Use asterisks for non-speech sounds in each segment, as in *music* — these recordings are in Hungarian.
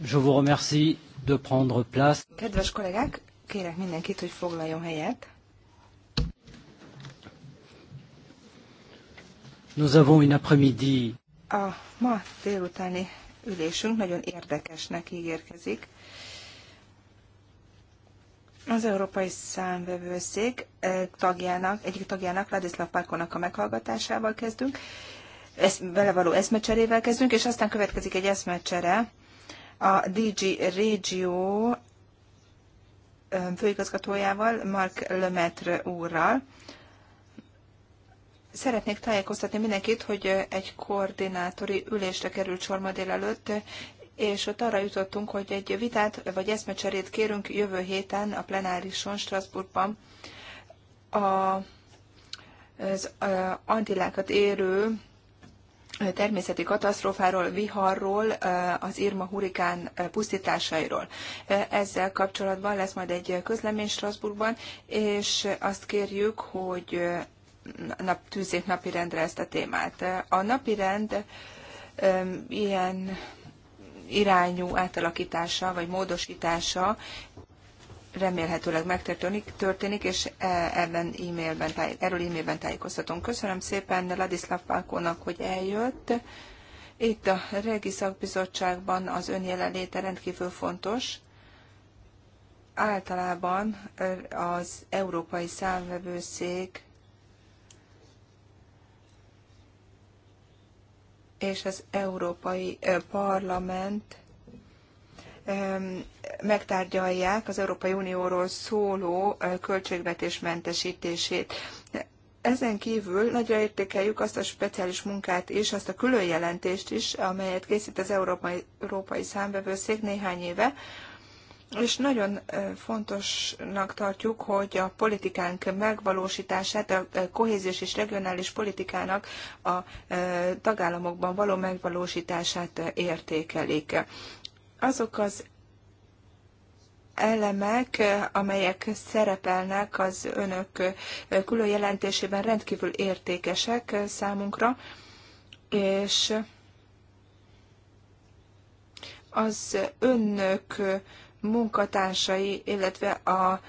Je vous remercie de prendre place. Kedves kollégák, kérek mindenkit, hogy foglaljon helyet. Nous avons une après-midi. A ma délutáni ülésünk nagyon érdekesnek ígérkezik. Az Európai Számvevőszék eh, tagjának, egyik tagjának, Ladislav Parkonak a meghallgatásával kezdünk, vele való eszmecserével kezdünk, és aztán következik egy eszmecsere a DG Regio főigazgatójával, Mark Lemaitre úrral. Szeretnék tájékoztatni mindenkit, hogy egy koordinátori ülésre került sor ma délelőtt, és ott arra jutottunk, hogy egy vitát vagy eszmecserét kérünk jövő héten a plenárison Strasbourgban a, az antilákat érő természeti katasztrófáról, viharról, az Irma hurikán pusztításairól. Ezzel kapcsolatban lesz majd egy közlemény Strasbourgban, és azt kérjük, hogy nap, tűzzék rendre ezt a témát. A napi rend ilyen irányú átalakítása vagy módosítása remélhetőleg megtörténik, történik, és e, ebben e-mailben, erről e-mailben tájékoztatom. Köszönöm szépen Ladislav Palkónak, hogy eljött. Itt a Régi Szakbizottságban az ön jelenléte rendkívül fontos. Általában e, az Európai Számvevőszék és az Európai e, Parlament megtárgyalják az Európai Unióról szóló költségvetés mentesítését. Ezen kívül nagyra értékeljük azt a speciális munkát is, azt a külön jelentést is, amelyet készít az Európai, Európai Számbevőszék néhány éve, és nagyon fontosnak tartjuk, hogy a politikánk megvalósítását, a kohéziós és regionális politikának a tagállamokban való megvalósítását értékelik azok az elemek, amelyek szerepelnek az önök külön jelentésében rendkívül értékesek számunkra, és az önök munkatársai, illetve a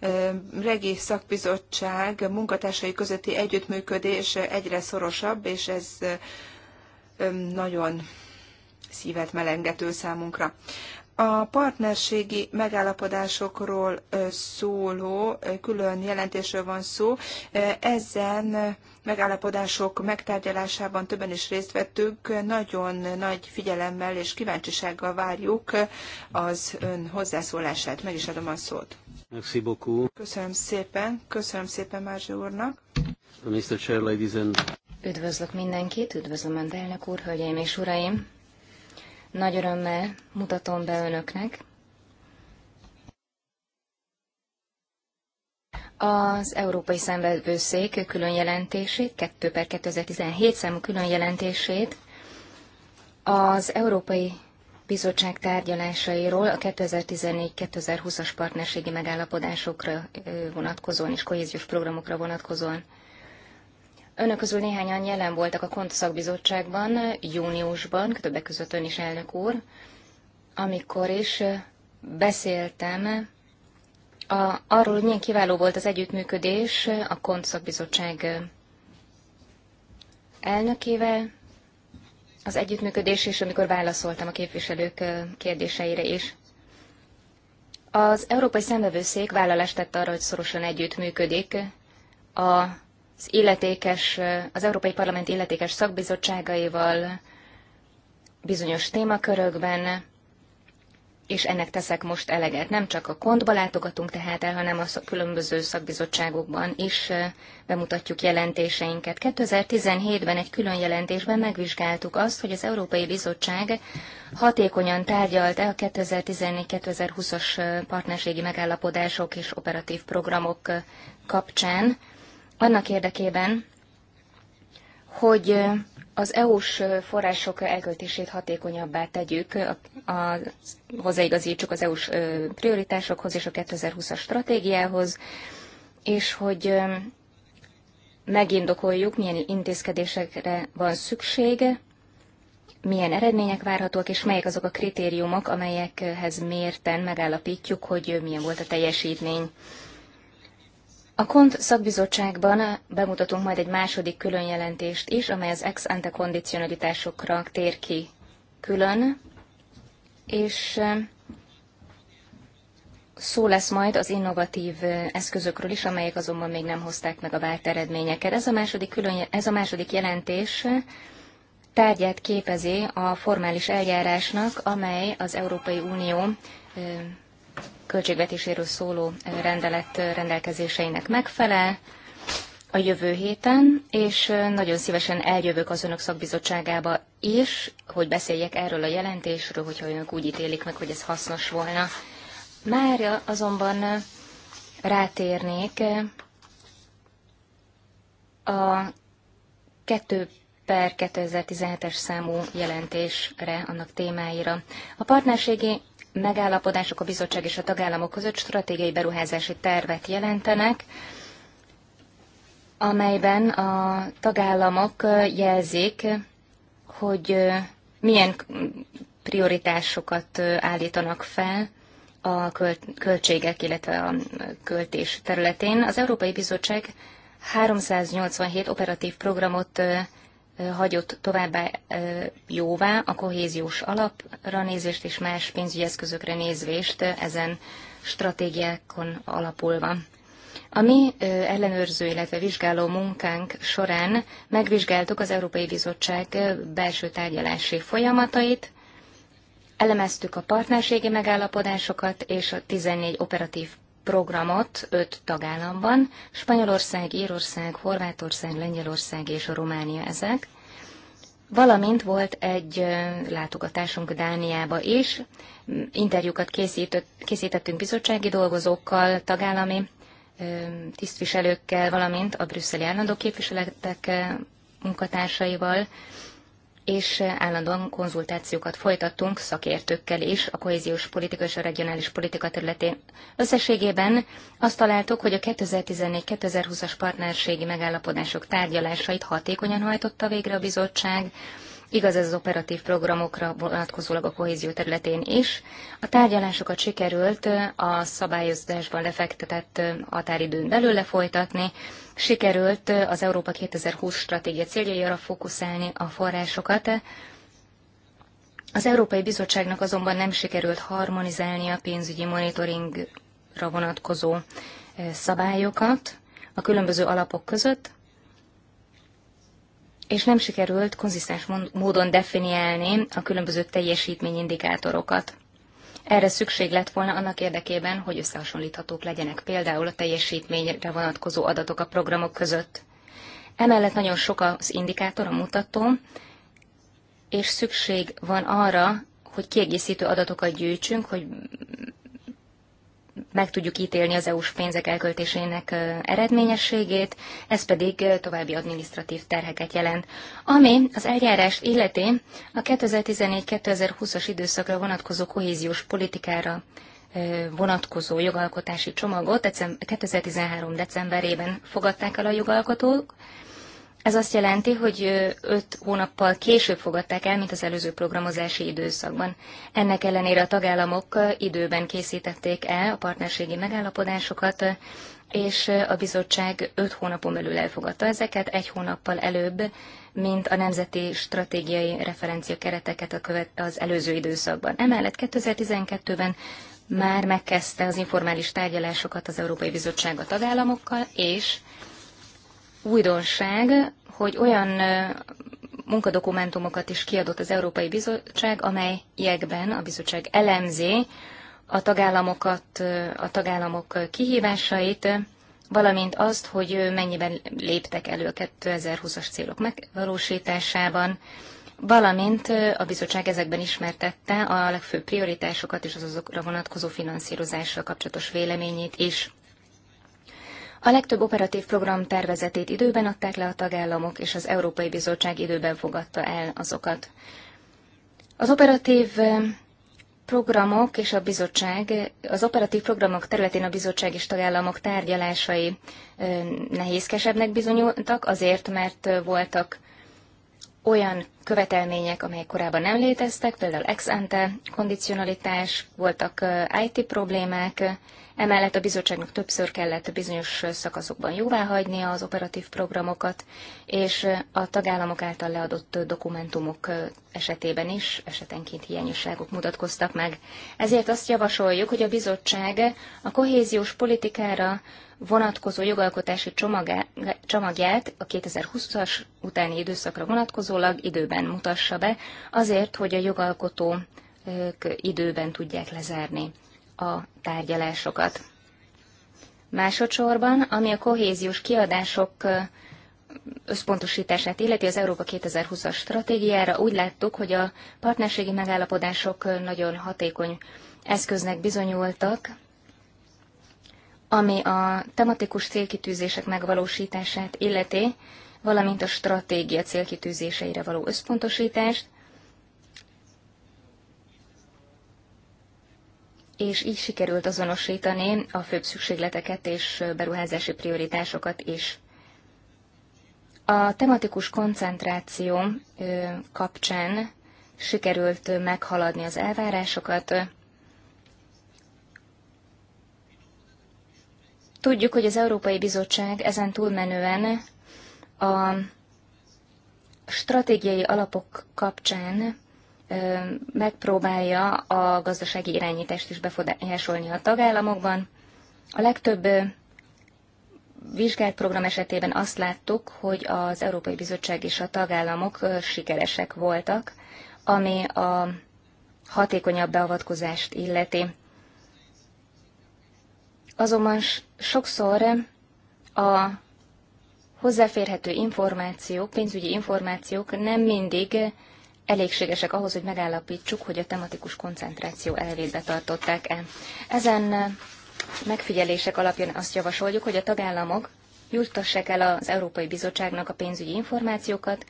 e, regi szakbizottság munkatársai közötti együttműködés egyre szorosabb, és ez e, nagyon szívet melengető számunkra. A partnerségi megállapodásokról szóló külön jelentésről van szó. Ezen megállapodások megtárgyalásában többen is részt vettünk. Nagyon nagy figyelemmel és kíváncsisággal várjuk az ön hozzászólását. Meg is adom a szót. Merci beaucoup. Köszönöm szépen. Köszönöm szépen Márzsi úrnak. Mr. Chair, ladies and... Üdvözlök mindenkit, üdvözlöm a elnök úr, hölgyeim és uraim. Nagy örömmel mutatom be önöknek. Az Európai Szenvedőszék külön jelentését, 2 per 2017 számú külön jelentését az Európai Bizottság tárgyalásairól a 2014-2020-as partnerségi megállapodásokra vonatkozóan és kohéziós programokra vonatkozóan. Önök közül néhányan jelen voltak a Kontoszakbizottságban júniusban, többek között ön is elnök úr, amikor is beszéltem a, arról, hogy milyen kiváló volt az együttműködés a Kontoszakbizottság elnökével, az együttműködés is, amikor válaszoltam a képviselők kérdéseire is. Az Európai Szembevőszék vállalást tett arra, hogy szorosan együttműködik a az illetékes, az Európai Parlament illetékes szakbizottságaival bizonyos témakörökben, és ennek teszek most eleget. Nem csak a kontba látogatunk tehát el, hanem a különböző szakbizottságokban is bemutatjuk jelentéseinket. 2017-ben egy külön jelentésben megvizsgáltuk azt, hogy az Európai Bizottság hatékonyan tárgyalt-e a 2014-2020-as partnerségi megállapodások és operatív programok kapcsán annak érdekében, hogy az EU-s források elköltését hatékonyabbá tegyük, a, a, hozzáigazítsuk az EU-s prioritásokhoz és a 2020-as stratégiához, és hogy megindokoljuk, milyen intézkedésekre van szüksége, milyen eredmények várhatóak, és melyek azok a kritériumok, amelyekhez mérten megállapítjuk, hogy milyen volt a teljesítmény. A KONT szakbizottságban bemutatunk majd egy második különjelentést is, amely az ex ante kondicionalitásokra tér ki külön, és szó lesz majd az innovatív eszközökről is, amelyek azonban még nem hozták meg a várt eredményeket. Ez a második, külön, ez a második jelentés tárgyát képezi a formális eljárásnak, amely az Európai Unió költségvetéséről szóló rendelet rendelkezéseinek megfelel a jövő héten, és nagyon szívesen eljövök az önök szakbizottságába is, hogy beszéljek erről a jelentésről, hogyha önök úgy ítélik meg, hogy ez hasznos volna. Már azonban rátérnék a 2 per 2017-es számú jelentésre, annak témáira. A partnerségi megállapodások a bizottság és a tagállamok között stratégiai beruházási tervet jelentenek, amelyben a tagállamok jelzik, hogy milyen prioritásokat állítanak fel a költségek, illetve a költés területén. Az Európai Bizottság 387 operatív programot hagyott továbbá jóvá a kohéziós alapra nézést és más pénzügyi eszközökre nézvést ezen stratégiákon alapulva. A mi ellenőrző, illetve vizsgáló munkánk során megvizsgáltuk az Európai Bizottság belső tárgyalási folyamatait, elemeztük a partnerségi megállapodásokat és a 14 operatív programot öt tagállamban, Spanyolország, Írország, Horvátország, Lengyelország és a Románia ezek, valamint volt egy látogatásunk Dániába is, interjúkat készített, készítettünk bizottsági dolgozókkal, tagállami tisztviselőkkel, valamint a brüsszeli állandó képviseletek munkatársaival, és állandóan konzultációkat folytattunk szakértőkkel is a kohéziós politika és a regionális politika területén. Összességében azt találtuk, hogy a 2014-2020-as partnerségi megállapodások tárgyalásait hatékonyan hajtotta végre a bizottság, Igaz ez az operatív programokra vonatkozólag a kohézió területén is. A tárgyalásokat sikerült a szabályozásban lefektetett határidőn belül lefolytatni, sikerült az Európa 2020 stratégia céljaira fókuszálni a forrásokat. Az Európai Bizottságnak azonban nem sikerült harmonizálni a pénzügyi monitoringra vonatkozó e, szabályokat a különböző alapok között, és nem sikerült konzisztens módon definiálni a különböző teljesítményindikátorokat. Erre szükség lett volna annak érdekében, hogy összehasonlíthatók legyenek például a teljesítményre vonatkozó adatok a programok között. Emellett nagyon sok az indikátor, a mutató, és szükség van arra, hogy kiegészítő adatokat gyűjtsünk, hogy meg tudjuk ítélni az EU-s pénzek elköltésének eredményességét, ez pedig további adminisztratív terheket jelent. Ami az eljárást illeti a 2014-2020-as időszakra vonatkozó kohéziós politikára vonatkozó jogalkotási csomagot 2013. decemberében fogadták el a jogalkotók, ez azt jelenti, hogy öt hónappal később fogadták el, mint az előző programozási időszakban. Ennek ellenére a tagállamok időben készítették el a partnerségi megállapodásokat, és a bizottság öt hónapon belül elfogadta ezeket, egy hónappal előbb, mint a nemzeti stratégiai referencia kereteket a követ, az előző időszakban. Emellett 2012-ben már megkezdte az informális tárgyalásokat az Európai Bizottság a tagállamokkal, és újdonság, hogy olyan munkadokumentumokat is kiadott az Európai Bizottság, amelyekben a bizottság elemzi a tagállamokat, a tagállamok kihívásait, valamint azt, hogy mennyiben léptek elő a 2020-as célok megvalósításában, valamint a bizottság ezekben ismertette a legfőbb prioritásokat és az azokra vonatkozó finanszírozással kapcsolatos véleményét is. A legtöbb operatív program tervezetét időben adták le a tagállamok, és az Európai Bizottság időben fogadta el azokat. Az operatív programok és a bizottság, az operatív programok területén a bizottság és tagállamok tárgyalásai nehézkesebbnek bizonyultak, azért, mert voltak olyan követelmények, amelyek korábban nem léteztek, például ex ante kondicionalitás, voltak IT problémák, Emellett a bizottságnak többször kellett bizonyos szakaszokban jóváhagynia az operatív programokat, és a tagállamok által leadott dokumentumok esetében is esetenként hiányosságok mutatkoztak meg. Ezért azt javasoljuk, hogy a bizottság a kohéziós politikára vonatkozó jogalkotási csomagját a 2020-as utáni időszakra vonatkozólag időben mutassa be, azért, hogy a jogalkotók időben tudják lezárni a tárgyalásokat. Másodszorban, ami a kohéziós kiadások összpontosítását illeti az Európa 2020-as stratégiára, úgy láttuk, hogy a partnerségi megállapodások nagyon hatékony eszköznek bizonyultak, ami a tematikus célkitűzések megvalósítását illeti, valamint a stratégia célkitűzéseire való összpontosítást, és így sikerült azonosítani a főbb szükségleteket és beruházási prioritásokat is. A tematikus koncentráció kapcsán sikerült meghaladni az elvárásokat. Tudjuk, hogy az Európai Bizottság ezen túlmenően a stratégiai alapok kapcsán megpróbálja a gazdasági irányítást is befolyásolni a tagállamokban. A legtöbb vizsgált program esetében azt láttuk, hogy az Európai Bizottság és a tagállamok sikeresek voltak, ami a hatékonyabb beavatkozást illeti. Azonban sokszor a hozzáférhető információk, pénzügyi információk nem mindig elégségesek ahhoz, hogy megállapítsuk, hogy a tematikus koncentráció elvét betartották-e. Ezen eh, megfigyelések alapján azt javasoljuk, hogy a tagállamok juttassák el az Európai Bizottságnak a pénzügyi információkat,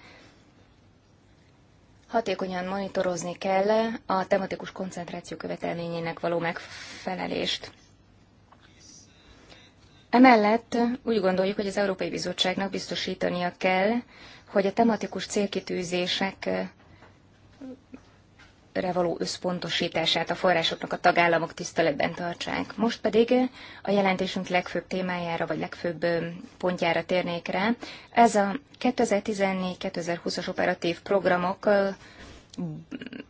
hatékonyan monitorozni kell a tematikus koncentráció követelményének való megfelelést. Emellett úgy gondoljuk, hogy az Európai Bizottságnak biztosítania kell, hogy a tematikus célkitűzések eh, erre való összpontosítását a forrásoknak a tagállamok tiszteletben tartsák. Most pedig a jelentésünk legfőbb témájára, vagy legfőbb pontjára térnék rá. Ez a 2014-2020-as operatív programok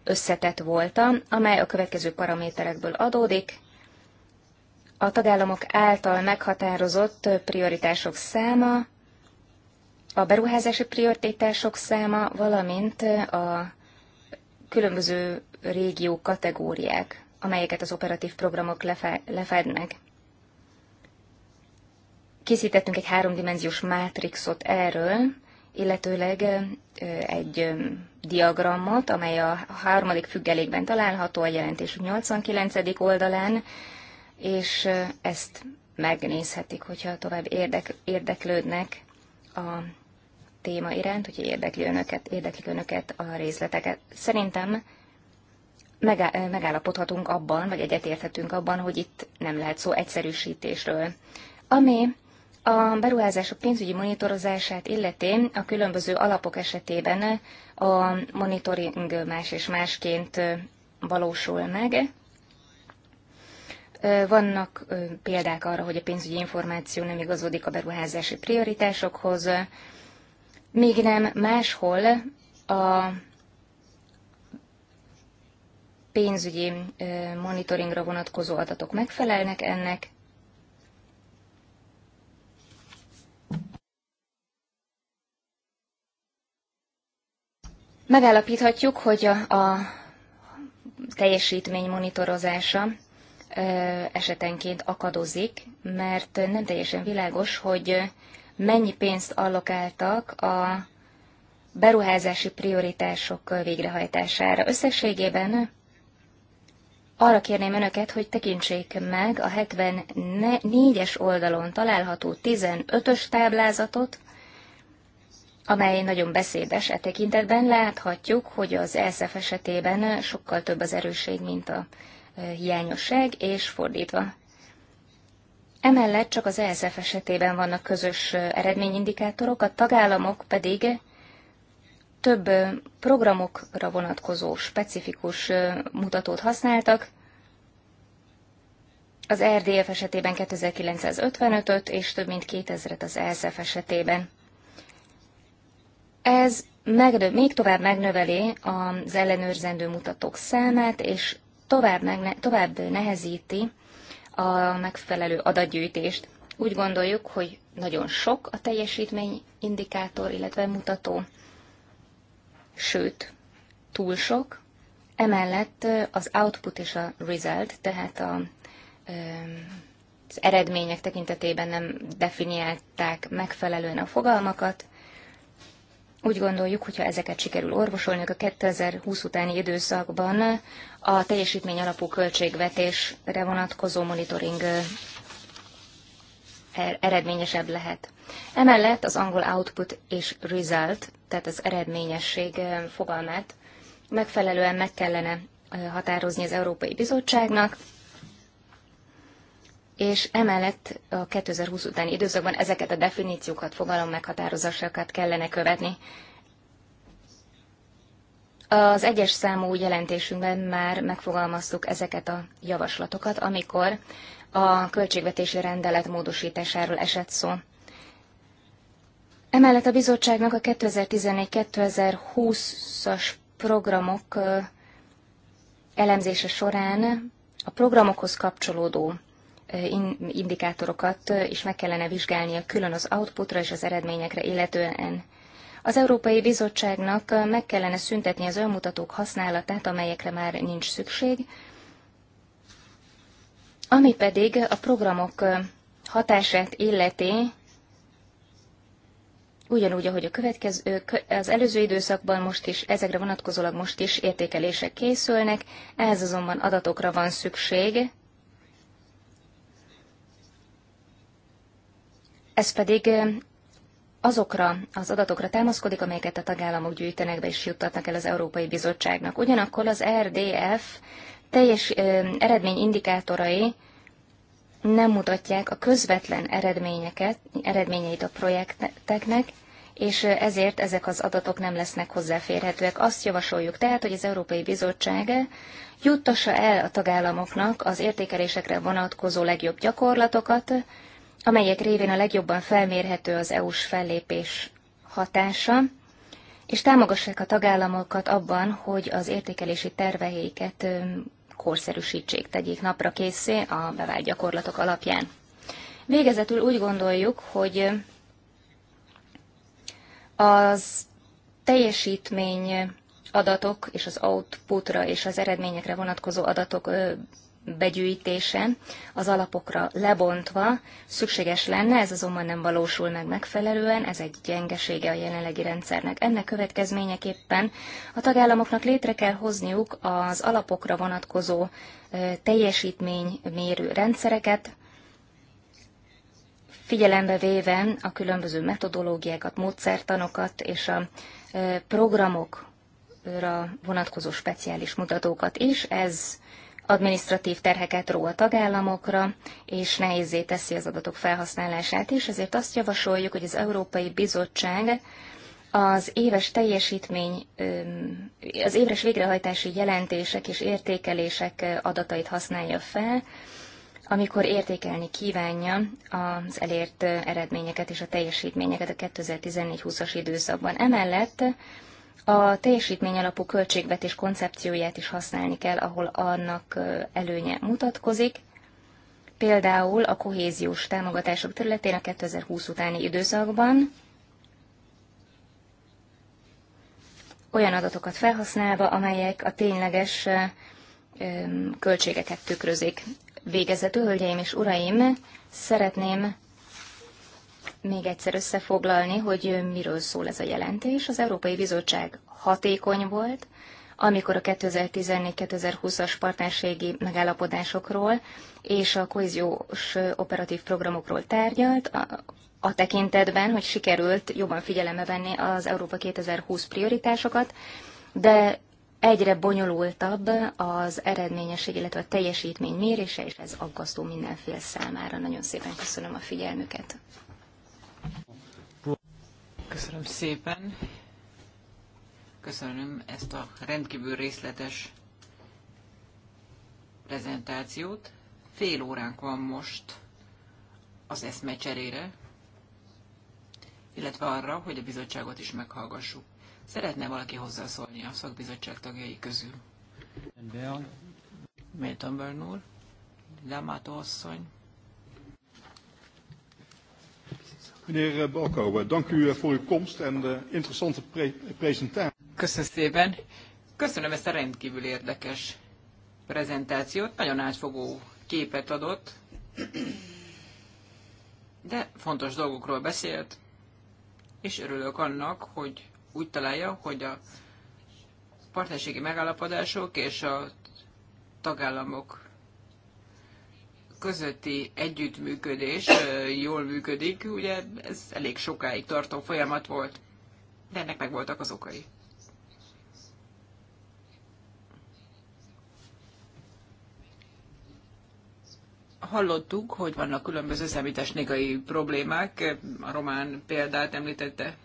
összetett volta, amely a következő paraméterekből adódik. A tagállamok által meghatározott prioritások száma, a beruházási prioritások száma, valamint a különböző régió kategóriák, amelyeket az operatív programok lefednek. Készítettünk egy háromdimenziós mátrixot erről, illetőleg egy diagramot, amely a harmadik függelékben található, a jelentés 89. oldalán, és ezt megnézhetik, hogyha tovább érdek, érdeklődnek a téma iránt, hogyha érdekli önöket, érdeklik önöket a részleteket. Szerintem megállapodhatunk abban, vagy egyetérthetünk abban, hogy itt nem lehet szó egyszerűsítésről. Ami a beruházások pénzügyi monitorozását illeti a különböző alapok esetében a monitoring más és másként valósul meg. Vannak példák arra, hogy a pénzügyi információ nem igazodik a beruházási prioritásokhoz, még nem máshol a pénzügyi monitoringra vonatkozó adatok megfelelnek ennek, Megállapíthatjuk, hogy a, a teljesítmény monitorozása esetenként akadozik, mert nem teljesen világos, hogy mennyi pénzt allokáltak a beruházási prioritások végrehajtására. Összességében arra kérném önöket, hogy tekintsék meg a 74-es oldalon található 15-ös táblázatot, amely nagyon beszédes e tekintetben. Láthatjuk, hogy az ESZF esetében sokkal több az erősség, mint a hiányosság, és fordítva. Emellett csak az ESF esetében vannak közös eredményindikátorok, a tagállamok pedig több programokra vonatkozó specifikus mutatót használtak, az e RDF esetében 2955-öt és több mint 2000-et az ESF esetében. Ez megnö, még tovább megnöveli az ellenőrzendő mutatók számát, és tovább, megne, tovább nehezíti a megfelelő adatgyűjtést. Úgy gondoljuk, hogy nagyon sok a teljesítményindikátor, illetve mutató, sőt, túl sok. Emellett az output és a result, tehát a, az eredmények tekintetében nem definiálták megfelelően a fogalmakat, úgy gondoljuk, hogyha ezeket sikerül orvosolni, a 2020 utáni időszakban a teljesítmény alapú költségvetésre vonatkozó monitoring er, eredményesebb lehet. Emellett az angol output és result, tehát az eredményesség fogalmát megfelelően meg kellene határozni az Európai Bizottságnak, és emellett a 2020 utáni időszakban ezeket a definíciókat, fogalom meghatározásokat kellene követni. Az egyes számú jelentésünkben már megfogalmaztuk ezeket a javaslatokat, amikor a költségvetési rendelet módosításáról esett szó. Emellett a bizottságnak a 2014-2020-as programok elemzése során a programokhoz kapcsolódó indikátorokat is meg kellene vizsgálnia külön az outputra és az eredményekre illetően. Az Európai Bizottságnak meg kellene szüntetni az önmutatók használatát, amelyekre már nincs szükség, ami pedig a programok hatását illeti, ugyanúgy, ahogy a következő, az előző időszakban most is, ezekre vonatkozólag most is értékelések készülnek, ez azonban adatokra van szükség, Ez pedig azokra az adatokra támaszkodik, amelyeket a tagállamok gyűjtenek be és juttatnak el az Európai Bizottságnak. Ugyanakkor az RDF teljes eredményindikátorai nem mutatják a közvetlen eredményeket, eredményeit a projekteknek, és ezért ezek az adatok nem lesznek hozzáférhetőek. Azt javasoljuk tehát, hogy az Európai Bizottság juttassa el a tagállamoknak az értékelésekre vonatkozó legjobb gyakorlatokat, amelyek révén a legjobban felmérhető az EU-s fellépés hatása, és támogassák a tagállamokat abban, hogy az értékelési terveiket korszerűsítsék, tegyék napra készé a bevált gyakorlatok alapján. Végezetül úgy gondoljuk, hogy az teljesítmény adatok és az outputra és az eredményekre vonatkozó adatok begyűjtése az alapokra lebontva szükséges lenne, ez azonban nem valósul meg megfelelően, ez egy gyengesége a jelenlegi rendszernek. Ennek következményeképpen a tagállamoknak létre kell hozniuk az alapokra vonatkozó teljesítménymérő rendszereket, figyelembe véve a különböző metodológiákat, módszertanokat és a programokra vonatkozó speciális mutatókat is, ez administratív terheket ró a tagállamokra, és nehézé teszi az adatok felhasználását is, ezért azt javasoljuk, hogy az Európai Bizottság az éves teljesítmény, az éves végrehajtási jelentések és értékelések adatait használja fel, amikor értékelni kívánja az elért eredményeket és a teljesítményeket a 2014-20-as időszakban. Emellett a teljesítmény alapú költségvetés koncepcióját is használni kell, ahol annak előnye mutatkozik. Például a kohéziós támogatások területén a 2020 utáni időszakban olyan adatokat felhasználva, amelyek a tényleges költségeket tükrözik. Végezetül, hölgyeim és uraim, szeretném még egyszer összefoglalni, hogy miről szól ez a jelentés. Az Európai Bizottság hatékony volt, amikor a 2014-2020-as partnerségi megállapodásokról és a kohéziós operatív programokról tárgyalt, a, a tekintetben, hogy sikerült jobban figyelembe venni az Európa 2020 prioritásokat, de egyre bonyolultabb az eredményesség, illetve a teljesítmény mérése, és ez aggasztó mindenféle számára. Nagyon szépen köszönöm a figyelmüket. Köszönöm szépen. Köszönöm ezt a rendkívül részletes prezentációt. Fél óránk van most az cserére, illetve arra, hogy a bizottságot is meghallgassuk. Szeretne valaki hozzászólni a szakbizottság tagjai közül? Mélton Bernúr, Damato asszony, Meneer eh, Balkouwen, dank u eh, voor uw komst en de eh, interessante pre presentatie. Köszönöm szépen. Köszönöm ezt a rendkívül érdekes prezentációt. Nagyon átfogó képet adott, de fontos dolgokról beszélt, és örülök annak, hogy úgy találja, hogy a partnerségi megállapodások és a tagállamok közötti együttműködés jól működik, ugye ez elég sokáig tartó folyamat volt, de ennek meg voltak az okai. Hallottuk, hogy vannak különböző számítástechnikai problémák, a román példát említette.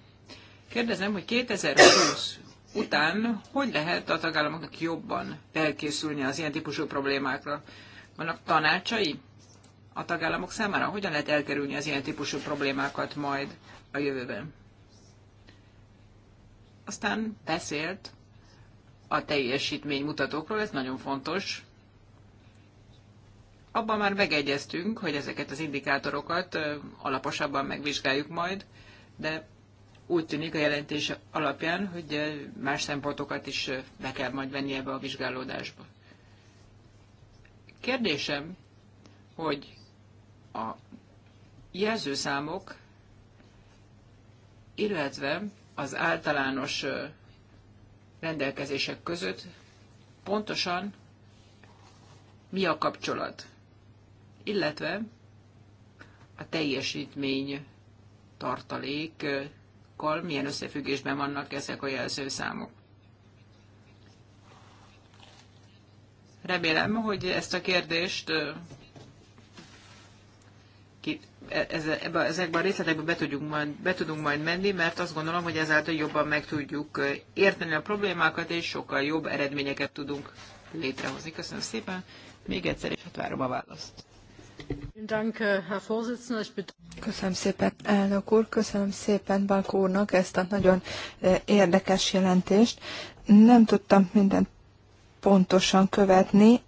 Kérdezem, hogy 2020 után hogy lehet a tagállamoknak jobban felkészülni az ilyen típusú problémákra? Vannak tanácsai? a tagállamok számára? Hogyan lehet elkerülni az ilyen típusú problémákat majd a jövőben? Aztán beszélt a teljesítménymutatókról, ez nagyon fontos. Abban már megegyeztünk, hogy ezeket az indikátorokat alaposabban megvizsgáljuk majd, de úgy tűnik a jelentés alapján, hogy más szempontokat is be kell majd venni ebbe a vizsgálódásba. Kérdésem, hogy a jelzőszámok, illetve az általános rendelkezések között pontosan mi a kapcsolat, illetve a teljesítmény tartalékkal milyen összefüggésben vannak ezek a jelzőszámok. Remélem, hogy ezt a kérdést E, ezekben a részletekben be, majd, be tudunk majd menni, mert azt gondolom, hogy ezáltal jobban meg tudjuk érteni a problémákat, és sokkal jobb eredményeket tudunk létrehozni. Köszönöm szépen, még egyszer, és hát várom a választ. Köszönöm szépen, elnök úr, köszönöm szépen Balkó úrnak ezt a nagyon érdekes jelentést. Nem tudtam mindent pontosan követni,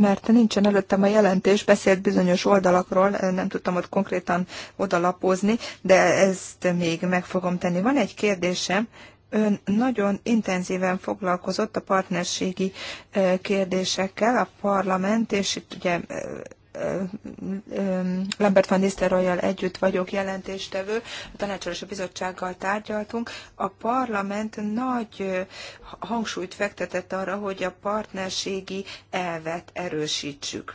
mert nincsen előttem a jelentés, beszélt bizonyos oldalakról, nem tudtam ott konkrétan odalapozni, de ezt még meg fogom tenni. Van egy kérdésem, Ön nagyon intenzíven foglalkozott a partnerségi eh, kérdésekkel, a parlament, és itt ugye eh, Lambert van Nisztelrooyjal együtt vagyok jelentéstevő, a tanácsolás a bizottsággal tárgyaltunk. A parlament nagy hangsúlyt fektetett arra, hogy a partnerségi elvet erősítsük.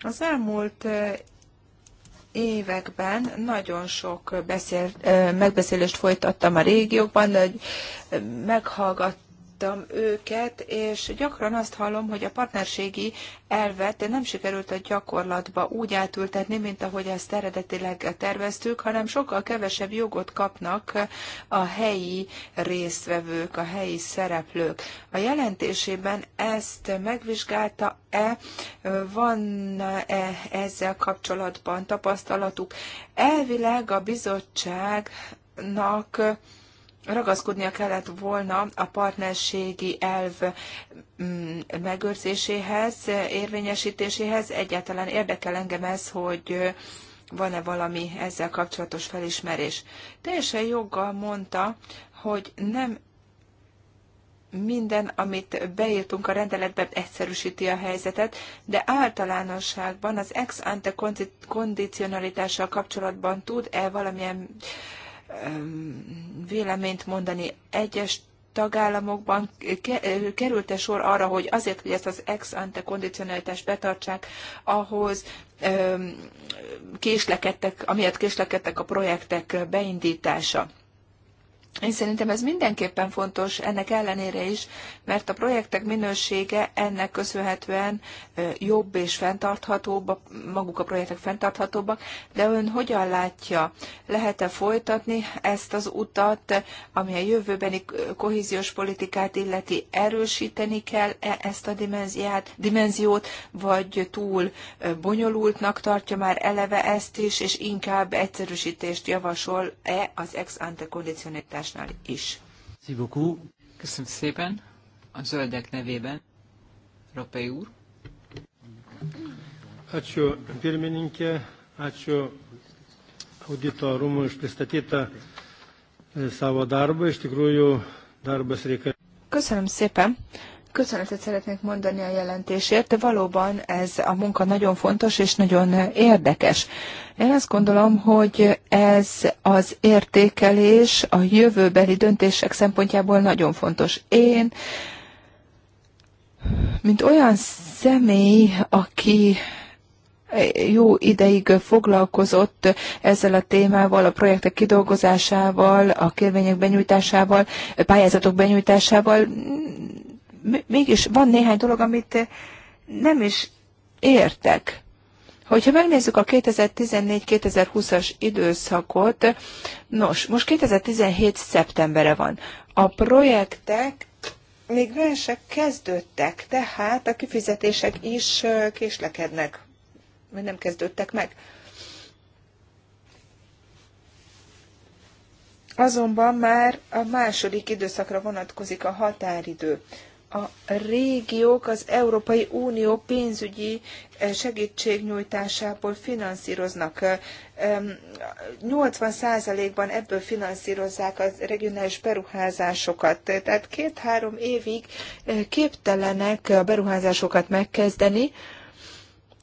Az elmúlt években nagyon sok beszél, megbeszélést folytattam a hogy meghallgattam láttam őket, és gyakran azt hallom, hogy a partnerségi elvet nem sikerült a gyakorlatba úgy átültetni, mint ahogy ezt eredetileg terveztük, hanem sokkal kevesebb jogot kapnak a helyi résztvevők, a helyi szereplők. A jelentésében ezt megvizsgálta-e, van-e ezzel kapcsolatban tapasztalatuk? Elvileg a bizottságnak ragaszkodnia kellett volna a partnerségi elv mm, megőrzéséhez, érvényesítéséhez. Egyáltalán érdekel engem ez, hogy van-e valami ezzel kapcsolatos felismerés. Teljesen joggal mondta, hogy nem minden, amit beírtunk a rendeletbe, egyszerűsíti a helyzetet, de általánosságban az ex ante kondicionalitással kapcsolatban tud-e valamilyen véleményt mondani. Egyes tagállamokban került-e sor arra, hogy azért, hogy ezt az ex ante kondicionalitást betartsák, ahhoz késlekedtek, amiatt késlekedtek a projektek beindítása. Én szerintem ez mindenképpen fontos, ennek ellenére is, mert a projektek minősége ennek köszönhetően jobb és fenntarthatóbb, maguk a projektek fenntarthatóbbak, de ön hogyan látja, lehet-e folytatni ezt az utat, ami a jövőbeni kohéziós politikát illeti, erősíteni kell -e ezt a dimenziát, dimenziót, vagy túl bonyolultnak tartja már eleve ezt is, és inkább egyszerűsítést javasol-e az ex ante kondicionitás szavazásnál is. Köszönöm szépen. A zöldek nevében Rapei úr. Ačiū pirmininkė, ačiū audito rūmų už e, savo darbą. Iš tikrųjų, darbas reikalingas. Köszönöm szépen. Köszönetet szeretnék mondani a jelentésért, de valóban ez a munka nagyon fontos és nagyon érdekes. Én azt gondolom, hogy ez az értékelés a jövőbeli döntések szempontjából nagyon fontos. Én, mint olyan személy, aki jó ideig foglalkozott ezzel a témával, a projektek kidolgozásával, a kérvények benyújtásával, pályázatok benyújtásával mégis van néhány dolog, amit eh, nem is értek. Hogyha megnézzük a 2014-2020-as időszakot, nos, most 2017. szeptembere van. A projektek még versek kezdődtek, tehát a kifizetések is eh, késlekednek, mert nem kezdődtek meg. Azonban már a második időszakra vonatkozik a határidő a régiók az Európai Unió pénzügyi eh, segítségnyújtásából finanszíroznak. 80%-ban eh, ebből finanszírozzák a regionális beruházásokat. Tehát két-három évig eh, képtelenek a beruházásokat megkezdeni,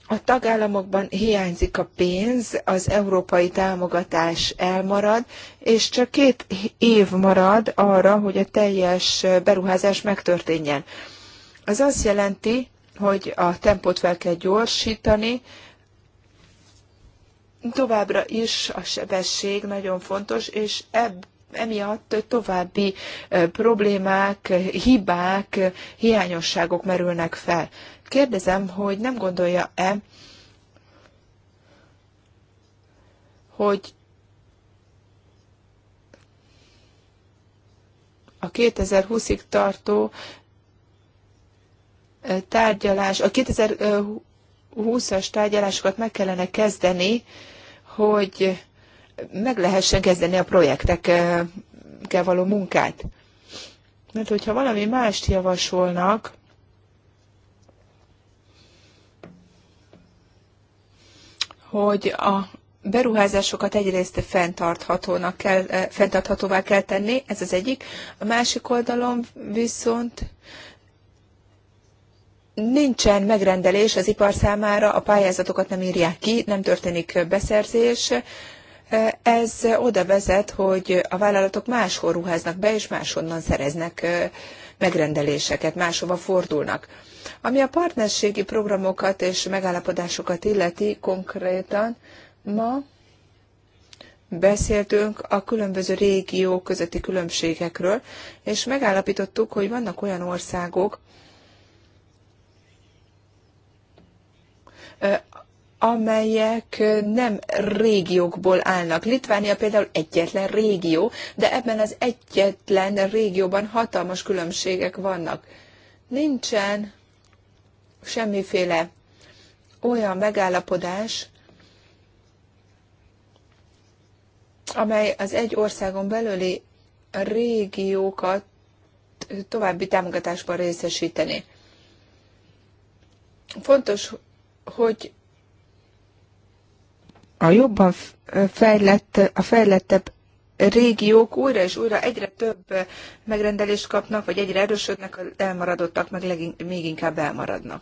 a tagállamokban hiányzik a pénz, az európai támogatás elmarad, és csak két év marad arra, hogy a teljes beruházás megtörténjen. Az azt jelenti, hogy a tempót fel kell gyorsítani, továbbra is a sebesség nagyon fontos, és ebb, emiatt további problémák, hibák, hiányosságok merülnek fel. Kérdezem, hogy nem gondolja-e, hogy a 2020-ig tartó tárgyalás, a 2020-as tárgyalásokat meg kellene kezdeni, hogy meg lehessen kezdeni a projektekkel való munkát. Mert hogyha valami mást javasolnak, hogy a beruházásokat egyrészt fenntarthatónak kell, eh, fenntarthatóvá kell tenni, ez az egyik. A másik oldalon viszont nincsen megrendelés az ipar számára, a pályázatokat nem írják ki, nem történik beszerzés. Eh, ez oda vezet, hogy a vállalatok máshol ruháznak be, és máshonnan szereznek eh, megrendeléseket, máshova fordulnak. Ami a partnerségi programokat és megállapodásokat illeti konkrétan, ma beszéltünk a különböző régiók közötti különbségekről, és megállapítottuk, hogy vannak olyan országok, amelyek nem régiókból állnak. Litvánia például egyetlen régió, de ebben az egyetlen régióban hatalmas különbségek vannak. Nincsen semmiféle olyan megállapodás, amely az egy országon belüli régiókat további támogatásban részesíteni. Fontos, hogy a jobban fejlett, a fejlettebb régiók újra és újra egyre több megrendelést kapnak, vagy egyre erősödnek, az elmaradottak meg legink, még inkább elmaradnak.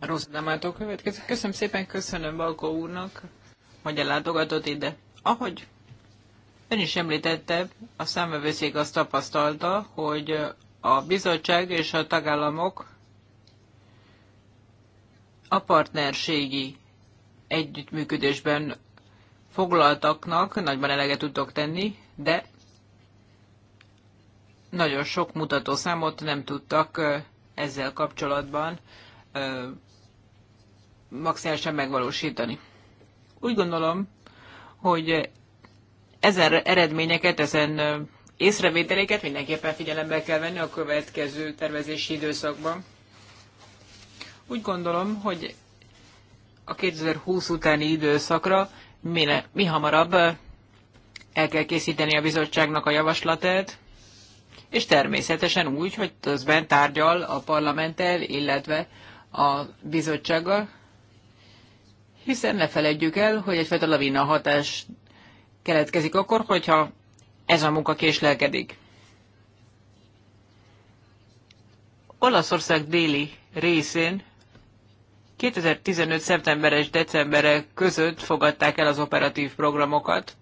Rossz a következik. Köszönöm szépen, köszönöm Balkó úrnak, hogy ellátogatott ide. Ahogy ön is említette, a számövőszék azt tapasztalta, hogy a bizottság és a tagállamok a partnerségi együttműködésben foglaltaknak nagyban eleget tudtok tenni, de nagyon sok mutatószámot nem tudtak ezzel kapcsolatban maximálisan megvalósítani. Úgy gondolom, hogy ezen eredményeket, ezen észrevételéket mindenképpen figyelembe kell venni a következő tervezési időszakban. Úgy gondolom, hogy a 2020 utáni időszakra mine, mi hamarabb eh, el kell készíteni a bizottságnak a javaslatát, és természetesen úgy, hogy közben tárgyal a parlamenttel, illetve a bizottsággal, hiszen ne feledjük el, hogy egyfajta lavina hatás keletkezik akkor, hogyha ez a munka késlelkedik. Olaszország déli részén 2015. szeptember és december között fogadták el az operatív programokat,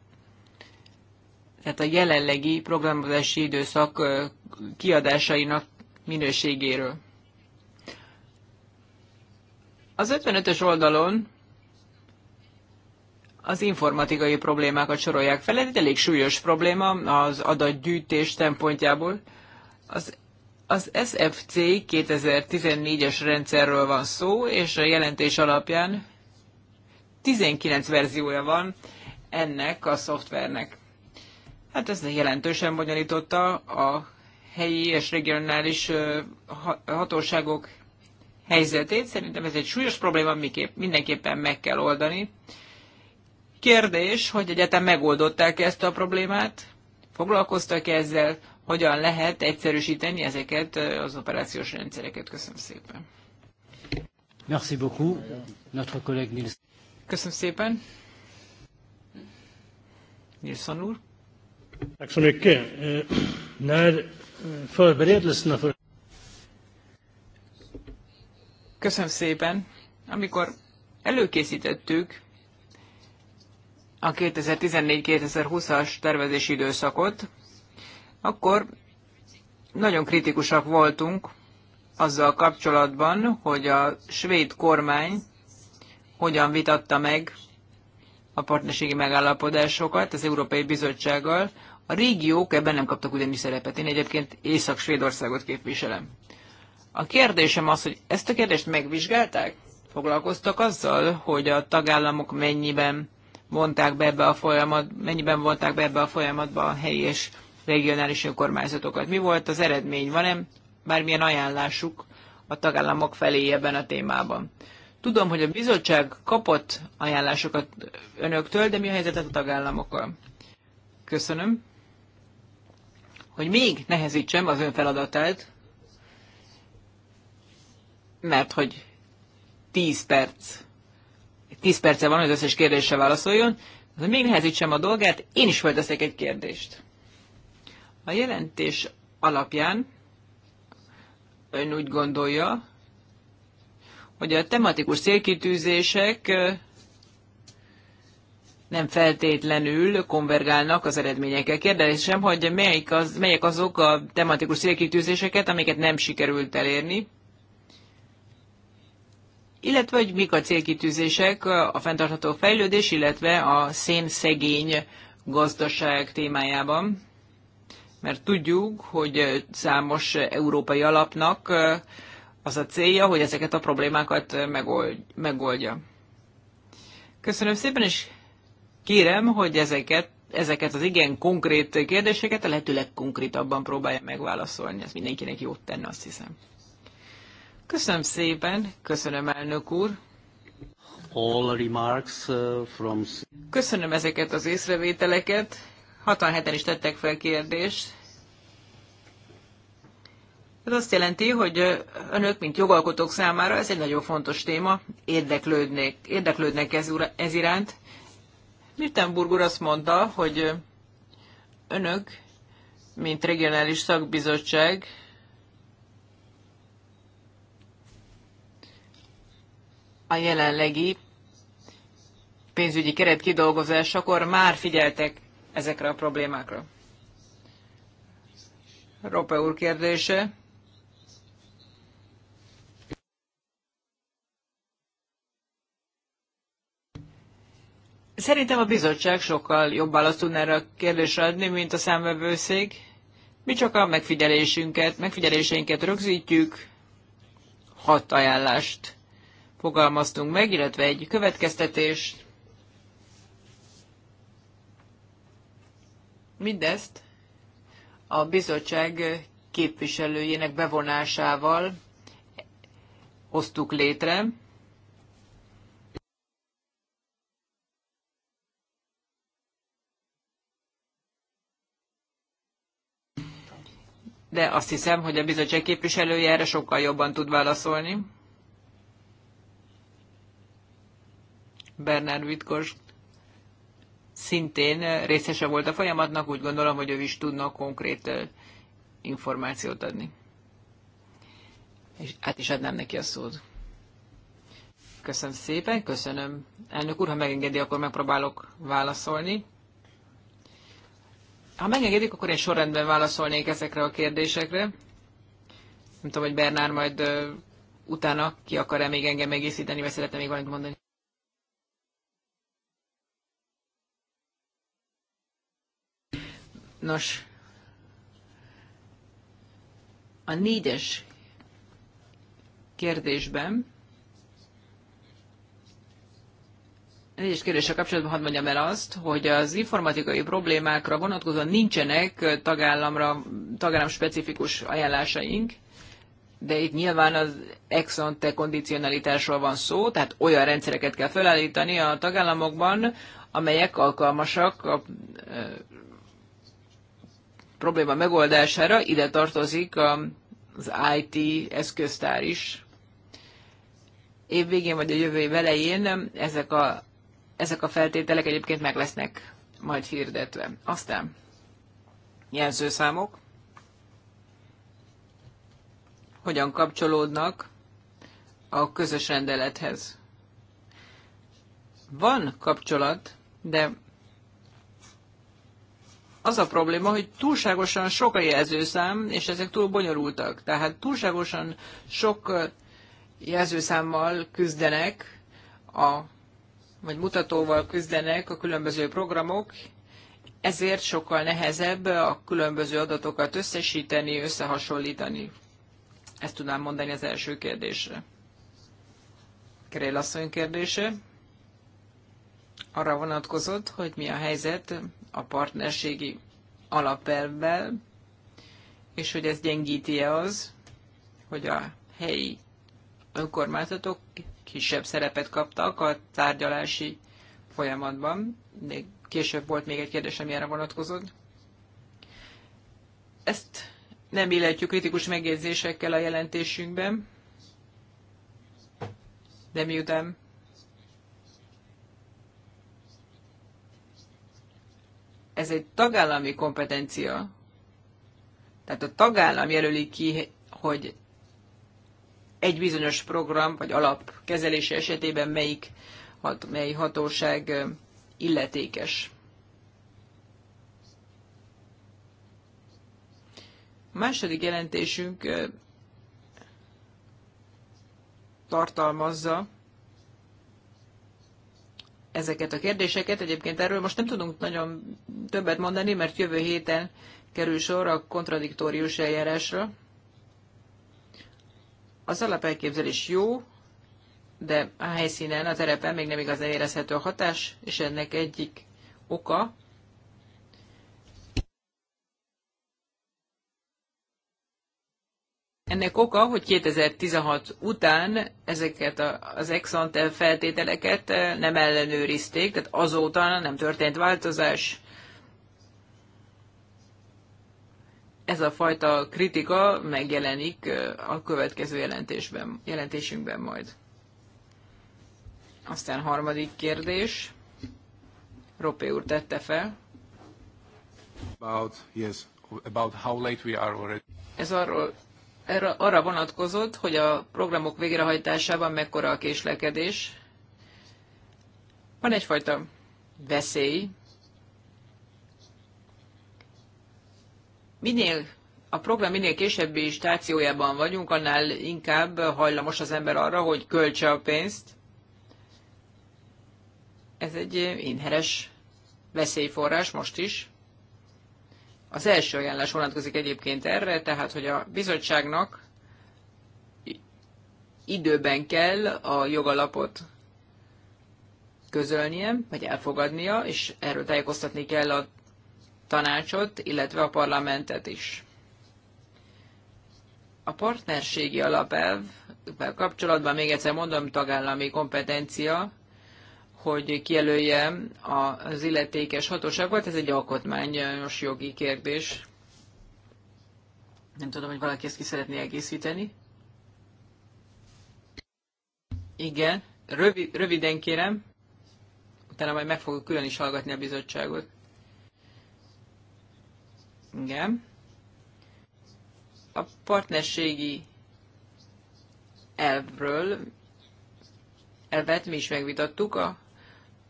tehát a jelenlegi programozási időszak kiadásainak minőségéről. Az 55-ös oldalon az informatikai problémákat sorolják fel, ez egy elég súlyos probléma az adatgyűjtés szempontjából. Az az SFC 2014-es rendszerről van szó, és a jelentés alapján 19 verziója van ennek a szoftvernek. Hát ez jelentősen bonyolította a helyi és regionális hatóságok helyzetét. Szerintem ez egy súlyos probléma, amiképp mindenképpen meg kell oldani. Kérdés, hogy egyáltalán megoldották ezt a problémát, foglalkoztak ezzel, hogyan lehet egyszerűsíteni ezeket az operációs rendszereket. Köszönöm szépen. Merci beaucoup, notre collègue Nils. Köszönöm szépen. Nilsson úr. Eh, eh, Köszönöm szépen. Amikor előkészítettük a 2014-2020-as tervezési időszakot, akkor nagyon kritikusak voltunk azzal kapcsolatban, hogy a svéd kormány hogyan vitatta meg a partnerségi megállapodásokat az Európai Bizottsággal. A régiók ebben nem kaptak ugyanis szerepet. Én egyébként Észak-Svédországot képviselem. A kérdésem az, hogy ezt a kérdést megvizsgálták? Foglalkoztak azzal, hogy a tagállamok mennyiben vonták be ebbe a folyamat, mennyiben vonták be ebbe a folyamatba a helyi és regionális önkormányzatokat. Mi volt az eredmény? Van-e bármilyen ajánlásuk a tagállamok felé ebben a témában? Tudom, hogy a bizottság kapott ajánlásokat önöktől, de mi a helyzetet a tagállamokkal? Köszönöm. Hogy még nehezítsem az ön feladatát, mert hogy 10 perc, 10 perce van, hogy az összes kérdésre válaszoljon, de még nehezítsem a dolgát, én is felteszek egy kérdést. A jelentés alapján ön úgy gondolja, hogy a tematikus célkitűzések nem feltétlenül konvergálnak az eredményekkel. Kérdezem, hogy melyik az, melyek azok a tematikus célkitűzéseket, amiket nem sikerült elérni, illetve hogy mik a célkitűzések a fenntartható fejlődés, illetve a szénszegény gazdaság témájában mert tudjuk, hogy számos európai alapnak az a célja, hogy ezeket a problémákat megoldja. Köszönöm szépen, és kérem, hogy ezeket, ezeket az igen konkrét kérdéseket a lehető legkonkrétabban próbálja megválaszolni. Ez mindenkinek jót tenne, azt hiszem. Köszönöm szépen, köszönöm elnök úr. All remarks uh, from... Köszönöm ezeket az észrevételeket. 67-en is tettek fel kérdést. Ez azt jelenti, hogy önök, mint jogalkotók számára ez egy nagyon fontos téma, érdeklődnek, érdeklődnek ez, ez iránt. Mirtenburg úr azt mondta, hogy önök, mint regionális szakbizottság, a jelenlegi pénzügyi keret kidolgozásakor már figyeltek ezekre a problémákra. Rope úr kérdése Szerintem a bizottság sokkal jobb választ tudna erre a kérdésre adni, mint a számvevőszék. Mi csak a megfigyelésünket, megfigyeléseinket rögzítjük, hat ajánlást fogalmaztunk meg, illetve egy következtetést. Mindezt a bizottság képviselőjének bevonásával hoztuk létre. de azt hiszem, hogy a bizottság képviselője erre sokkal jobban tud válaszolni. Bernard Vitkos szintén részese volt a folyamatnak, úgy gondolom, hogy ő is tudna konkrét információt adni. És át is adnám neki a szót. Köszönöm szépen, köszönöm. Elnök úr, ha megengedi, akkor megpróbálok válaszolni. Ha megengedik, akkor én sorrendben válaszolnék ezekre a kérdésekre. Nem tudom, hogy Bernár majd ö, utána ki akar-e még engem egészíteni, vagy szeretne még valamit mondani. Nos, a négyes kérdésben egyes kérdéssel kapcsolatban hadd mondjam el azt, hogy az informatikai problémákra vonatkozóan nincsenek tagállamra, tagállam specifikus ajánlásaink, de itt nyilván az ex ante kondicionalitásról van szó, tehát olyan rendszereket kell felállítani a tagállamokban, amelyek alkalmasak a e, probléma megoldására, ide tartozik a, az IT eszköztár is. Év vagy a jövő év elején ezek a ezek a feltételek egyébként meg lesznek majd hirdetve. Aztán jelzőszámok hogyan kapcsolódnak a közös rendelethez. Van kapcsolat, de az a probléma, hogy túlságosan sok a jelzőszám, és ezek túl bonyolultak. Tehát túlságosan sok jelzőszámmal küzdenek a vagy mutatóval küzdenek a különböző programok, ezért sokkal nehezebb a különböző adatokat összesíteni, összehasonlítani. Ezt tudnám mondani az első kérdésre. Krél asszony kérdése arra vonatkozott, hogy mi a helyzet a partnerségi alapelvvel, és hogy ez gyengíti-e az, hogy a helyi önkormányzatok kisebb szerepet kaptak a tárgyalási folyamatban. De később volt még egy kérdés, ami erre vonatkozott. Ezt nem illetjük kritikus megjegyzésekkel a jelentésünkben, de miután ez egy tagállami kompetencia, tehát a tagállam jelöli ki, hogy egy bizonyos program vagy alap kezelése esetében melyik hat, mely hatóság illetékes. A második jelentésünk tartalmazza ezeket a kérdéseket. Egyébként erről most nem tudunk nagyon többet mondani, mert jövő héten kerül sor a kontradiktórius eljárásra. Az alapelképzelés jó, de a helyszínen, a terepen még nem igazán érezhető a hatás, és ennek egyik oka, Ennek oka, hogy 2016 után ezeket az exante feltételeket eh, nem ellenőrizték, tehát azóta nem történt változás. ez a fajta kritika megjelenik a következő jelentésben, jelentésünkben majd. Aztán harmadik kérdés. Ropé úr tette fel. About, yes, about how late we are already. Ez arról, erre, arra vonatkozott, hogy a programok végrehajtásában mekkora a késlekedés. Van egyfajta veszély, minél a program minél későbbi stációjában vagyunk, annál inkább hajlamos az ember arra, hogy költse a pénzt. Ez egy inheres veszélyforrás most is. Az első ajánlás vonatkozik egyébként erre, tehát hogy a bizottságnak időben kell a jogalapot közölnie, vagy elfogadnia, és erről tájékoztatni kell a tanácsot, illetve a parlamentet is. A partnerségi alapelvvel kapcsolatban még egyszer mondom, tagállami kompetencia, hogy kijelölje az illetékes hatóságot, ez egy alkotmányos jogi kérdés. Nem tudom, hogy valaki ezt ki szeretné egészíteni. Igen, Rövid, röviden kérem, utána majd meg fogok külön is hallgatni a bizottságot. Igen. A partnerségi elvről, elvet mi is megvitattuk. A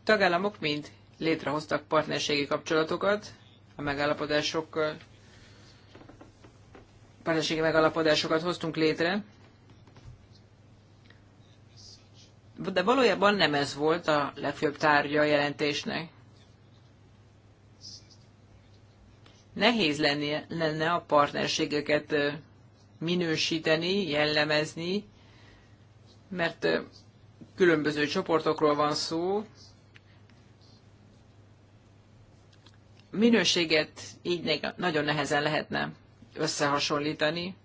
tagállamok mind létrehoztak partnerségi kapcsolatokat a megállapodásokkal. Partnerségi megállapodásokat hoztunk létre. De valójában nem ez volt a legfőbb tárgya a jelentésnek. nehéz lenni, lenne a partnerségeket minősíteni, jellemezni, mert különböző csoportokról van szó. Minőséget így nagyon nehezen lehetne összehasonlítani,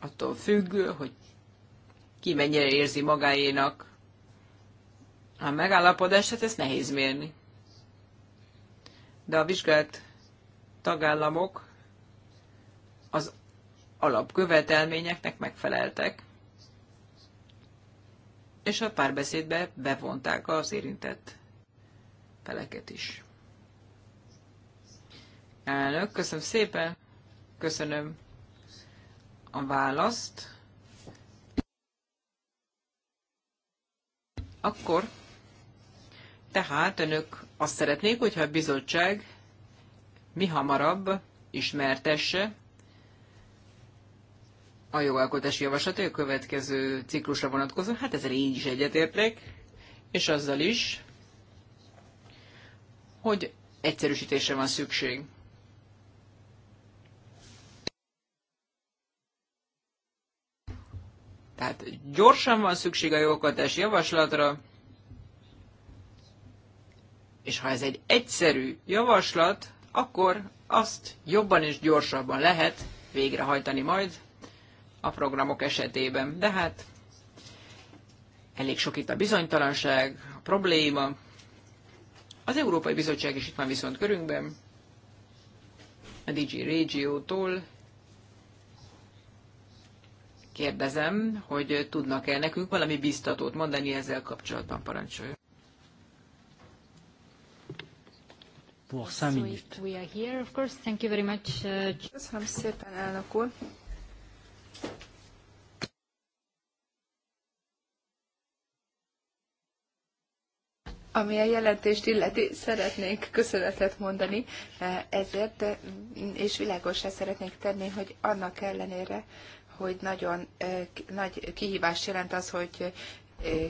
attól függ, hogy ki mennyire érzi magáénak a megállapodást, hát ezt nehéz mérni. De a vizsgált tagállamok az alapkövetelményeknek megfeleltek, és a párbeszédbe bevonták az érintett feleket is. Elnök, köszönöm szépen, köszönöm a választ. Akkor tehát önök azt szeretnék, hogyha a bizottság mi hamarabb ismertesse a jogalkotási javaslat a következő ciklusra vonatkozó, hát ezzel így is egyetértek, és azzal is, hogy egyszerűsítésre van szükség. Tehát gyorsan van szükség a jogalkotási javaslatra, és ha ez egy egyszerű javaslat, akkor azt jobban és gyorsabban lehet végrehajtani majd a programok esetében. De hát elég sok itt a bizonytalanság, a probléma. Az Európai Bizottság is itt van viszont körünkben, a DG Régiótól kérdezem, hogy tudnak-e nekünk valami biztatót mondani ezzel kapcsolatban, parancsoljon. pour minutes. Uh, Köszönöm szépen, elnök úr. Ami a jelentést illeti, szeretnék köszönetet mondani e, ezért, és világosra szeretnék tenni, hogy annak ellenére, hogy nagyon e, nagy kihívás jelent az, hogy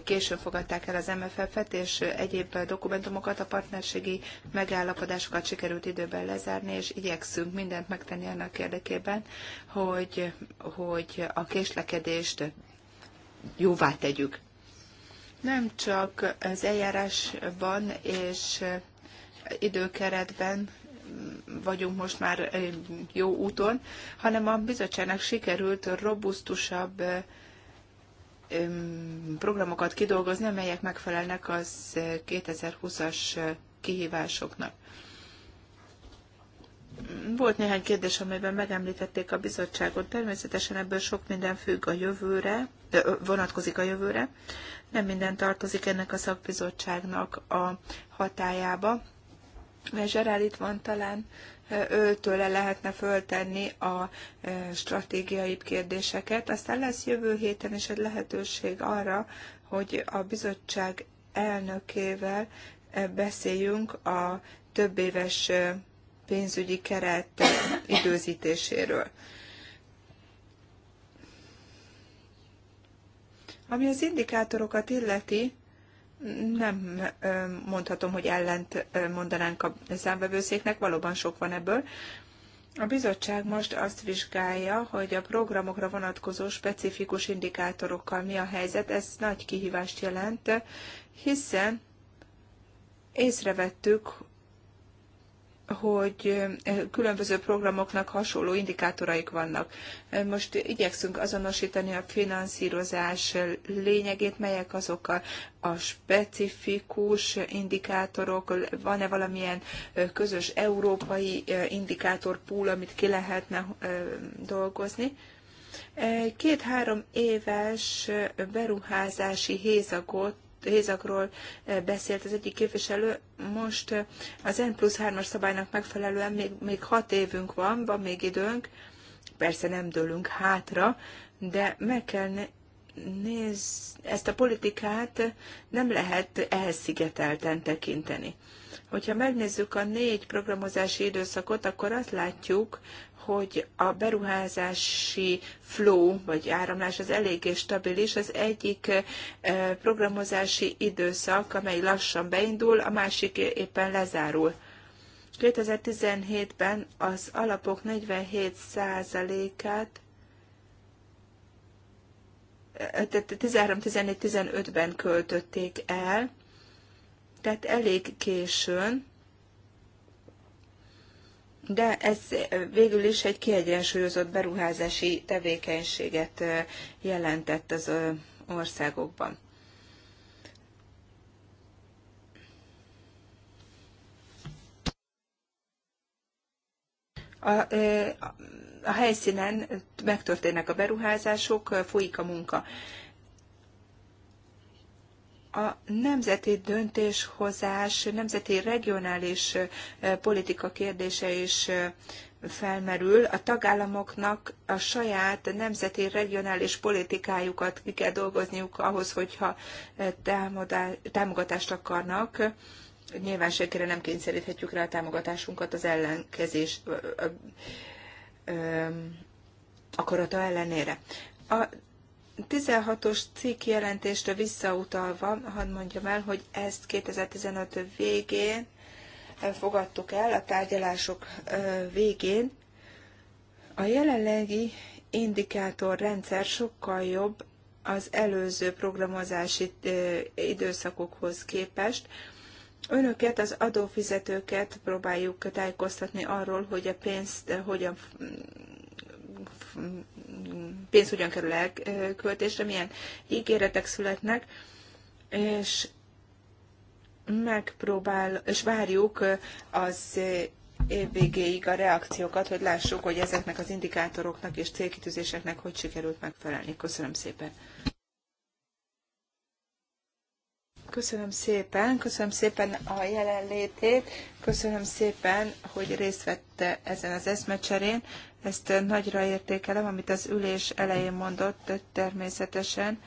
későn fogadták el az MFF-et, és egyéb dokumentumokat, a partnerségi megállapodásokat sikerült időben lezárni, és igyekszünk mindent megtenni annak érdekében, hogy, hogy a késlekedést jóvá tegyük. Nem csak az eljárásban és időkeretben vagyunk most már jó úton, hanem a bizottságnak sikerült robusztusabb programokat kidolgozni, amelyek megfelelnek az 2020-as kihívásoknak. Volt néhány kérdés, amelyben megemlítették a bizottságot. Természetesen ebből sok minden függ a jövőre, vonatkozik a jövőre. Nem minden tartozik ennek a szakbizottságnak a hatájába. Mert Zserál itt van talán, őtől lehetne föltenni a e, stratégiai kérdéseket. Aztán lesz jövő héten is egy lehetőség arra, hogy a bizottság elnökével e, beszéljünk a több éves e, pénzügyi keret időzítéséről. Ami az indikátorokat illeti, nem mondhatom, hogy ellent mondanánk a számvevőszéknek, valóban sok van ebből. A bizottság most azt vizsgálja, hogy a programokra vonatkozó specifikus indikátorokkal mi a helyzet. Ez nagy kihívást jelent, hiszen észrevettük, hogy különböző programoknak hasonló indikátoraik vannak. Most igyekszünk azonosítani a finanszírozás lényegét, melyek azok a, a specifikus indikátorok, van-e valamilyen közös európai indikátorpúl, amit ki lehetne dolgozni. Két-három éves beruházási hézagot hézakról eh, beszélt az egyik képviselő. Most eh, az N plusz 3-as szabálynak megfelelően még, még hat évünk van, van még időnk. Persze nem dőlünk hátra, de meg kell néz, ezt a politikát nem lehet elszigetelten tekinteni. Hogyha megnézzük a négy programozási időszakot, akkor azt látjuk, hogy a beruházási flow vagy áramlás az eléggé stabilis. Az egyik programozási időszak, amely lassan beindul, a másik éppen lezárul. 2017-ben az alapok 47%-át, tehát 13-14-15-ben költötték el, tehát elég későn, de ez végül is egy kiegyensúlyozott beruházási tevékenységet jelentett az országokban. A, a helyszínen megtörténnek a beruházások, folyik a munka a nemzeti döntéshozás, nemzeti regionális politika kérdése is felmerül. A tagállamoknak a saját nemzeti regionális politikájukat ki kell dolgozniuk ahhoz, hogyha támogatást akarnak. Nyilván senkire nem kényszeríthetjük rá a támogatásunkat az ellenkezés akarata ellenére. A 16-os cikk jelentésre visszautalva, hadd mondjam el, hogy ezt 2015 végén fogadtuk el, a tárgyalások végén. A jelenlegi indikátorrendszer sokkal jobb az előző programozási időszakokhoz képest. Önöket, az adófizetőket próbáljuk tájékoztatni arról, hogy a pénzt hogyan pénz hogyan kerül elköltésre, milyen ígéretek születnek, és megpróbál, és várjuk az év végéig a reakciókat, hogy lássuk, hogy ezeknek az indikátoroknak és célkitűzéseknek hogy sikerült megfelelni. Köszönöm szépen. Köszönöm szépen, köszönöm szépen a jelenlétét, köszönöm szépen, hogy részt vett ezen az eszmecserén. Ezt nagyra értékelem, amit az ülés elején mondott, természetesen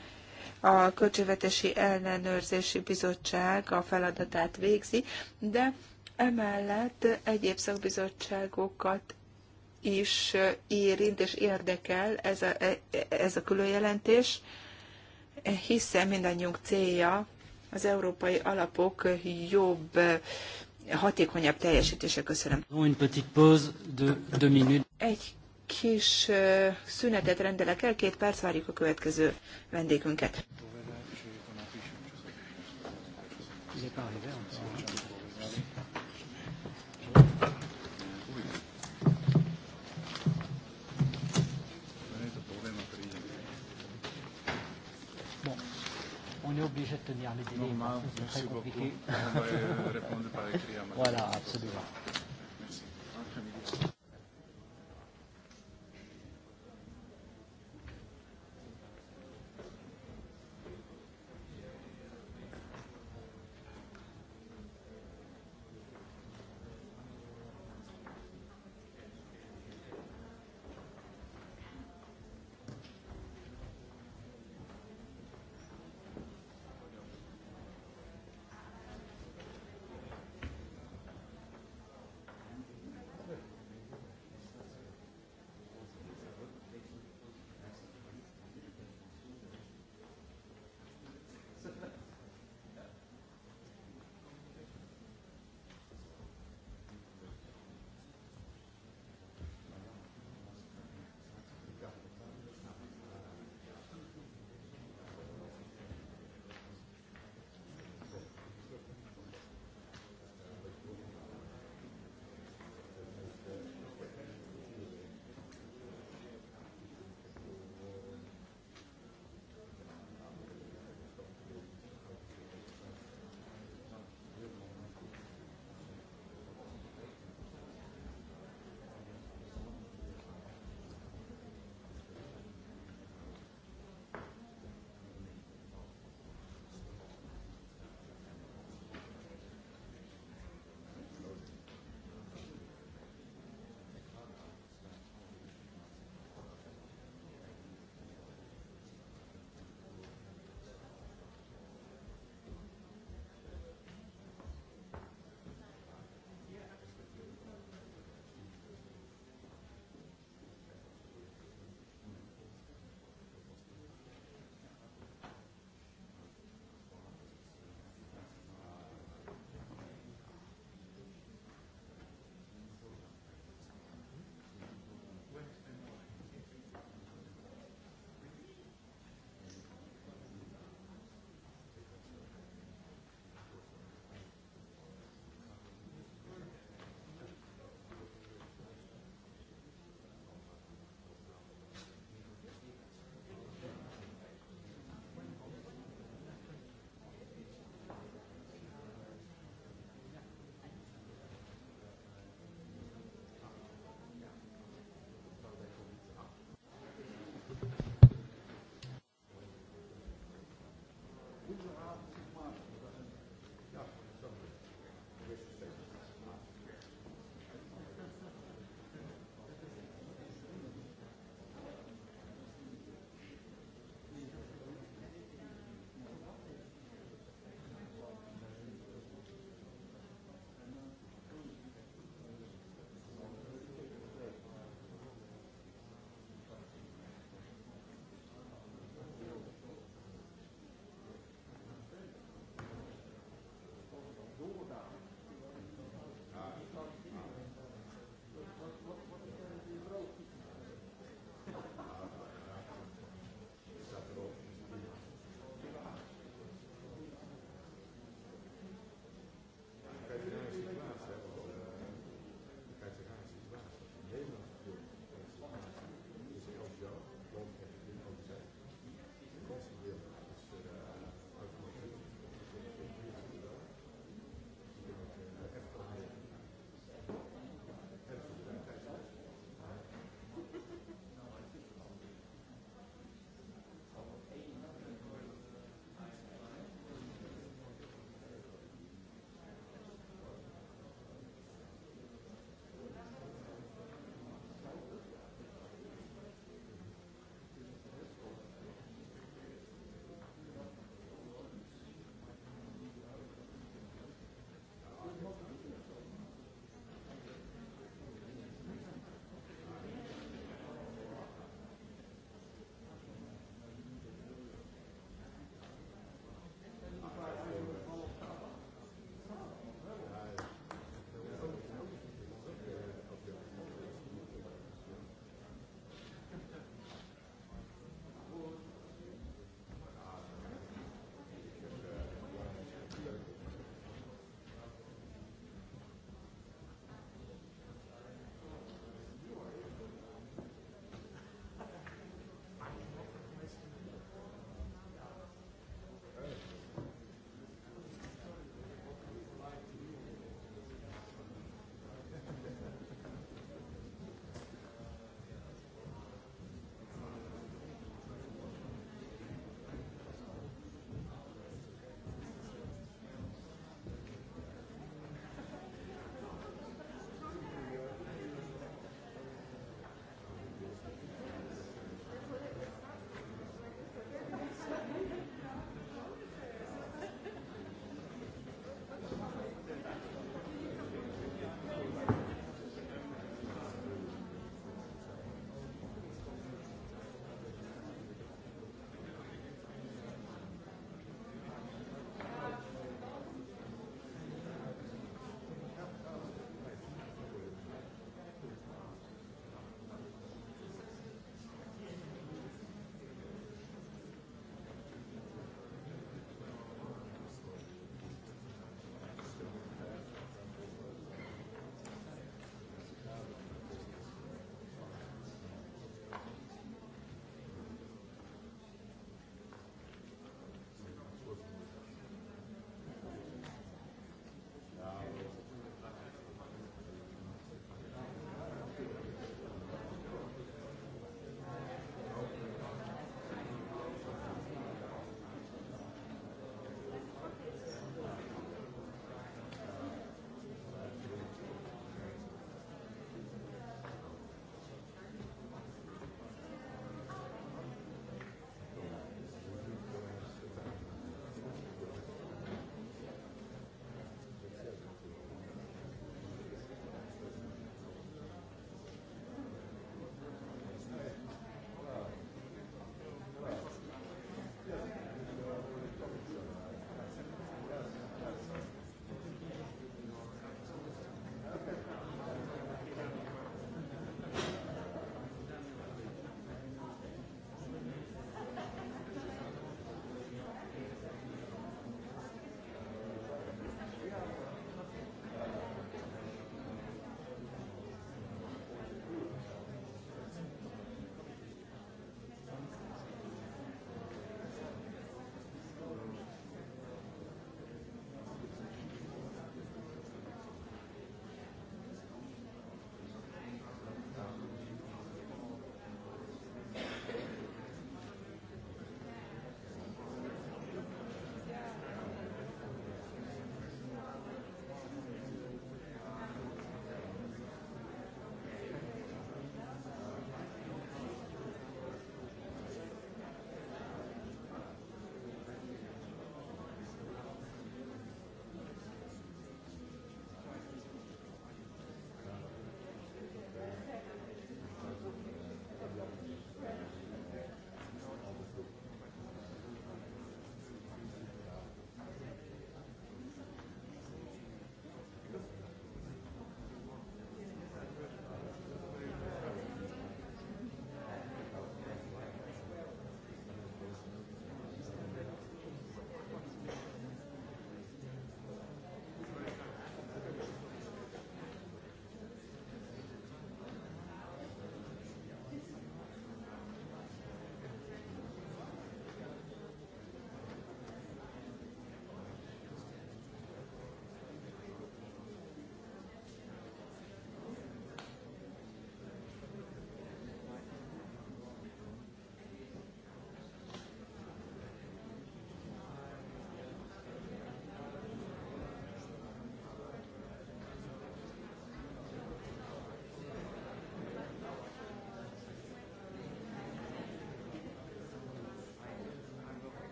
a Költségvetési Ellenőrzési Bizottság a feladatát végzi, de emellett egyéb szakbizottságokat is érint és érdekel ez a, ez a különjelentés, hiszen mindannyiunk célja az európai alapok jobb hatékonyabb teljesítése. Köszönöm. Egy kis szünetet rendelek el, két perc várjuk a következő vendégünket. Il n'est pas arrivé en on est obligé de tenir les délais. Normal, c'est très compliqué. On va répondre par écrit à *laughs* Voilà, absolument.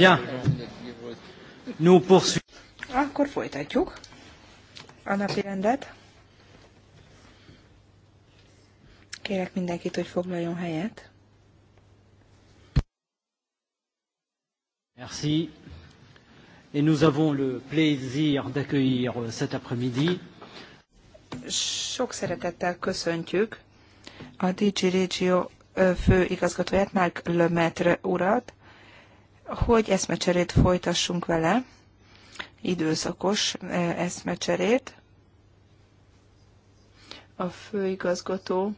Bien. Nous poursuivons. Akkor folytatjuk a napi rendet. Kérek mindenkit, hogy foglaljon helyet. Merci. Et nous avons le plaisir d'accueillir euh, cet après-midi. Sok szeretettel köszöntjük a DG Regio igazgatóját, Mark Lemaitre urat, hogy eszmecserét folytassunk vele, időszakos e, eszmecserét. A főigazgató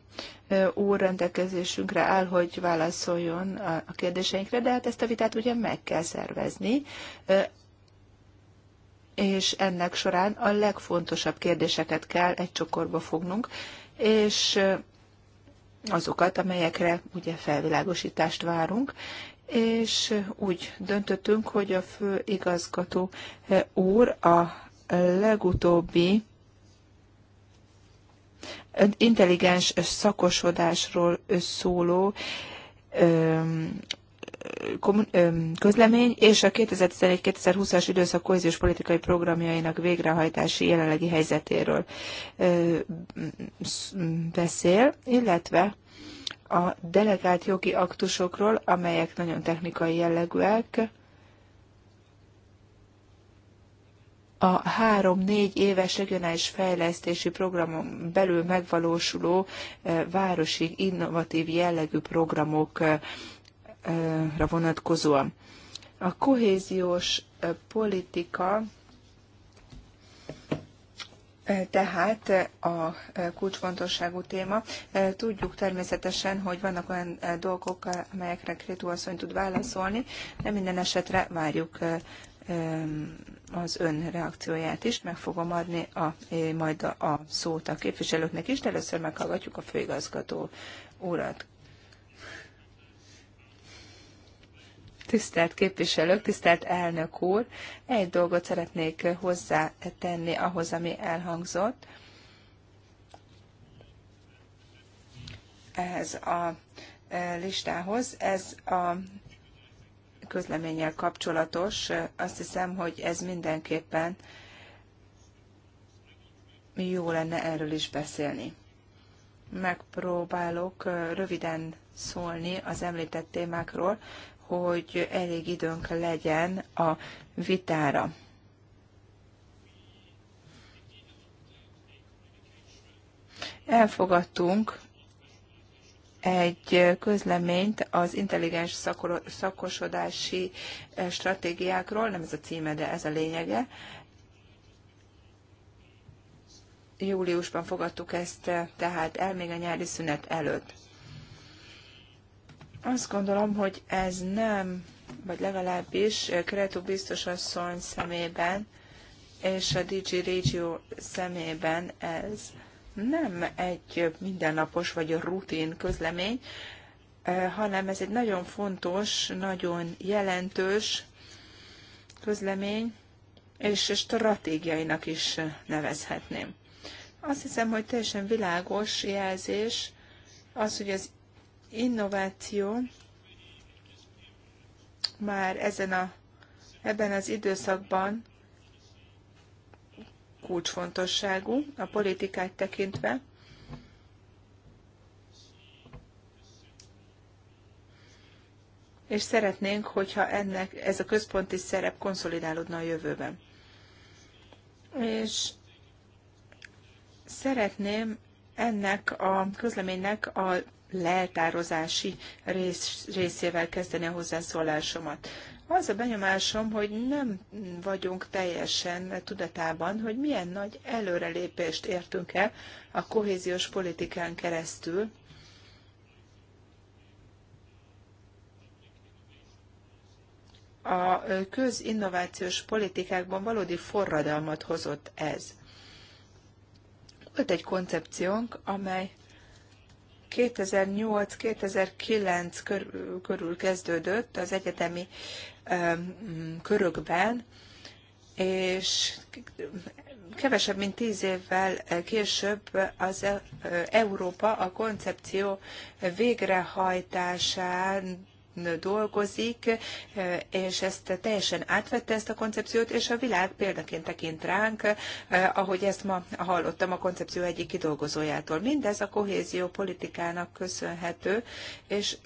e, úr rendelkezésünkre áll, hogy válaszoljon a kérdéseinkre, de hát ezt a vitát ugye meg kell szervezni e, és ennek során a legfontosabb kérdéseket kell egy csokorba fognunk, és azokat, amelyekre ugye felvilágosítást várunk, és úgy döntöttünk, hogy a főigazgató úr a legutóbbi intelligens szakosodásról szóló közlemény és a 2011-2020-as időszak kohéziós politikai programjainak végrehajtási jelenlegi helyzetéről beszél, illetve a delegált jogi aktusokról, amelyek nagyon technikai jellegűek, a három-négy éves regionális fejlesztési programon belül megvalósuló eh, városi innovatív jellegű programokra eh, eh, vonatkozóan. A kohéziós politika tehát a kulcsfontosságú téma. Tudjuk természetesen, hogy vannak olyan dolgok, amelyekre Krétu asszony tud válaszolni, de minden esetre várjuk az ön reakcióját is. Meg fogom adni a, majd a, a szót a képviselőknek is, de először meghallgatjuk a főigazgató urat. Tisztelt képviselők, tisztelt elnök úr, egy dolgot szeretnék hozzátenni ahhoz, ami elhangzott. Ehhez a e, listához, ez a közleménnyel kapcsolatos. Azt hiszem, hogy ez mindenképpen jó lenne erről is beszélni. Megpróbálok e, röviden szólni az említett témákról, hogy elég időnk legyen a vitára. Elfogadtunk egy közleményt az intelligens szakosodási eh, stratégiákról, nem ez a címe, de ez a lényege. Júliusban fogadtuk ezt, eh, tehát el még a nyári szünet előtt. Azt gondolom, hogy ez nem, vagy legalábbis Kretu biztos asszony szemében, és a DG Régió szemében ez nem egy mindennapos vagy a rutin közlemény, hanem ez egy nagyon fontos, nagyon jelentős közlemény, és stratégiainak is nevezhetném. Azt hiszem, hogy teljesen világos jelzés az, hogy az innováció már ezen a, ebben az időszakban kulcsfontosságú a politikát tekintve. És szeretnénk, hogyha ennek ez a központi szerep konszolidálódna a jövőben. És szeretném ennek a közleménynek a leltározási rész, részével kezdeni a hozzászólásomat. Az a benyomásom, hogy nem vagyunk teljesen tudatában, hogy milyen nagy előrelépést értünk el a kohéziós politikán keresztül, a közinnovációs politikákban valódi forradalmat hozott ez. Volt egy koncepciónk, amely 2008-2009 körül kezdődött az egyetemi körökben, és kevesebb, mint tíz évvel később az e, Európa a koncepció végrehajtásán dolgozik, és ezt teljesen átvette ezt a koncepciót, és a világ példaként tekint ránk, ahogy ezt ma hallottam a koncepció egyik kidolgozójától. Mindez a kohézió politikának köszönhető, és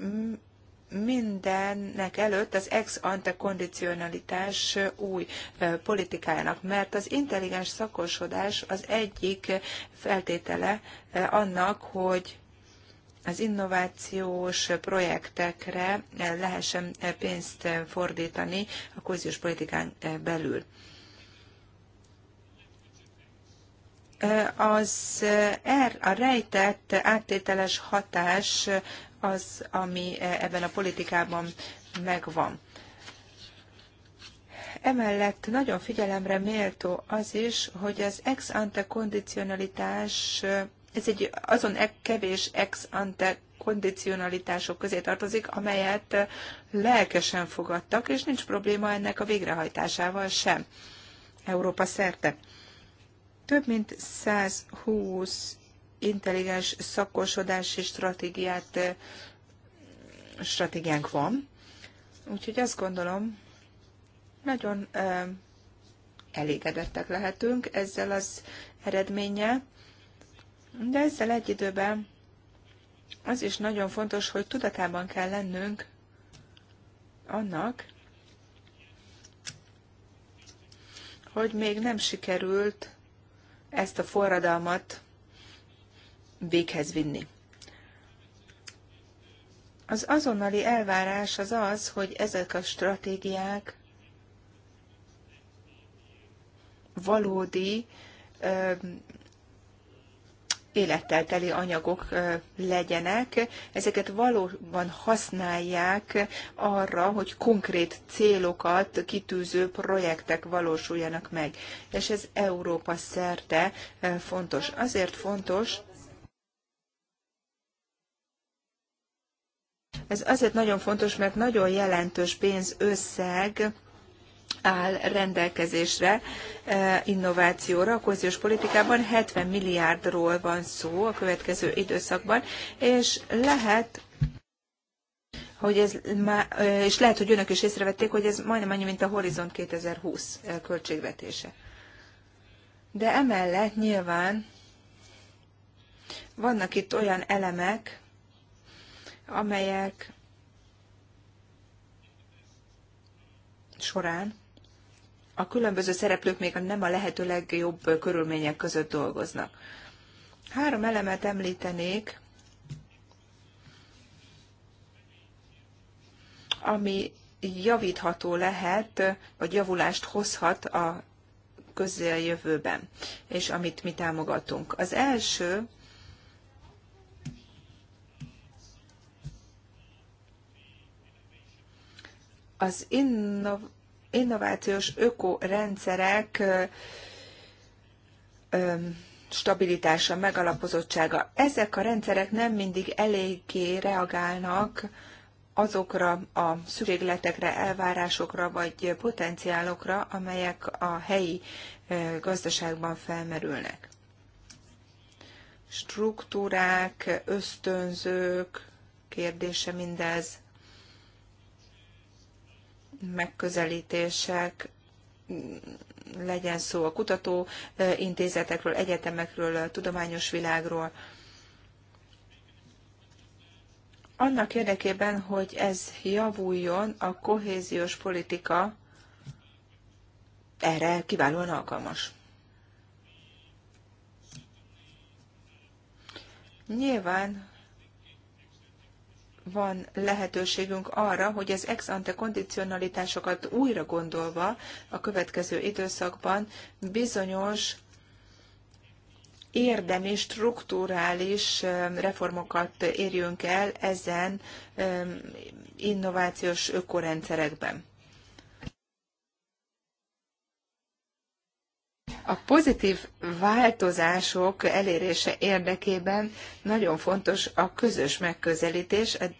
mindennek előtt az ex ante kondicionalitás új politikájának, mert az intelligens szakosodás az egyik feltétele eh, annak, hogy az innovációs projektekre lehessen pénzt fordítani a kohéziós politikán belül. Az er, a rejtett áttételes hatás az, ami ebben a politikában megvan. Emellett nagyon figyelemre méltó az is, hogy az ex ante kondicionalitás ez egy azon e- kevés ex ante kondicionalitások közé tartozik, amelyet lelkesen fogadtak, és nincs probléma ennek a végrehajtásával sem. Európa szerte. Több mint 120 intelligens szakosodási stratégiát, stratégiánk van, úgyhogy azt gondolom, nagyon elégedettek lehetünk ezzel az eredménnyel. De ezzel egy időben az is nagyon fontos, hogy tudatában kell lennünk annak, hogy még nem sikerült ezt a forradalmat véghez vinni. Az azonnali elvárás az az, hogy ezek a stratégiák valódi élettel teli anyagok legyenek, ezeket valóban használják arra, hogy konkrét célokat kitűző projektek valósuljanak meg. És ez Európa szerte fontos. Azért fontos, ez azért nagyon fontos, mert nagyon jelentős pénzösszeg áll rendelkezésre eh, innovációra. A kohéziós politikában 70 milliárdról van szó a következő időszakban, és lehet hogy ez má, eh, és lehet, hogy önök is észrevették, hogy ez majdnem annyi, mint a Horizon 2020 eh, költségvetése. De emellett nyilván vannak itt olyan elemek, amelyek során a különböző szereplők még nem a lehető legjobb körülmények között dolgoznak. Három elemet említenék, ami javítható lehet, vagy javulást hozhat a közeljövőben, és amit mi támogatunk. Az első az innov, innovációs ökorendszerek stabilitása, megalapozottsága. Ezek a rendszerek nem mindig eléggé reagálnak azokra a szükségletekre, elvárásokra vagy potenciálokra, amelyek a helyi gazdaságban felmerülnek. Struktúrák, ösztönzők kérdése mindez megközelítések, legyen szó a kutató intézetekről, egyetemekről, a tudományos világról. Annak érdekében, hogy ez javuljon, a kohéziós politika erre kiválóan alkalmas. Nyilván van lehetőségünk arra, hogy az ex ante kondicionalitásokat újra gondolva a következő időszakban bizonyos érdemi, struktúrális reformokat érjünk el ezen innovációs ökorendszerekben. A pozitív változások elérése érdekében nagyon fontos a közös megközelítés a e,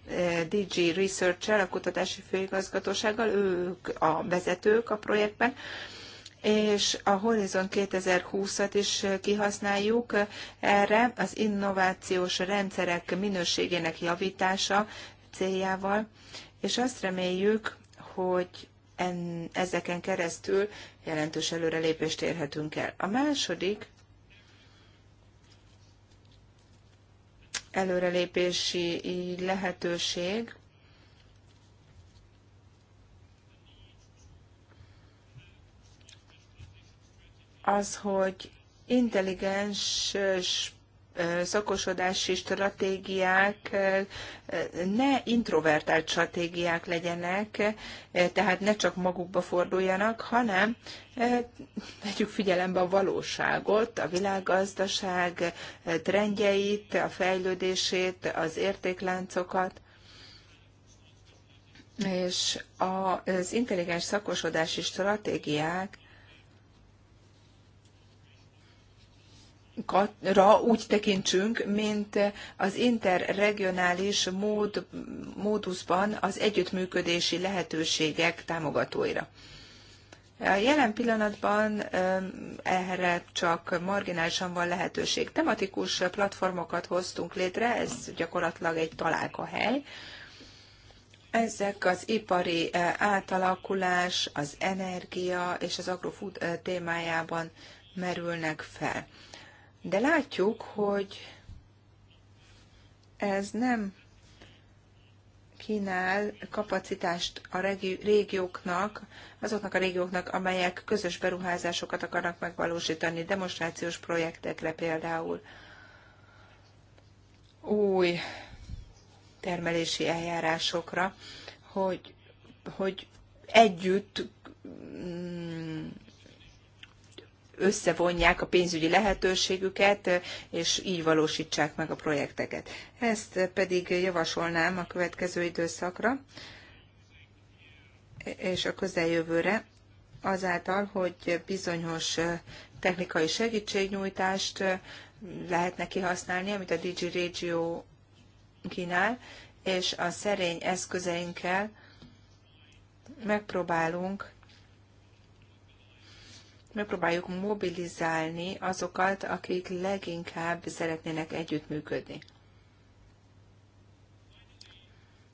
DG Research-el, a kutatási főigazgatósággal, ők a vezetők a projektben, és a Horizon 2020-at is kihasználjuk erre az innovációs rendszerek minőségének javítása céljával, és azt reméljük, hogy en, ezeken keresztül jelentős előrelépést érhetünk el. A második előrelépési lehetőség az, hogy intelligens szakosodási stratégiák ne introvertált stratégiák legyenek, tehát ne csak magukba forduljanak, hanem vegyük figyelembe a valóságot, a világgazdaság trendjeit, a fejlődését, az értékláncokat és az intelligens szakosodási stratégiák ra úgy tekintsünk, mint az interregionális mód, az együttműködési lehetőségek támogatóira. A jelen pillanatban erre csak marginálisan van lehetőség. Tematikus platformokat hoztunk létre, ez gyakorlatilag egy találkahely. Ezek az ipari átalakulás, az energia és az agrofood témájában merülnek fel. De látjuk, hogy ez nem kínál kapacitást a régióknak, azoknak a régióknak, amelyek közös beruházásokat akarnak megvalósítani, demonstrációs projektekre például, új termelési eljárásokra, hogy, hogy együtt mm, összevonják a pénzügyi lehetőségüket, és így valósítsák meg a projekteket. Ezt pedig javasolnám a következő időszakra és a közeljövőre, azáltal, hogy bizonyos technikai segítségnyújtást lehetne kihasználni, amit a DG Regio kínál, és a szerény eszközeinkkel megpróbálunk megpróbáljuk mobilizálni azokat, akik leginkább szeretnének együttműködni.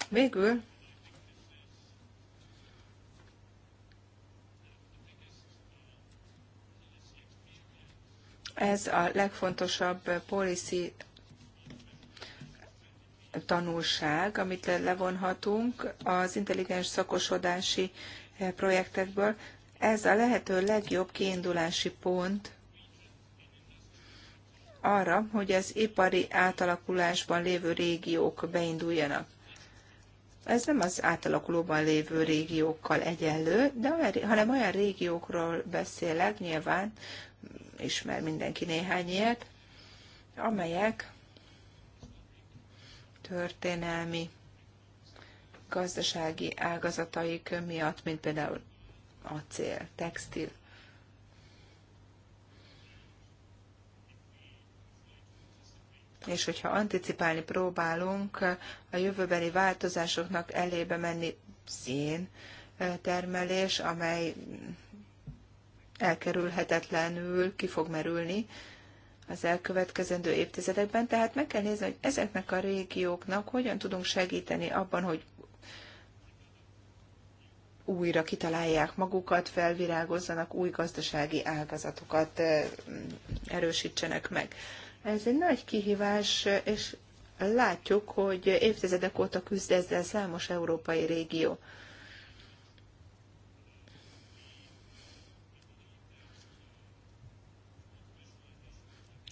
Végül ez a legfontosabb policy tanulság, amit levonhatunk az intelligens szakosodási eh, projektekből. Ez a lehető legjobb kiindulási pont arra, hogy az ipari átalakulásban lévő régiók beinduljanak. Ez nem az átalakulóban lévő régiókkal egyenlő, de olyan, hanem olyan régiókról beszélek, nyilván ismer mindenki néhány ilyet, amelyek történelmi, gazdasági ágazataik miatt, mint például acél, textil. És hogyha anticipálni próbálunk a jövőbeli változásoknak elébe menni szén termelés, amely elkerülhetetlenül ki fog merülni az elkövetkezendő évtizedekben. Tehát meg kell nézni, hogy ezeknek a régióknak hogyan tudunk segíteni abban, hogy újra kitalálják magukat, felvirágozzanak, új gazdasági ágazatokat erősítsenek meg. Ez egy nagy kihívás, és látjuk, hogy évtizedek óta küzd ezzel számos európai régió.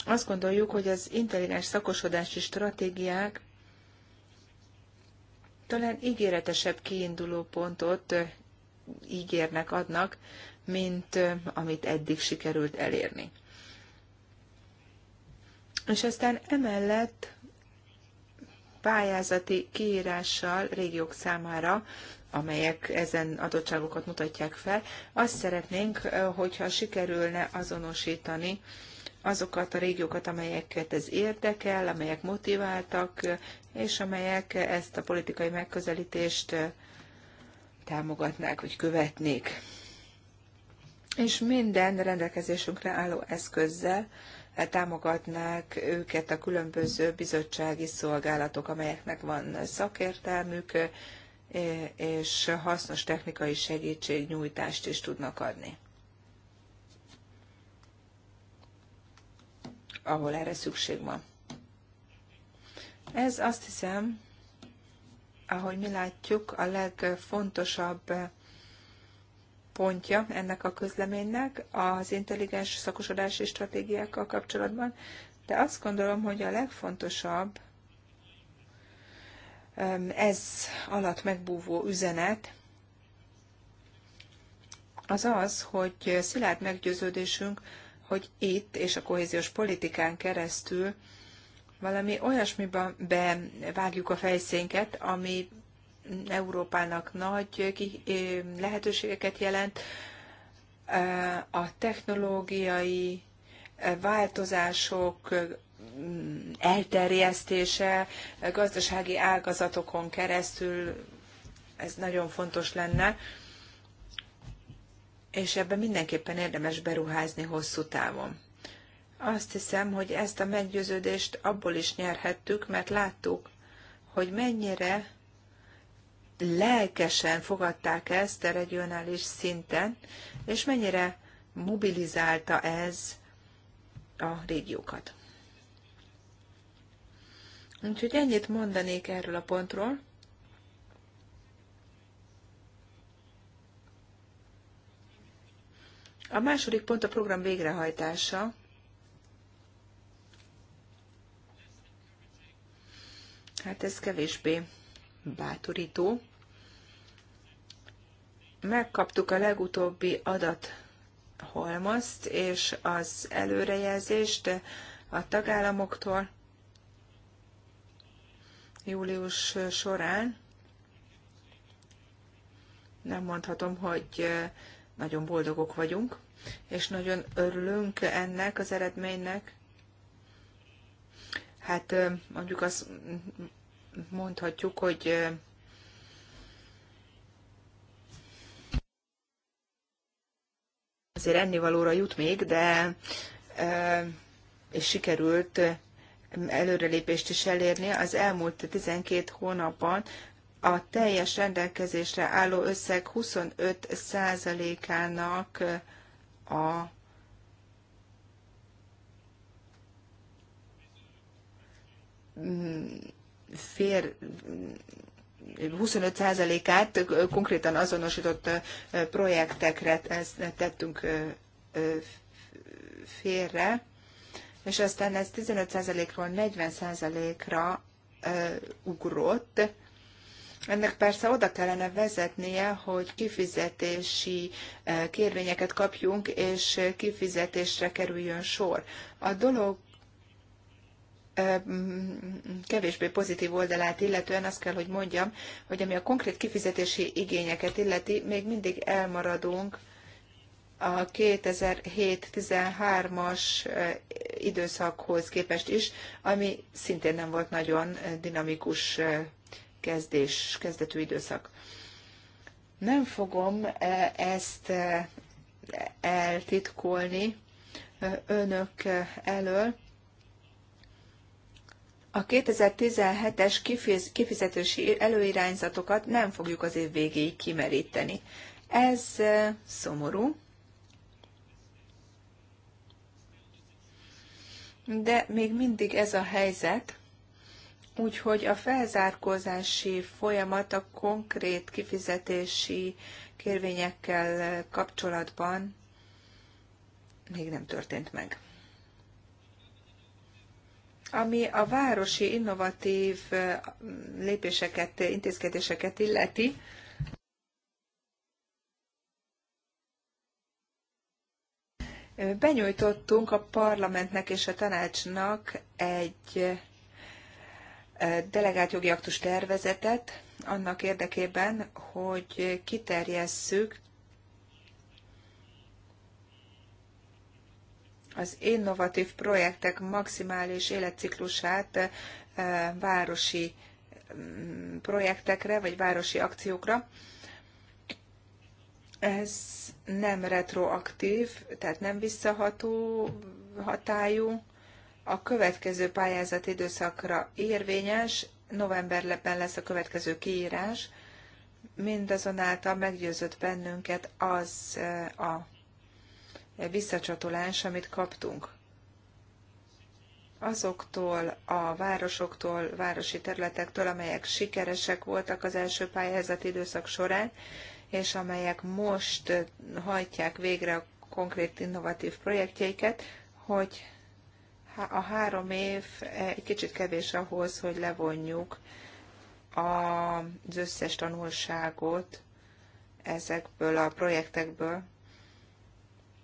Azt gondoljuk, hogy az intelligens szakosodási stratégiák talán ígéretesebb kiinduló pontot ígérnek, adnak, mint amit eddig sikerült elérni. És aztán emellett pályázati kiírással régiók számára, amelyek ezen adottságokat mutatják fel, azt szeretnénk, hogyha sikerülne azonosítani azokat a régiókat, amelyeket ez érdekel, amelyek motiváltak, és amelyek ezt a politikai megközelítést támogatnák, vagy követnék. És minden rendelkezésünkre álló eszközzel támogatnák őket a különböző bizottsági szolgálatok, amelyeknek van szakértelmük, és hasznos technikai segítségnyújtást is tudnak adni. ahol erre szükség van. Ez azt hiszem ahogy mi látjuk, a legfontosabb pontja ennek a közleménynek az intelligens szakosodási stratégiákkal kapcsolatban, de azt gondolom, hogy a legfontosabb ez alatt megbúvó üzenet az az, hogy szilárd meggyőződésünk, hogy itt és a kohéziós politikán keresztül valami olyasmiben bevágjuk a fejszénket, ami Európának nagy lehetőségeket jelent, a technológiai változások elterjesztése gazdasági ágazatokon keresztül, ez nagyon fontos lenne, és ebben mindenképpen érdemes beruházni hosszú távon. Azt hiszem, hogy ezt a meggyőződést abból is nyerhettük, mert láttuk, hogy mennyire lelkesen fogadták ezt a regionális szinten, és mennyire mobilizálta ez a régiókat. Úgyhogy ennyit mondanék erről a pontról. A második pont a program végrehajtása. Hát ez kevésbé bátorító. Megkaptuk a legutóbbi adat halmazt és az előrejelzést a tagállamoktól július során. Nem mondhatom, hogy nagyon boldogok vagyunk, és nagyon örülünk ennek az eredménynek hát mondjuk azt mondhatjuk, hogy azért ennivalóra jut még, de és sikerült előrelépést is elérni. Az elmúlt 12 hónapban a teljes rendelkezésre álló összeg 25%-ának a fér 25%-át konkrétan azonosított projektekre tettünk félre, és aztán ez 15%-ról 40%-ra ugrott. Ennek persze oda kellene vezetnie, hogy kifizetési kérvényeket kapjunk, és kifizetésre kerüljön sor. A dolog kevésbé pozitív oldalát illetően azt kell, hogy mondjam, hogy ami a konkrét kifizetési igényeket illeti, még mindig elmaradunk a 2007-13-as időszakhoz képest is, ami szintén nem volt nagyon dinamikus kezdés, kezdetű időszak. Nem fogom ezt eltitkolni önök elől a 2017-es kifizetősi előirányzatokat nem fogjuk az év végéig kimeríteni. Ez szomorú, de még mindig ez a helyzet, úgyhogy a felzárkózási folyamat a konkrét kifizetési kérvényekkel kapcsolatban még nem történt meg. Ami a városi innovatív lépéseket, intézkedéseket illeti, benyújtottunk a parlamentnek és a tanácsnak egy delegált jogi aktus tervezetet annak érdekében, hogy kiterjesszük az innovatív projektek maximális életciklusát városi mm, projektekre, vagy városi akciókra. Ez nem retroaktív, tehát nem visszaható hatályú, a következő pályázat időszakra érvényes, novemberben lesz a következő kiírás, mindazonáltal meggyőzött bennünket az a visszacsatolás, amit kaptunk azoktól a városoktól, városi területektől, amelyek sikeresek voltak az első pályázati időszak során, és amelyek most hajtják végre a konkrét innovatív projektjeiket, hogy a három év eh, egy kicsit kevés ahhoz, hogy levonjuk az összes tanulságot ezekből a projektekből,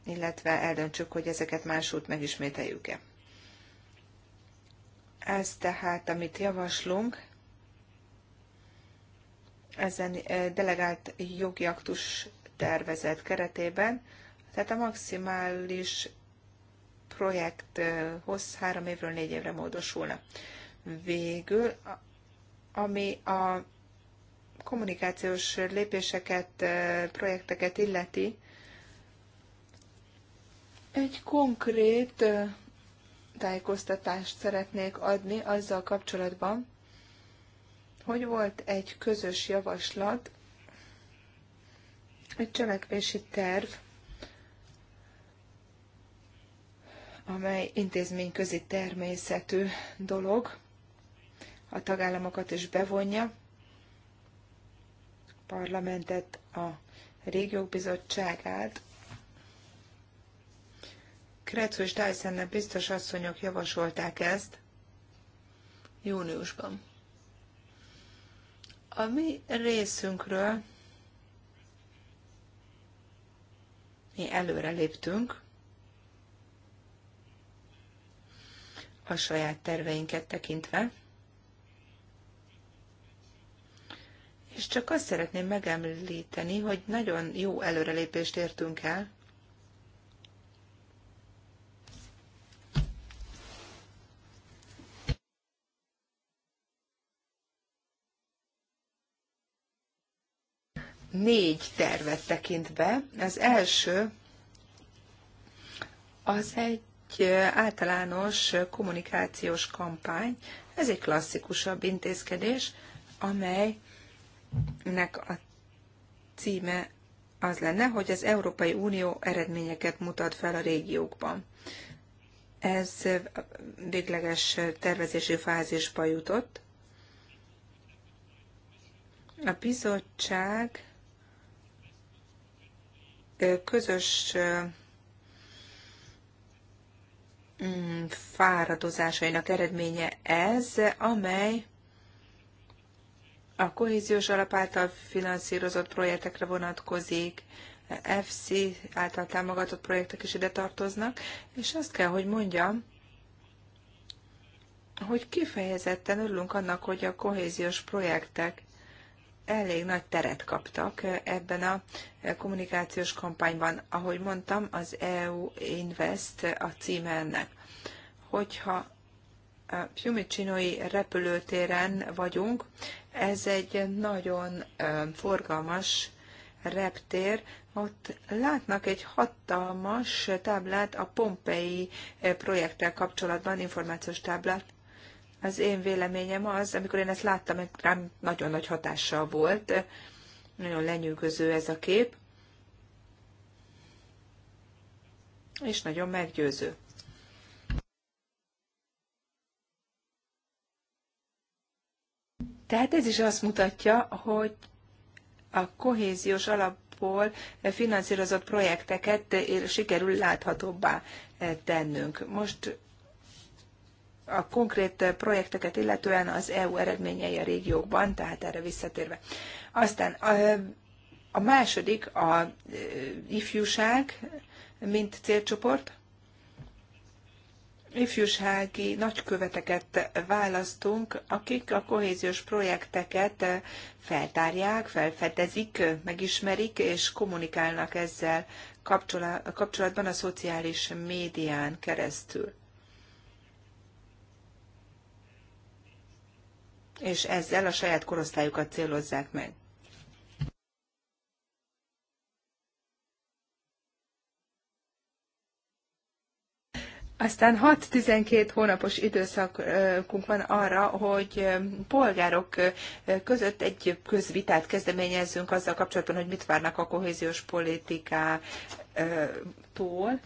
illetve eldöntsük, hogy ezeket másút megismételjük-e. Ez tehát, amit javaslunk, ezen eh, delegált jogi aktus tervezet keretében, tehát a maximális projekt eh, hossz három évről négy évre módosulna. Végül, ami a kommunikációs lépéseket, eh, projekteket illeti, egy konkrét tájékoztatást szeretnék adni azzal kapcsolatban, hogy volt egy közös javaslat, egy cselekvési terv, amely intézményközi természetű dolog, a tagállamokat is bevonja, parlamentet, a régiók bizottságát, Kretsz és Tyson biztos asszonyok javasolták ezt júniusban. A mi részünkről mi előre léptünk, a saját terveinket tekintve. És csak azt szeretném megemlíteni, hogy nagyon jó előrelépést értünk el, négy tervet tekint be. Az első az egy általános kommunikációs kampány. Ez egy klasszikusabb intézkedés, amelynek a címe az lenne, hogy az Európai Unió eredményeket mutat fel a régiókban. Ez végleges tervezési fázisba jutott. A bizottság közös mm, fáradozásainak eredménye ez, amely a kohéziós alap által finanszírozott projektekre vonatkozik, FC által támogatott projektek is ide tartoznak, és azt kell, hogy mondjam, hogy kifejezetten örülünk annak, hogy a kohéziós projektek elég nagy teret kaptak ebben a kommunikációs kampányban. Ahogy mondtam, az EU Invest a címe ennek. Hogyha a Fiumicinoi repülőtéren vagyunk, ez egy nagyon forgalmas reptér, ott látnak egy hatalmas táblát a Pompei projekttel kapcsolatban, információs táblát, az én véleményem az, amikor én ezt láttam, rám nagyon nagy hatással volt, nagyon lenyűgöző ez a kép, és nagyon meggyőző. Tehát ez is azt mutatja, hogy a kohéziós alapból finanszírozott projekteket sikerül láthatóbbá tennünk. Most a konkrét projekteket illetően az EU eredményei a régiókban, tehát erre visszatérve. Aztán a, a második a ifjúság, mint célcsoport. Ifjúsági nagyköveteket választunk, akik a kohéziós projekteket feltárják, felfedezik, megismerik és kommunikálnak ezzel kapcsolatban a szociális médián keresztül. és ezzel a saját korosztályukat célozzák meg. Aztán 6-12 hónapos időszakunk van arra, hogy polgárok között egy közvitát kezdeményezzünk azzal kapcsolatban, hogy mit várnak a kohéziós politikától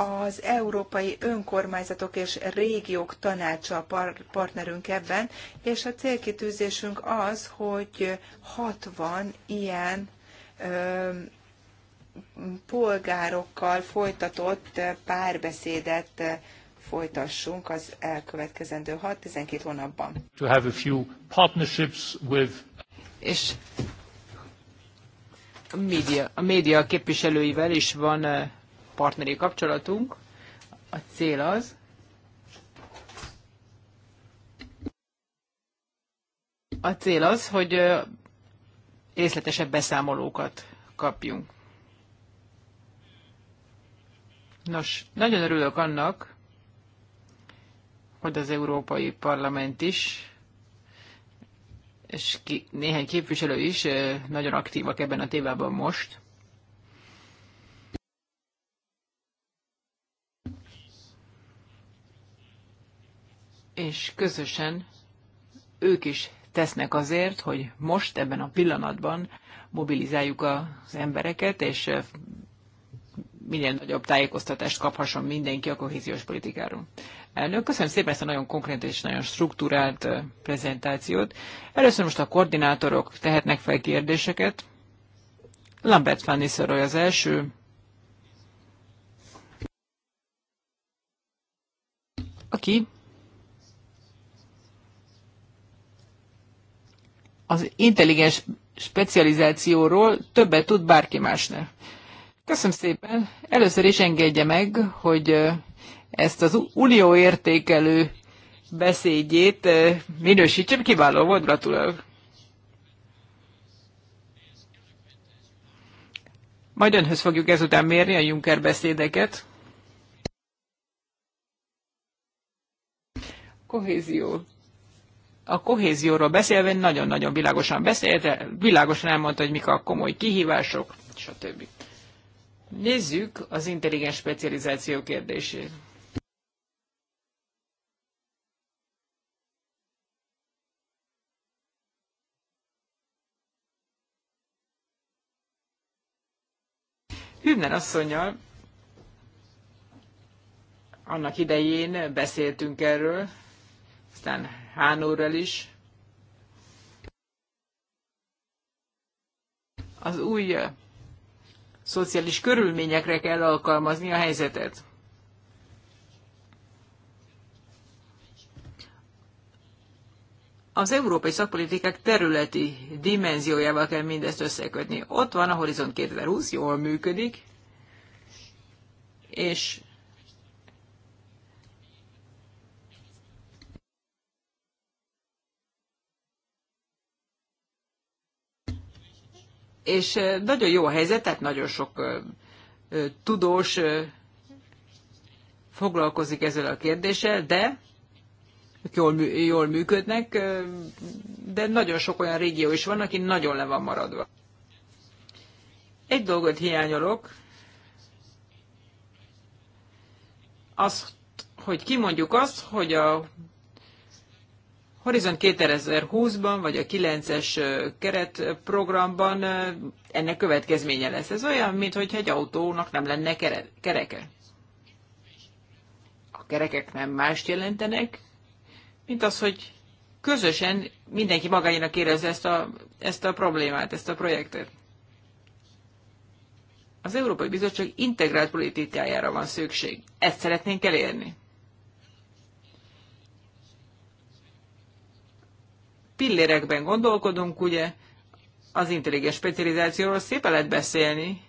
az Európai Önkormányzatok és Régiók Tanácsa a partnerünk ebben, és a célkitűzésünk az, hogy 60 ilyen ö, polgárokkal folytatott párbeszédet folytassunk az elkövetkezendő 6-12 hónapban. To have a few partnerships with... És a média, a média képviselőivel is van partneri kapcsolatunk. A cél az, a cél az, hogy részletesebb beszámolókat kapjunk. Nos, nagyon örülök annak, hogy az Európai Parlament is, és ki, néhány képviselő is nagyon aktívak ebben a tévában most. és közösen ők is tesznek azért, hogy most ebben a pillanatban mobilizáljuk az embereket, és eh, minél nagyobb tájékoztatást kaphasson mindenki a kohéziós politikáról. Elnök, köszönöm szépen ezt a nagyon konkrét és nagyon struktúrált eh, prezentációt. Először most a koordinátorok tehetnek fel kérdéseket. Lambert van Nisseroy az első. Aki az intelligens specializációról többet tud bárki másnál. Köszönöm szépen. Először is engedje meg, hogy ezt az unió értékelő beszédjét minősítsem. Kiváló volt, gratulálok. Majd önhöz fogjuk ezután mérni a Juncker beszédeket. Kohézió a kohézióról beszélve nagyon-nagyon világosan beszélt, világosan elmondta, hogy mik a komoly kihívások, stb. Nézzük az intelligens specializáció kérdését. Hübner asszonyal annak idején beszéltünk erről, aztán Hánórral is. Az új szociális körülményekre kell alkalmazni a helyzetet. Az európai szakpolitikák területi dimenziójával kell mindezt összekötni. Ott van a Horizont 2020, jól működik, és és nagyon jó a helyzet, tehát nagyon sok tudós foglalkozik ezzel a kérdéssel, de jól, jól működnek, de nagyon sok olyan régió is van, aki nagyon le van maradva. Egy dolgot hiányolok, az, hogy kimondjuk azt, hogy a Horizon 2020-ban, vagy a 9-es keretprogramban ennek következménye lesz. Ez olyan, mintha egy autónak nem lenne kereke. A kerekek nem mást jelentenek, mint az, hogy közösen mindenki magáinak érezze ezt a, ezt a problémát, ezt a projektet. Az Európai Bizottság integrált politikájára van szükség. Ezt szeretnénk elérni. pillérekben gondolkodunk, ugye az intelligens specializációról szépen lehet beszélni,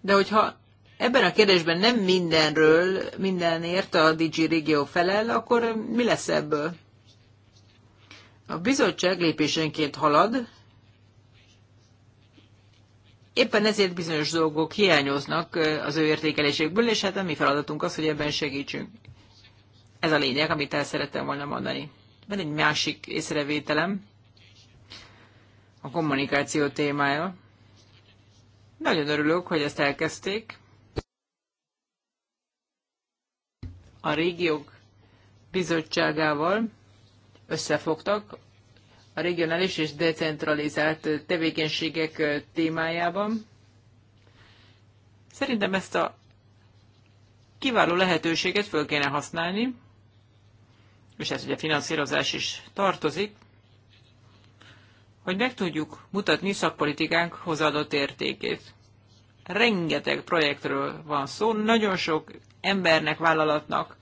de hogyha ebben a kérdésben nem mindenről, mindenért a DG régió felel, akkor mi lesz ebből? A bizottság lépésenként halad, Éppen ezért bizonyos dolgok hiányoznak az ő értékelésükből, és hát a mi feladatunk az, hogy ebben segítsünk. Ez a lényeg, amit el szerettem volna mondani. Van egy másik észrevételem, a kommunikáció témája. Nagyon örülök, hogy ezt elkezdték. A régiók bizottságával összefogtak a regionális és decentralizált tevékenységek témájában. Szerintem ezt a kiváló lehetőséget föl kéne használni, és ez ugye finanszírozás is tartozik, hogy meg tudjuk mutatni szakpolitikánk hozadott értékét. Rengeteg projektről van szó, nagyon sok embernek, vállalatnak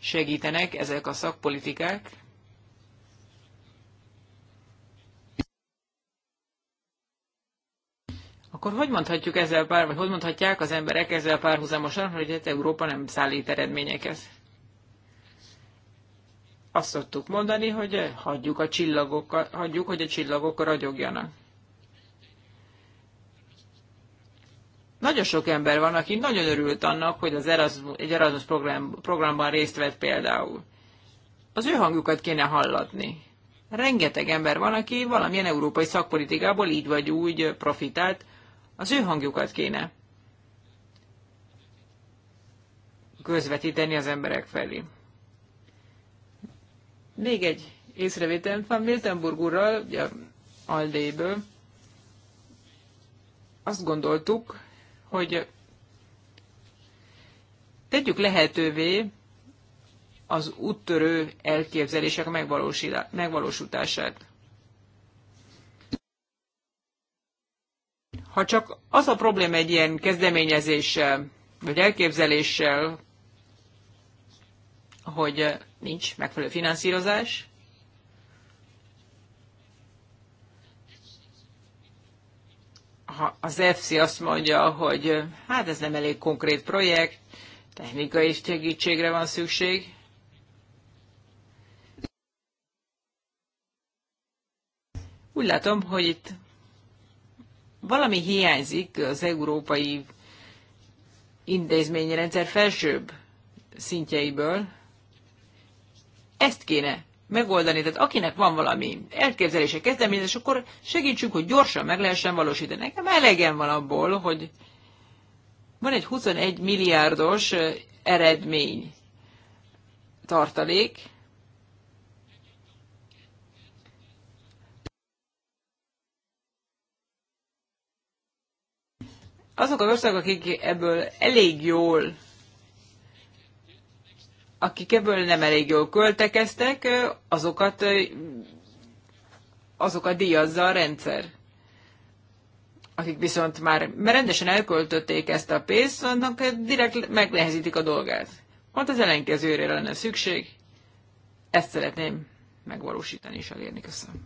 segítenek ezek a szakpolitikák, akkor hogy mondhatjuk ezzel pár, vagy hogy mondhatják az emberek ezzel párhuzamosan, hogy hát Európa nem szállít eredményeket? Azt szoktuk mondani, hogy hagyjuk, a csillagokat, hagyjuk hogy a csillagok ragyogjanak. Nagyon sok ember van, aki nagyon örült annak, hogy az Erasmus, egy Erasmus program, programban részt vett például. Az ő hangjukat kéne hallatni. Rengeteg ember van, aki valamilyen európai szakpolitikából így vagy úgy profitált, az ő hangjukat kéne közvetíteni az emberek felé. Még egy észrevétel van Miltenburg úrral, ugye Aldéből. Azt gondoltuk, hogy tegyük lehetővé az úttörő elképzelések megvalósítását. Ha csak az a probléma egy ilyen kezdeményezéssel, vagy elképzeléssel, hogy eh, nincs megfelelő finanszírozás, ha az FC azt mondja, hogy eh, hát ez nem elég konkrét projekt, technikai segítségre van szükség, úgy látom, hogy itt valami hiányzik az európai intézményrendszer felsőbb szintjeiből. Ezt kéne megoldani, tehát akinek van valami elképzelése, kezdeményezés, akkor segítsünk, hogy gyorsan meg lehessen valósítani. Nekem elegem van abból, hogy van egy 21 milliárdos eh, eredmény tartalék, azok az országok, akik ebből elég jól, akik ebből nem elég jól költekeztek, azokat, azokat díjazza a rendszer. Akik viszont már rendesen elköltötték ezt a pénzt, annak direkt megnehezítik a dolgát. Pont az ellenkezőre lenne szükség. Ezt szeretném megvalósítani és elérni. Köszönöm.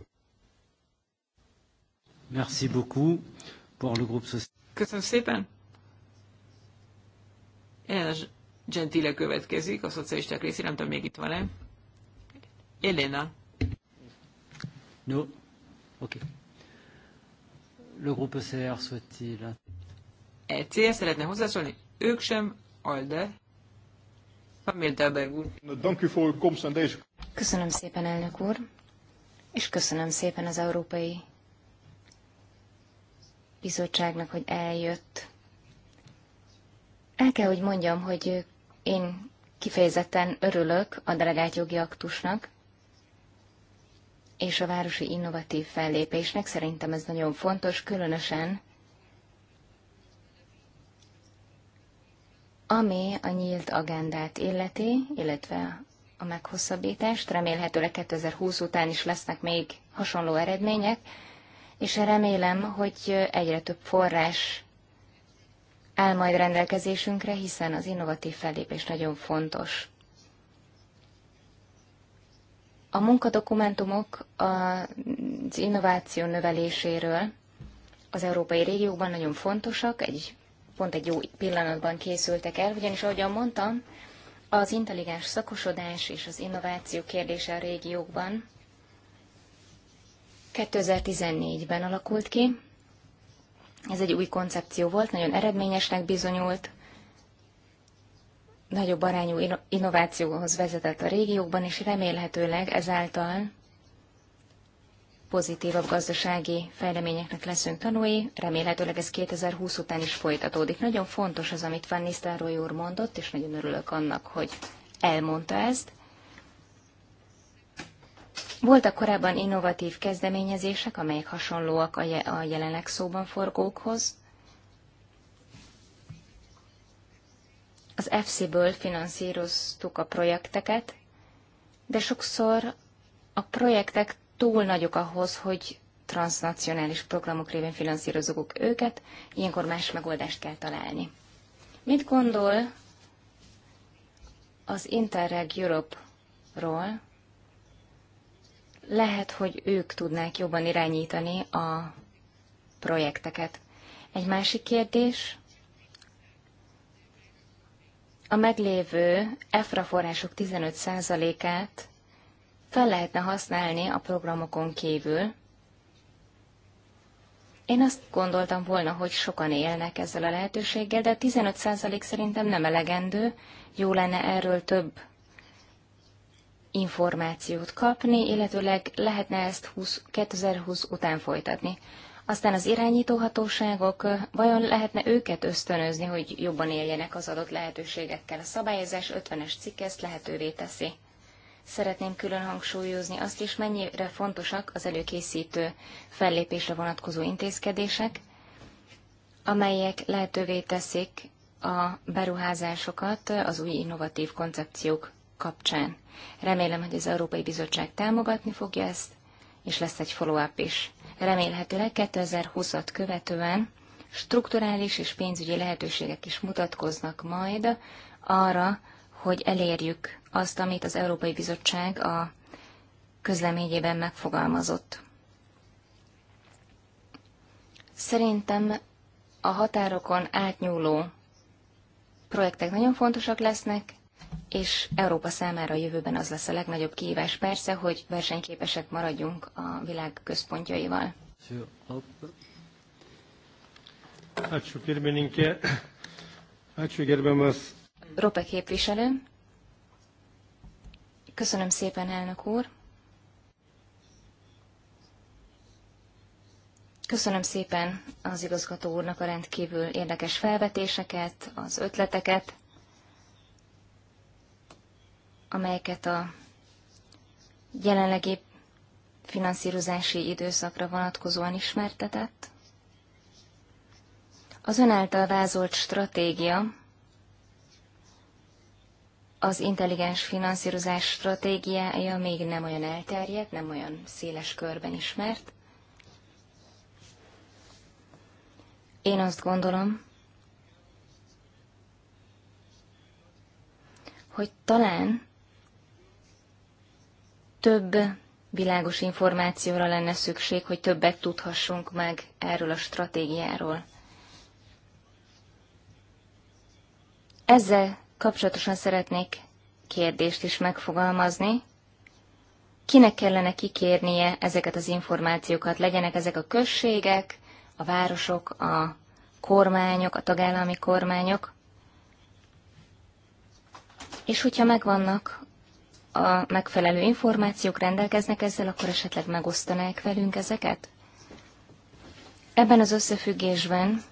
Merci beaucoup pour le groupe social. Köszönöm szépen. Elena Gentile következik a szocialisták részére, nem tudom, még itt van-e. Elena. No. Oké. Okay. Le groupe ECR souhaite-t-il... ECR szeretne hozzászólni? Ők sem, Alde. úr. Köszönöm szépen, elnök úr, és köszönöm szépen az Európai bizottságnak, hogy eljött. El kell, hogy mondjam, hogy én kifejezetten örülök a delegált jogi aktusnak, és a városi innovatív fellépésnek. Szerintem ez nagyon fontos, különösen ami a nyílt agendát illeti, illetve a meghosszabbítást. Remélhetőleg 2020 után is lesznek még hasonló eredmények és remélem, hogy egyre több forrás áll majd rendelkezésünkre, hiszen az innovatív fellépés nagyon fontos. A munkadokumentumok az innováció növeléséről az európai régiókban nagyon fontosak, egy, pont egy jó pillanatban készültek el, ugyanis ahogyan mondtam, az intelligens szakosodás és az innováció kérdése a régiókban 2014-ben alakult ki. Ez egy új koncepció volt, nagyon eredményesnek bizonyult, nagyobb arányú innovációhoz vezetett a régiókban, és remélhetőleg ezáltal pozitívabb gazdasági fejleményeknek leszünk tanúi, remélhetőleg ez 2020 után is folytatódik. Nagyon fontos az, amit Van Nisztároly úr mondott, és nagyon örülök annak, hogy elmondta ezt. Voltak korábban innovatív kezdeményezések, amelyek hasonlóak a jelenleg szóban forgókhoz. Az EFSI-ből finanszíroztuk a projekteket, de sokszor a projektek túl nagyok ahhoz, hogy transnacionális programok révén finanszírozzuk őket, ilyenkor más megoldást kell találni. Mit gondol az Interreg Europe-ról, lehet, hogy ők tudnák jobban irányítani a projekteket. Egy másik kérdés. A meglévő EFRA források 15%-át fel lehetne használni a programokon kívül. Én azt gondoltam volna, hogy sokan élnek ezzel a lehetőséggel, de 15% szerintem nem elegendő, jó lenne erről több információt kapni, illetőleg lehetne ezt 20, 2020 után folytatni. Aztán az irányítóhatóságok, vajon lehetne őket ösztönözni, hogy jobban éljenek az adott lehetőségekkel? A szabályozás 50-es cikk ezt lehetővé teszi. Szeretném külön hangsúlyozni azt is, mennyire fontosak az előkészítő fellépésre vonatkozó intézkedések, amelyek lehetővé teszik a beruházásokat az új innovatív koncepciók kapcsán. Remélem, hogy az Európai Bizottság támogatni fogja ezt, és lesz egy follow-up is. Remélhetőleg 2020-at követően strukturális és pénzügyi lehetőségek is mutatkoznak majd arra, hogy elérjük azt, amit az Európai Bizottság a közleményében megfogalmazott. Szerintem a határokon átnyúló projektek nagyon fontosak lesznek, és Európa számára a jövőben az lesz a legnagyobb kihívás persze, hogy versenyképesek maradjunk a világ központjaival. Rope képviselő. Köszönöm szépen, elnök úr. Köszönöm szépen az igazgató úrnak a rendkívül érdekes felvetéseket, az ötleteket amelyeket a jelenlegi finanszírozási időszakra vonatkozóan ismertetett. Az ön által vázolt stratégia, az intelligens finanszírozás stratégiája még nem olyan elterjedt, nem olyan széles körben ismert. Én azt gondolom, hogy talán több világos információra lenne szükség, hogy többet tudhassunk meg erről a stratégiáról. Ezzel kapcsolatosan szeretnék kérdést is megfogalmazni. Kinek kellene kikérnie ezeket az információkat? Legyenek ezek a községek, a városok, a kormányok, a tagállami kormányok? És hogyha megvannak a megfelelő információk rendelkeznek ezzel, akkor esetleg megosztanák velünk ezeket? Ebben az összefüggésben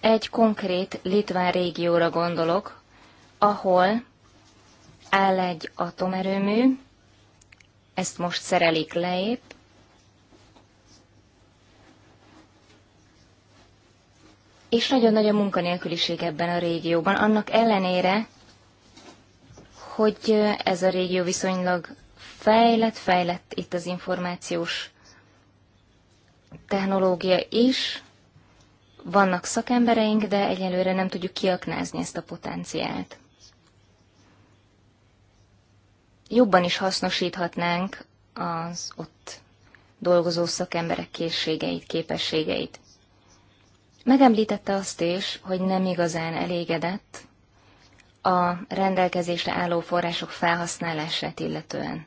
egy konkrét litván régióra gondolok, ahol áll egy atomerőmű, ezt most szerelik leép, és nagyon nagy a munkanélküliség ebben a régióban, annak ellenére, hogy ez a régió viszonylag fejlett, fejlett itt az információs technológia is, vannak szakembereink, de egyelőre nem tudjuk kiaknázni ezt a potenciált. Jobban is hasznosíthatnánk az ott dolgozó szakemberek készségeit, képességeit. Megemlítette azt is, hogy nem igazán elégedett a rendelkezésre álló források felhasználását illetően.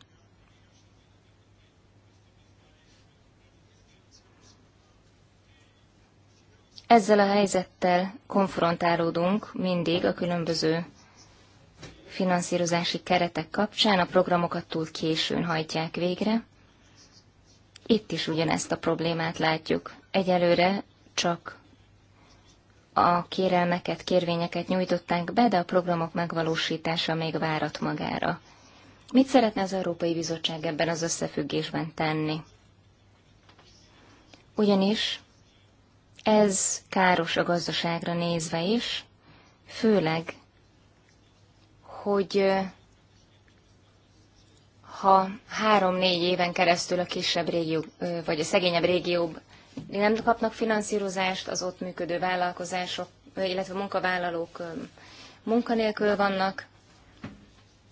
Ezzel a helyzettel konfrontálódunk mindig a különböző finanszírozási keretek kapcsán, a programokat túl későn hajtják végre. Itt is ugyanezt a problémát látjuk. Egyelőre csak a kérelmeket, kérvényeket nyújtották be, de a programok megvalósítása még várat magára. Mit szeretne az Európai Bizottság ebben az összefüggésben tenni? Ugyanis ez káros a gazdaságra nézve is, főleg, hogy ha három-négy éven keresztül a kisebb régió, vagy a szegényebb régióban nem kapnak finanszírozást, az ott működő vállalkozások, illetve munkavállalók munkanélkül vannak,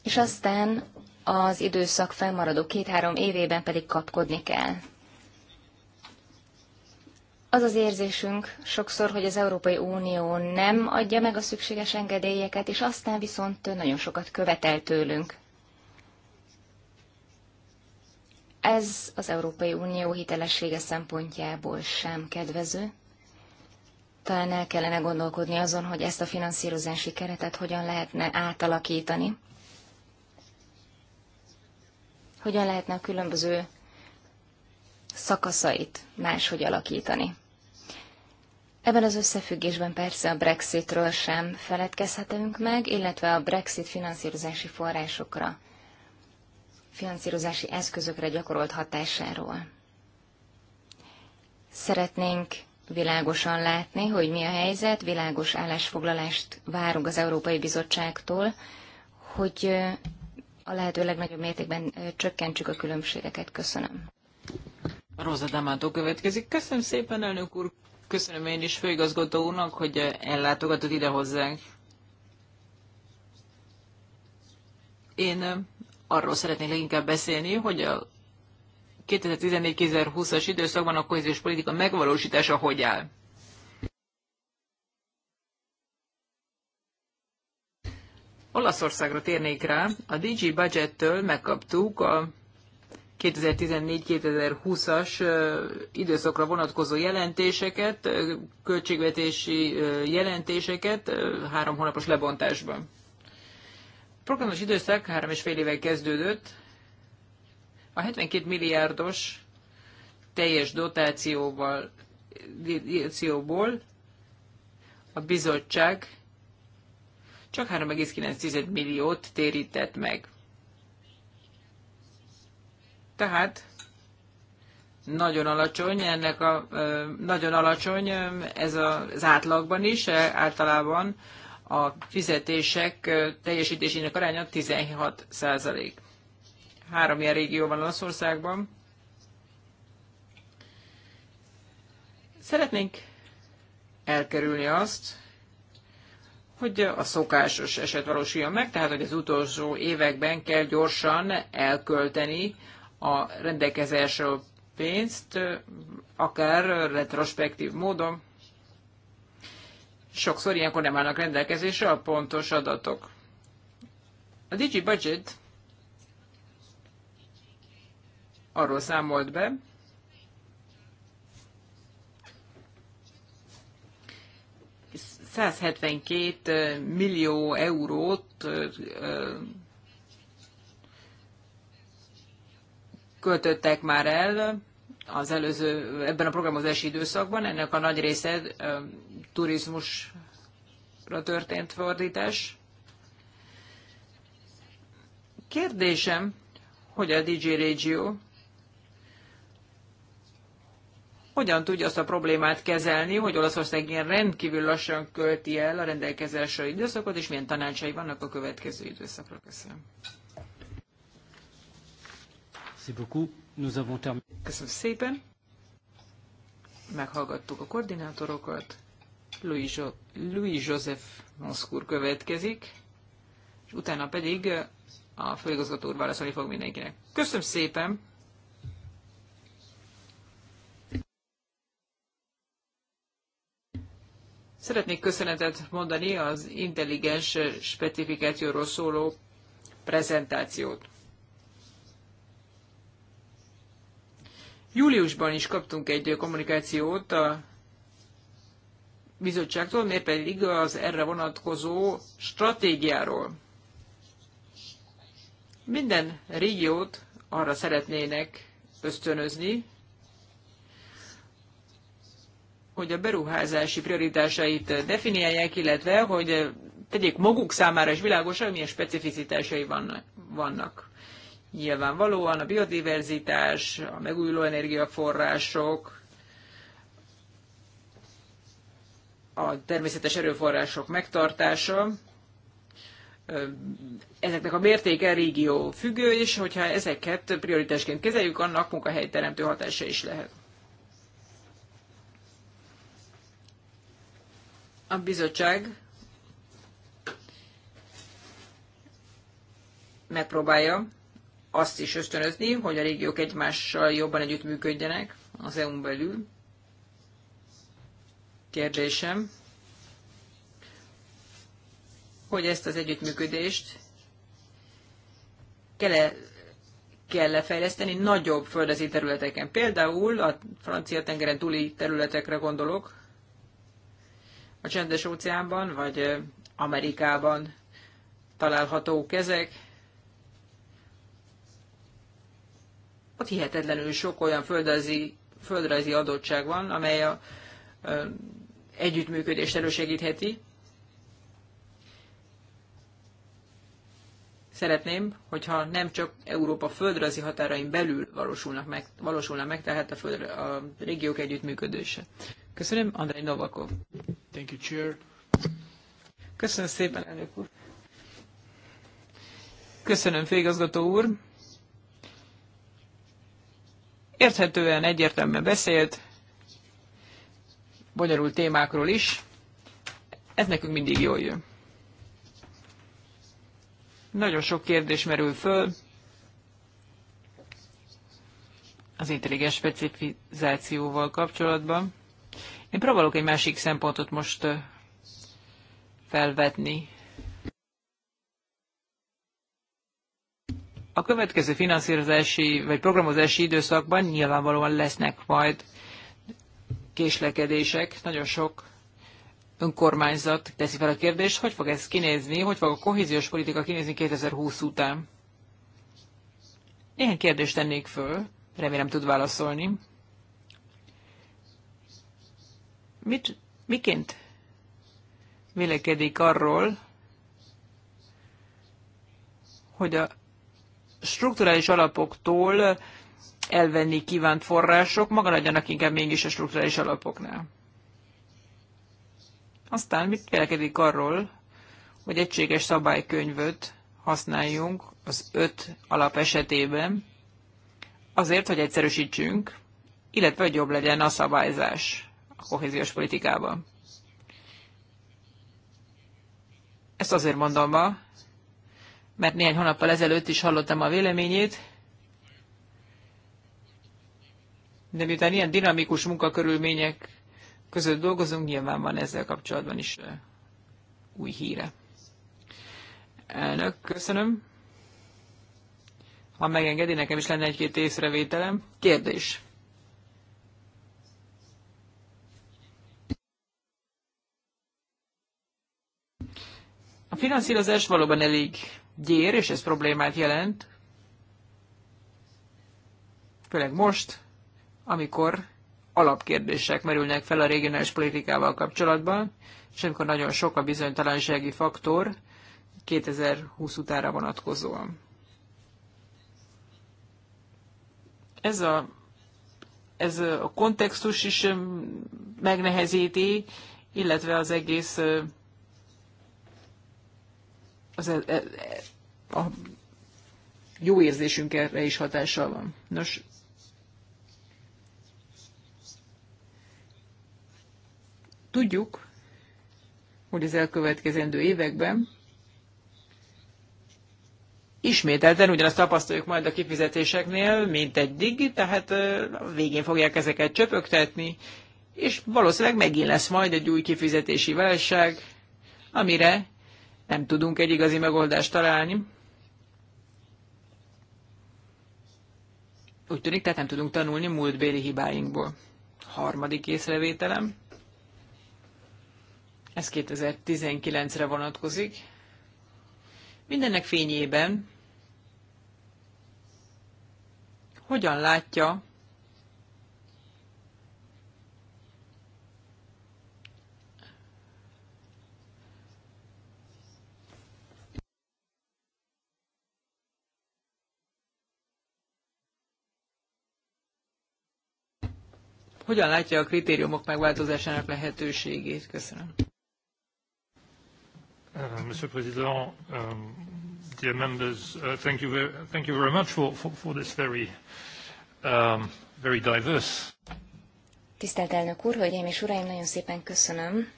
és aztán az időszak felmaradó két-három évében pedig kapkodni kell. Az az érzésünk sokszor, hogy az Európai Unió nem adja meg a szükséges engedélyeket, és aztán viszont nagyon sokat követel tőlünk. Ez az Európai Unió hitelessége szempontjából sem kedvező. Talán el kellene gondolkodni azon, hogy ezt a finanszírozási keretet hogyan lehetne átalakítani. Hogyan lehetne a különböző szakaszait máshogy alakítani. Ebben az összefüggésben persze a Brexitről sem feledkezhetünk meg, illetve a Brexit finanszírozási forrásokra finanszírozási eszközökre gyakorolt hatásáról. Szeretnénk világosan látni, hogy mi a helyzet, világos állásfoglalást várunk az Európai Bizottságtól, hogy a lehető legnagyobb mértékben csökkentsük a különbségeket. Köszönöm. Rosa D'Amato következik. Köszönöm szépen, elnök úr. Köszönöm én is főigazgató úrnak, hogy ellátogatott ide hozzánk. Én arról szeretnék leginkább beszélni, hogy a 2014-2020-as időszakban a kohéziós politika megvalósítása hogy áll. Olaszországra térnék rá. A DG Budget-től megkaptuk a 2014-2020-as időszakra vonatkozó jelentéseket, költségvetési jelentéseket három hónapos lebontásban programos időszak három és fél éve kezdődött. A 72 milliárdos teljes dotációval, dotációból a bizottság csak 3,9 milliót térített meg. Tehát nagyon alacsony, ennek a, nagyon alacsony ez az átlagban is, általában a fizetések teljesítésének aránya 16 százalék. Három ilyen régió van Olaszországban. Szeretnénk elkerülni azt, hogy a szokásos eset valósuljon meg, tehát hogy az utolsó években kell gyorsan elkölteni a rendelkezésre pénzt, akár retrospektív módon sokszor ilyenkor nem állnak rendelkezésre a pontos adatok. A Digi Budget arról számolt be, ...172 millió eurót költöttek már el az előző, ebben a programozási időszakban, ennek a nagy része turizmusra történt fordítás. Kérdésem, hogy a DJ Regio hogyan tudja azt a problémát kezelni, hogy Olaszország ilyen rendkívül lassan költi el a rendelkezésre időszakot, és milyen tanácsai vannak a következő időszakra. Köszönöm. Köszönöm szépen. Meghallgattuk a koordinátorokat. Louis, jo- Louis Joseph Moszkur következik, és utána pedig a főigazgató úr válaszolni fog mindenkinek. Köszönöm szépen! Szeretnék köszönetet mondani az intelligens specifikációról szóló prezentációt. Júliusban is kaptunk egy kommunikációt a bizottságtól, miért pedig az erre vonatkozó stratégiáról. Minden régiót arra szeretnének ösztönözni, hogy a beruházási prioritásait definiálják, illetve hogy tegyék maguk számára is világos, hogy milyen specificitásai vannak. Nyilvánvalóan a biodiverzitás, a megújuló energiaforrások, a természetes erőforrások megtartása, ezeknek a mértéke régió függő, és hogyha ezeket prioritásként kezeljük, annak munkahelyteremtő hatása is lehet. A bizottság megpróbálja azt is ösztönözni, hogy a régiók egymással jobban együttműködjenek az EU-n belül kérdésem, hogy ezt az együttműködést kell-e kell -e fejleszteni nagyobb földrajzi területeken. Például a francia tengeren túli területekre gondolok, a csendes óceánban, vagy Amerikában találhatók ezek. Ott hihetetlenül sok olyan földrajzi, földrajzi adottság van, amely a, a együttműködést elősegítheti. Szeretném, hogyha nem csak Európa földrajzi határain belül valósulnak meg, valósulna meg tehát a, föld, a régiók együttműködése. Köszönöm, Andrei Novakov. Thank you, Chair. Köszönöm szépen, elnök úr. Köszönöm, főigazgató úr. Érthetően, egyértelműen beszélt, bonyolult témákról is. Ez nekünk mindig jól jön. Nagyon sok kérdés merül föl. Az intelligens specifizációval kapcsolatban. Én próbálok egy másik szempontot most felvetni. A következő finanszírozási vagy programozási időszakban nyilvánvalóan lesznek majd késlekedések, nagyon sok önkormányzat teszi fel a kérdést, hogy fog ez kinézni, hogy fog a kohéziós politika kinézni 2020 után. Néhány kérdést tennék föl, remélem tud válaszolni. Mit, miként vélekedik arról, hogy a strukturális alapoktól elvenni kívánt források legyenek inkább mégis a struktúrális alapoknál. Aztán mit vélekedik arról, hogy egységes szabálykönyvöt használjunk az öt alap esetében, azért, hogy egyszerűsítsünk, illetve hogy jobb legyen a szabályzás a kohéziós politikában. Ezt azért mondom ma, mert néhány hónappal ezelőtt is hallottam a véleményét, de miután ilyen dinamikus munkakörülmények között dolgozunk, nyilván van ezzel kapcsolatban is új híre. Elnök, köszönöm. Ha megengedi, nekem is lenne egy-két észrevételem. Kérdés. A finanszírozás valóban elég gyér, és ez problémát jelent. Főleg most, amikor alapkérdések merülnek fel a regionális politikával kapcsolatban, és amikor nagyon sok a bizonytalansági faktor 2020 utára vonatkozóan. Ez a, ez a kontextus is megnehezíti, illetve az egész az, a, e, e, e, a jó érzésünk erre is hatással van. Nos, Tudjuk, hogy az elkövetkezendő években ismételten ugyanazt tapasztaljuk majd a kifizetéseknél, mint eddig, tehát a végén fogják ezeket csöpögtetni, és valószínűleg megint lesz majd egy új kifizetési válság, amire nem tudunk egy igazi megoldást találni. Úgy tűnik, tehát nem tudunk tanulni múltbéli hibáinkból. Harmadik észrevételem. Ez 2019-re vonatkozik. Mindennek fényében hogyan látja hogyan látja a kritériumok megváltozásának lehetőségét? Köszönöm. Uh, Mr. President, um, dear members, uh, thank, you very, thank you very much for, for, for this very, um, very diverse. Tisztelt elnök úr, hölgyeim és uraim, nagyon szépen köszönöm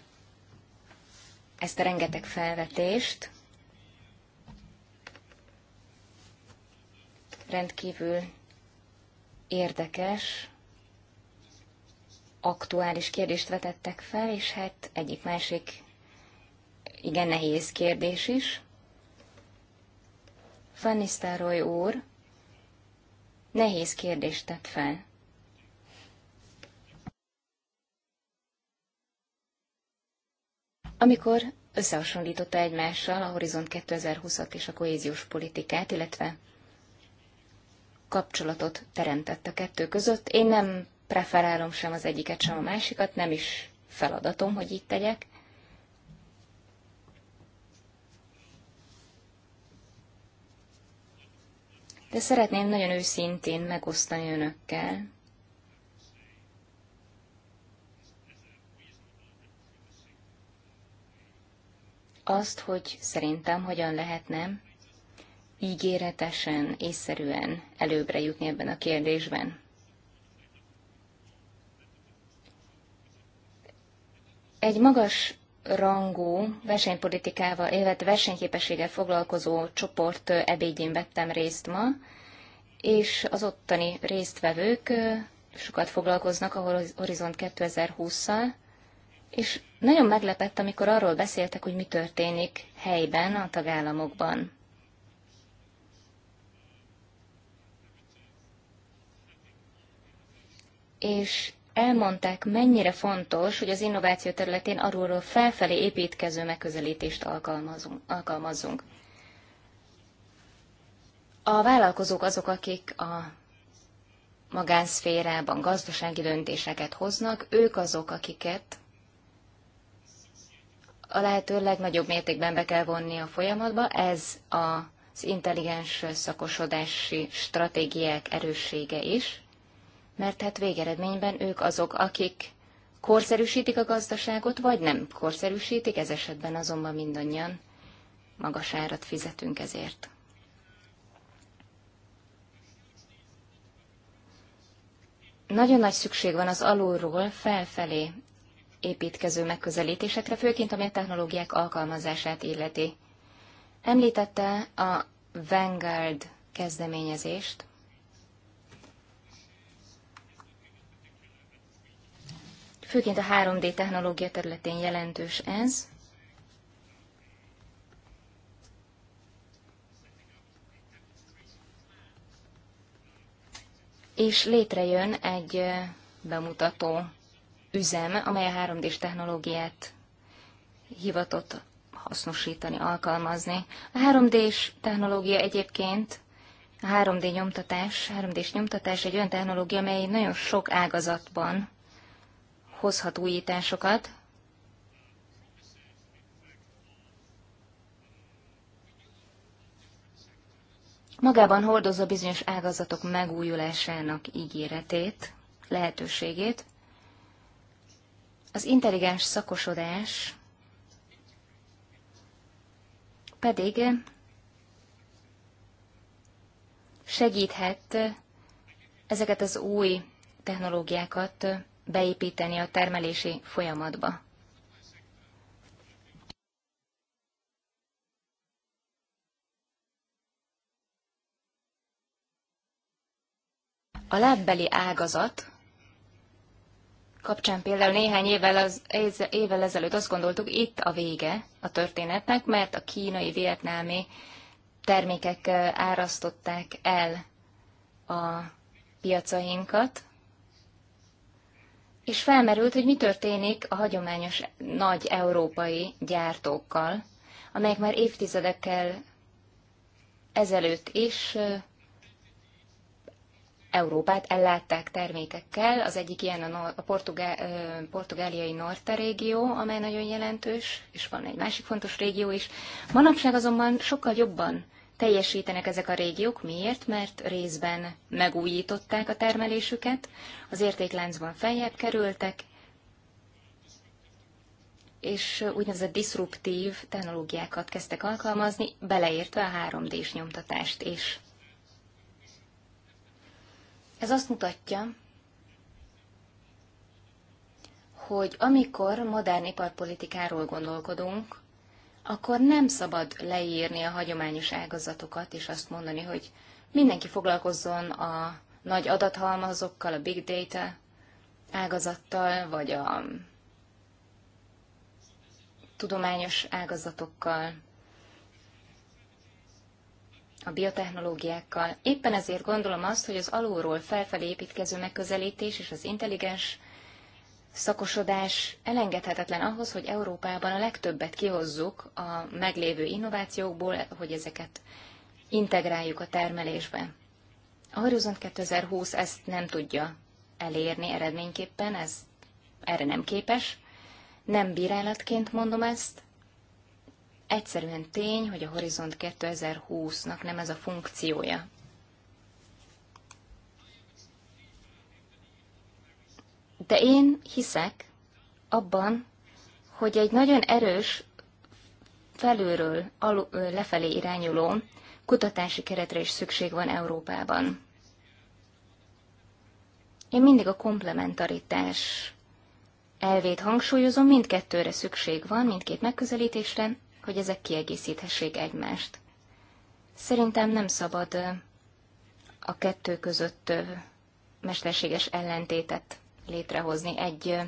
ezt a rengeteg felvetést. Rendkívül érdekes, aktuális kérdést vetettek fel, és hát egyik másik igen nehéz kérdés is. Fannisztároly úr nehéz kérdést tett fel. Amikor összehasonlította egymással a Horizont 2020-at és a kohéziós politikát, illetve kapcsolatot teremtett a kettő között. Én nem preferálom sem az egyiket, sem a másikat, nem is feladatom, hogy így tegyek. de szeretném nagyon őszintén megosztani önökkel. Azt, hogy szerintem hogyan lehetne ígéretesen, észszerűen előbbre jutni ebben a kérdésben. Egy magas rangú versenypolitikával, illetve versenyképességgel foglalkozó csoport ebédjén vettem részt ma, és az ottani résztvevők sokat foglalkoznak a Horizont 2020-szal, és nagyon meglepett, amikor arról beszéltek, hogy mi történik helyben, a tagállamokban. És elmondták, mennyire fontos, hogy az innováció területén arról felfelé építkező megközelítést alkalmazunk. alkalmazzunk. A vállalkozók azok, akik a magánszférában gazdasági döntéseket hoznak, ők azok, akiket a lehető legnagyobb mértékben be kell vonni a folyamatba. Ez az intelligens szakosodási stratégiák erőssége is mert hát végeredményben ők azok, akik korszerűsítik a gazdaságot, vagy nem korszerűsítik, ez esetben azonban mindannyian magas árat fizetünk ezért. Nagyon nagy szükség van az alulról felfelé építkező megközelítésekre, főként ami a technológiák alkalmazását illeti. Említette a Vanguard kezdeményezést, Főként a 3D technológia területén jelentős ez. És létrejön egy bemutató üzem, amely a 3D-s technológiát hivatott hasznosítani, alkalmazni. A 3D-s technológia egyébként, a 3D nyomtatás, 3D-s nyomtatás egy olyan technológia, amely nagyon sok ágazatban hozhat újításokat. Magában hordozza bizonyos ágazatok megújulásának ígéretét, lehetőségét. Az intelligens szakosodás pedig segíthet ezeket az új technológiákat beépíteni a termelési folyamatba. A lábbeli ágazat kapcsán például néhány évvel, az, évvel ezelőtt azt gondoltuk, itt a vége a történetnek, mert a kínai, vietnámi termékek eh, árasztották el a piacainkat és felmerült, hogy mi történik a hagyományos nagy európai gyártókkal, amelyek már évtizedekkel ezelőtt is Európát ellátták termékekkel. Az egyik ilyen a, a portugá- portugáliai Norte régió, amely nagyon jelentős, és van egy másik fontos régió is. Manapság azonban sokkal jobban teljesítenek ezek a régiók. Miért? Mert részben megújították a termelésüket, az értékláncban feljebb kerültek, és úgynevezett diszruptív technológiákat kezdtek alkalmazni, beleértve a 3D-s nyomtatást is. Ez azt mutatja, hogy amikor modern iparpolitikáról gondolkodunk, akkor nem szabad leírni a hagyományos ágazatokat, és azt mondani, hogy mindenki foglalkozzon a nagy adathalmazokkal, a big data ágazattal, vagy a tudományos ágazatokkal, a biotechnológiákkal. Éppen ezért gondolom azt, hogy az alulról felfelé építkező megközelítés és az intelligens szakosodás elengedhetetlen ahhoz, hogy Európában a legtöbbet kihozzuk a meglévő innovációkból, hogy ezeket integráljuk a termelésbe. A Horizont 2020 ezt nem tudja elérni eredményképpen, ez erre nem képes. Nem bírálatként mondom ezt. Egyszerűen tény, hogy a Horizont 2020-nak nem ez a funkciója. De én hiszek abban, hogy egy nagyon erős, felülről alul, lefelé irányuló kutatási keretre is szükség van Európában. Én mindig a komplementaritás elvét hangsúlyozom, mindkettőre szükség van, mindkét megközelítésre, hogy ezek kiegészíthessék egymást. Szerintem nem szabad a kettő között mesterséges ellentétet létrehozni. Egy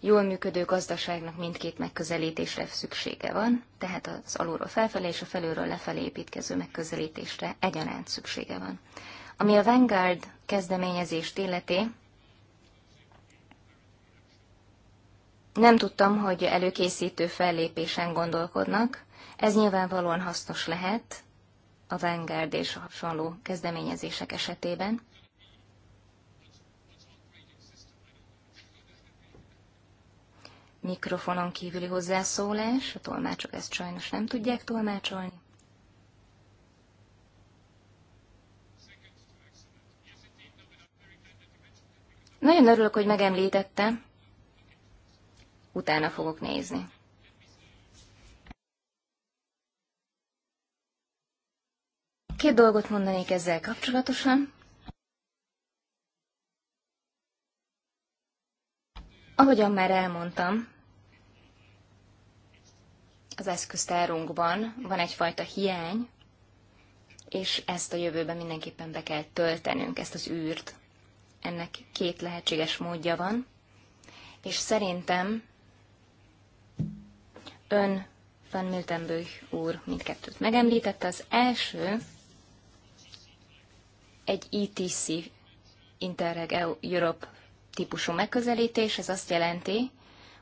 jól működő gazdaságnak mindkét megközelítésre szüksége van, tehát az alulról felfelé és a felülről lefelé építkező megközelítésre egyaránt szüksége van. Ami a Vanguard kezdeményezést illeti, nem tudtam, hogy előkészítő fellépésen gondolkodnak, ez nyilvánvalóan hasznos lehet a Vanguard és a hasonló kezdeményezések esetében. mikrofonon kívüli hozzászólás, a tolmácsok ezt sajnos nem tudják tolmácsolni. Nagyon örülök, hogy megemlítette. Utána fogok nézni. Két dolgot mondanék ezzel kapcsolatosan. Ahogyan már elmondtam, az eszköztárunkban van egyfajta hiány, és ezt a jövőben mindenképpen be kell töltenünk, ezt az űrt. Ennek két lehetséges módja van, és szerintem ön van Miltenbőj úr mindkettőt megemlítette. Az első egy ETC, Interreg e Europe típusú megközelítés, ez azt jelenti,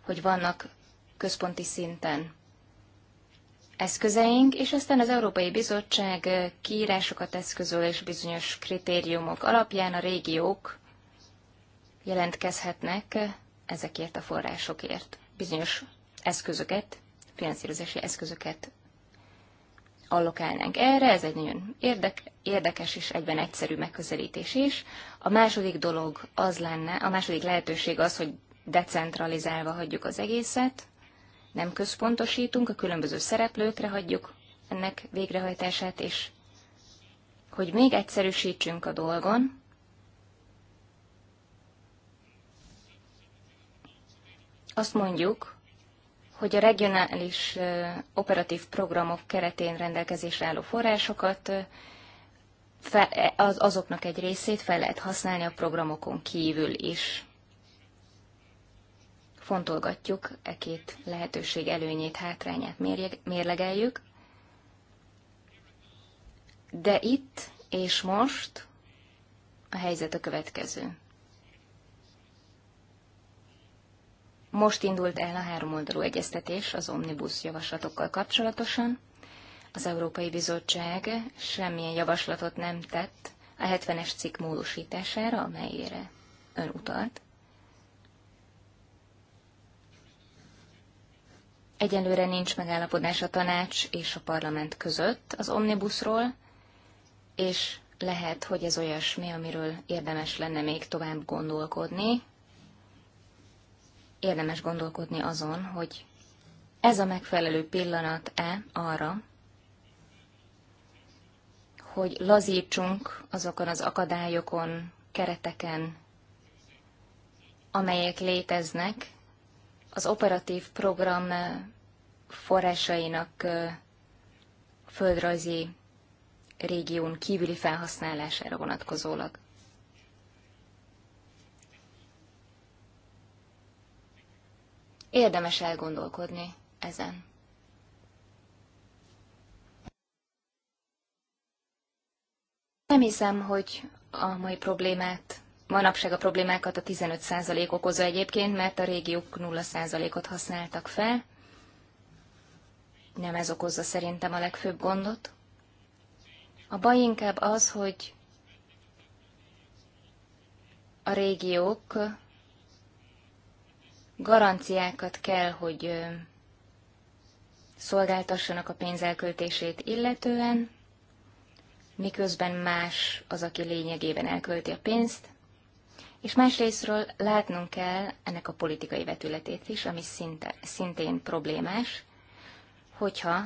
hogy vannak központi szinten eszközeink, és aztán az Európai Bizottság kiírásokat eszközöl, és bizonyos kritériumok alapján a régiók jelentkezhetnek ezekért a forrásokért. Bizonyos eszközöket, finanszírozási eszközöket allokálnánk erre, ez egy nagyon érdekes és egyben egyszerű megközelítés is. A második dolog az lenne, a második lehetőség az, hogy decentralizálva hagyjuk az egészet, nem központosítunk, a különböző szereplőkre hagyjuk ennek végrehajtását, és hogy még egyszerűsítsünk a dolgon, azt mondjuk, hogy a regionális operatív programok keretén rendelkezésre álló forrásokat e, azoknak egy részét fel lehet használni a programokon kívül is fontolgatjuk e két lehetőség előnyét, hátrányát mérlegeljük. De itt és most a helyzet a következő. Most indult el a háromoldalú egyeztetés az omnibus javaslatokkal kapcsolatosan. Az Európai Bizottság semmilyen javaslatot nem tett a 70-es cikk módosítására, amelyére ön utalt. Egyelőre nincs megállapodás a tanács és a parlament között az omnibusról, és lehet, hogy ez olyasmi, amiről érdemes lenne még tovább gondolkodni. Érdemes gondolkodni azon, hogy ez a megfelelő pillanat-e arra, hogy lazítsunk azokon az akadályokon, kereteken, amelyek léteznek az operatív program eh, forrásainak eh, földrajzi régión kívüli felhasználására vonatkozólag. Érdemes elgondolkodni ezen. Nem hiszem, hogy a mai problémát Manapság a problémákat a 15% okozza egyébként, mert a régiók 0%-ot használtak fel. Nem ez okozza szerintem a legfőbb gondot. A baj inkább az, hogy a régiók garanciákat kell, hogy szolgáltassanak a pénzelköltését illetően, miközben más az, aki lényegében elkölti a pénzt és másrésztről látnunk kell ennek a politikai vetületét is, ami szinte, szintén problémás, hogyha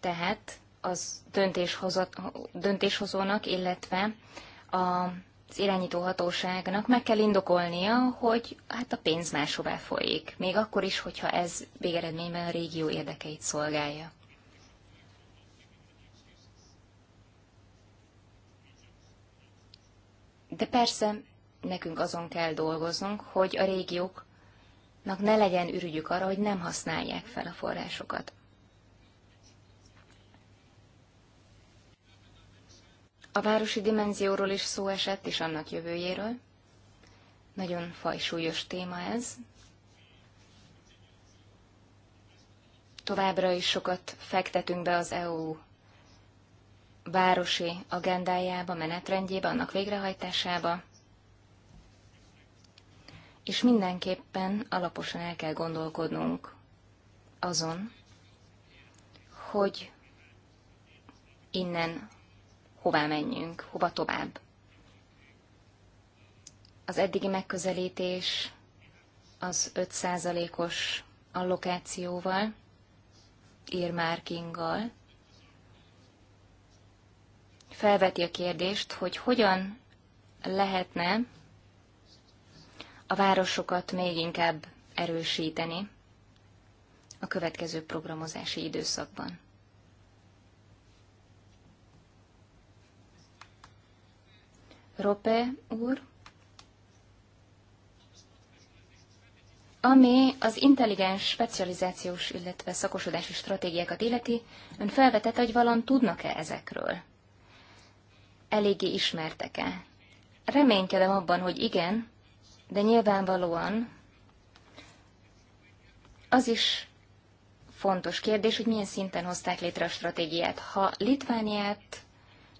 tehát az döntéshozat, döntéshozónak, illetve az irányító hatóságnak meg kell indokolnia, hogy hát a pénz máshová folyik, még akkor is, hogyha ez végeredményben a régió érdekeit szolgálja. De persze nekünk azon kell dolgoznunk, hogy a régióknak ne legyen ürügyük arra, hogy nem használják fel a forrásokat. A városi dimenzióról is szó esett, és annak jövőjéről. Nagyon fajsúlyos téma ez. Továbbra is sokat fektetünk be az EU városi agendájába, menetrendjébe, annak végrehajtásába és mindenképpen alaposan el kell gondolkodnunk azon, hogy innen hová menjünk, hova tovább. Az eddigi megközelítés az 5%-os allokációval, earmarkinggal, felveti a kérdést, hogy hogyan lehetne a városokat még inkább erősíteni a következő programozási időszakban. Rope úr, ami az intelligens specializációs, illetve szakosodási stratégiákat illeti, ön felvetett, hogy valan tudnak-e ezekről? Eléggé ismertek-e? Reménykedem abban, hogy igen, de nyilvánvalóan az is fontos kérdés, hogy milyen szinten hozták létre a stratégiát. Ha Litvániát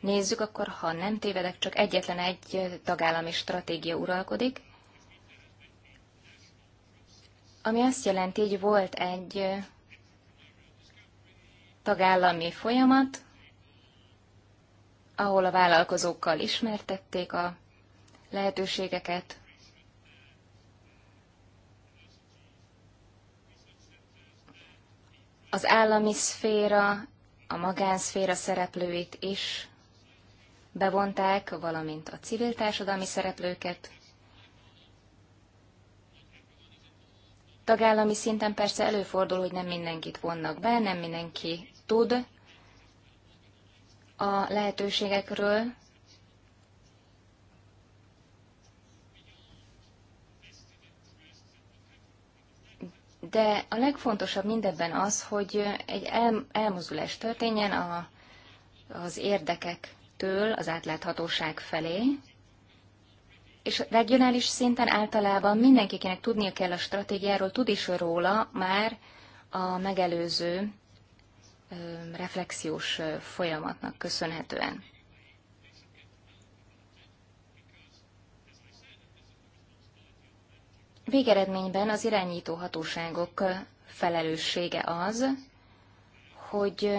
nézzük, akkor ha nem tévedek, csak egyetlen egy tagállami stratégia uralkodik, ami azt jelenti, hogy volt egy tagállami folyamat, ahol a vállalkozókkal ismertették a lehetőségeket, az állami szféra, a magánszféra szereplőit is bevonták, valamint a civil társadalmi szereplőket. Tagállami szinten persze előfordul, hogy nem mindenkit vonnak be, nem mindenki tud a lehetőségekről, de a legfontosabb mindebben az, hogy egy el, elmozdulás történjen a, az érdekektől az átláthatóság felé, és regionális szinten általában mindenkinek tudnia kell a stratégiáról, tud is róla már a megelőző reflexiós folyamatnak köszönhetően. Végeredményben az irányító hatóságok felelőssége az, hogy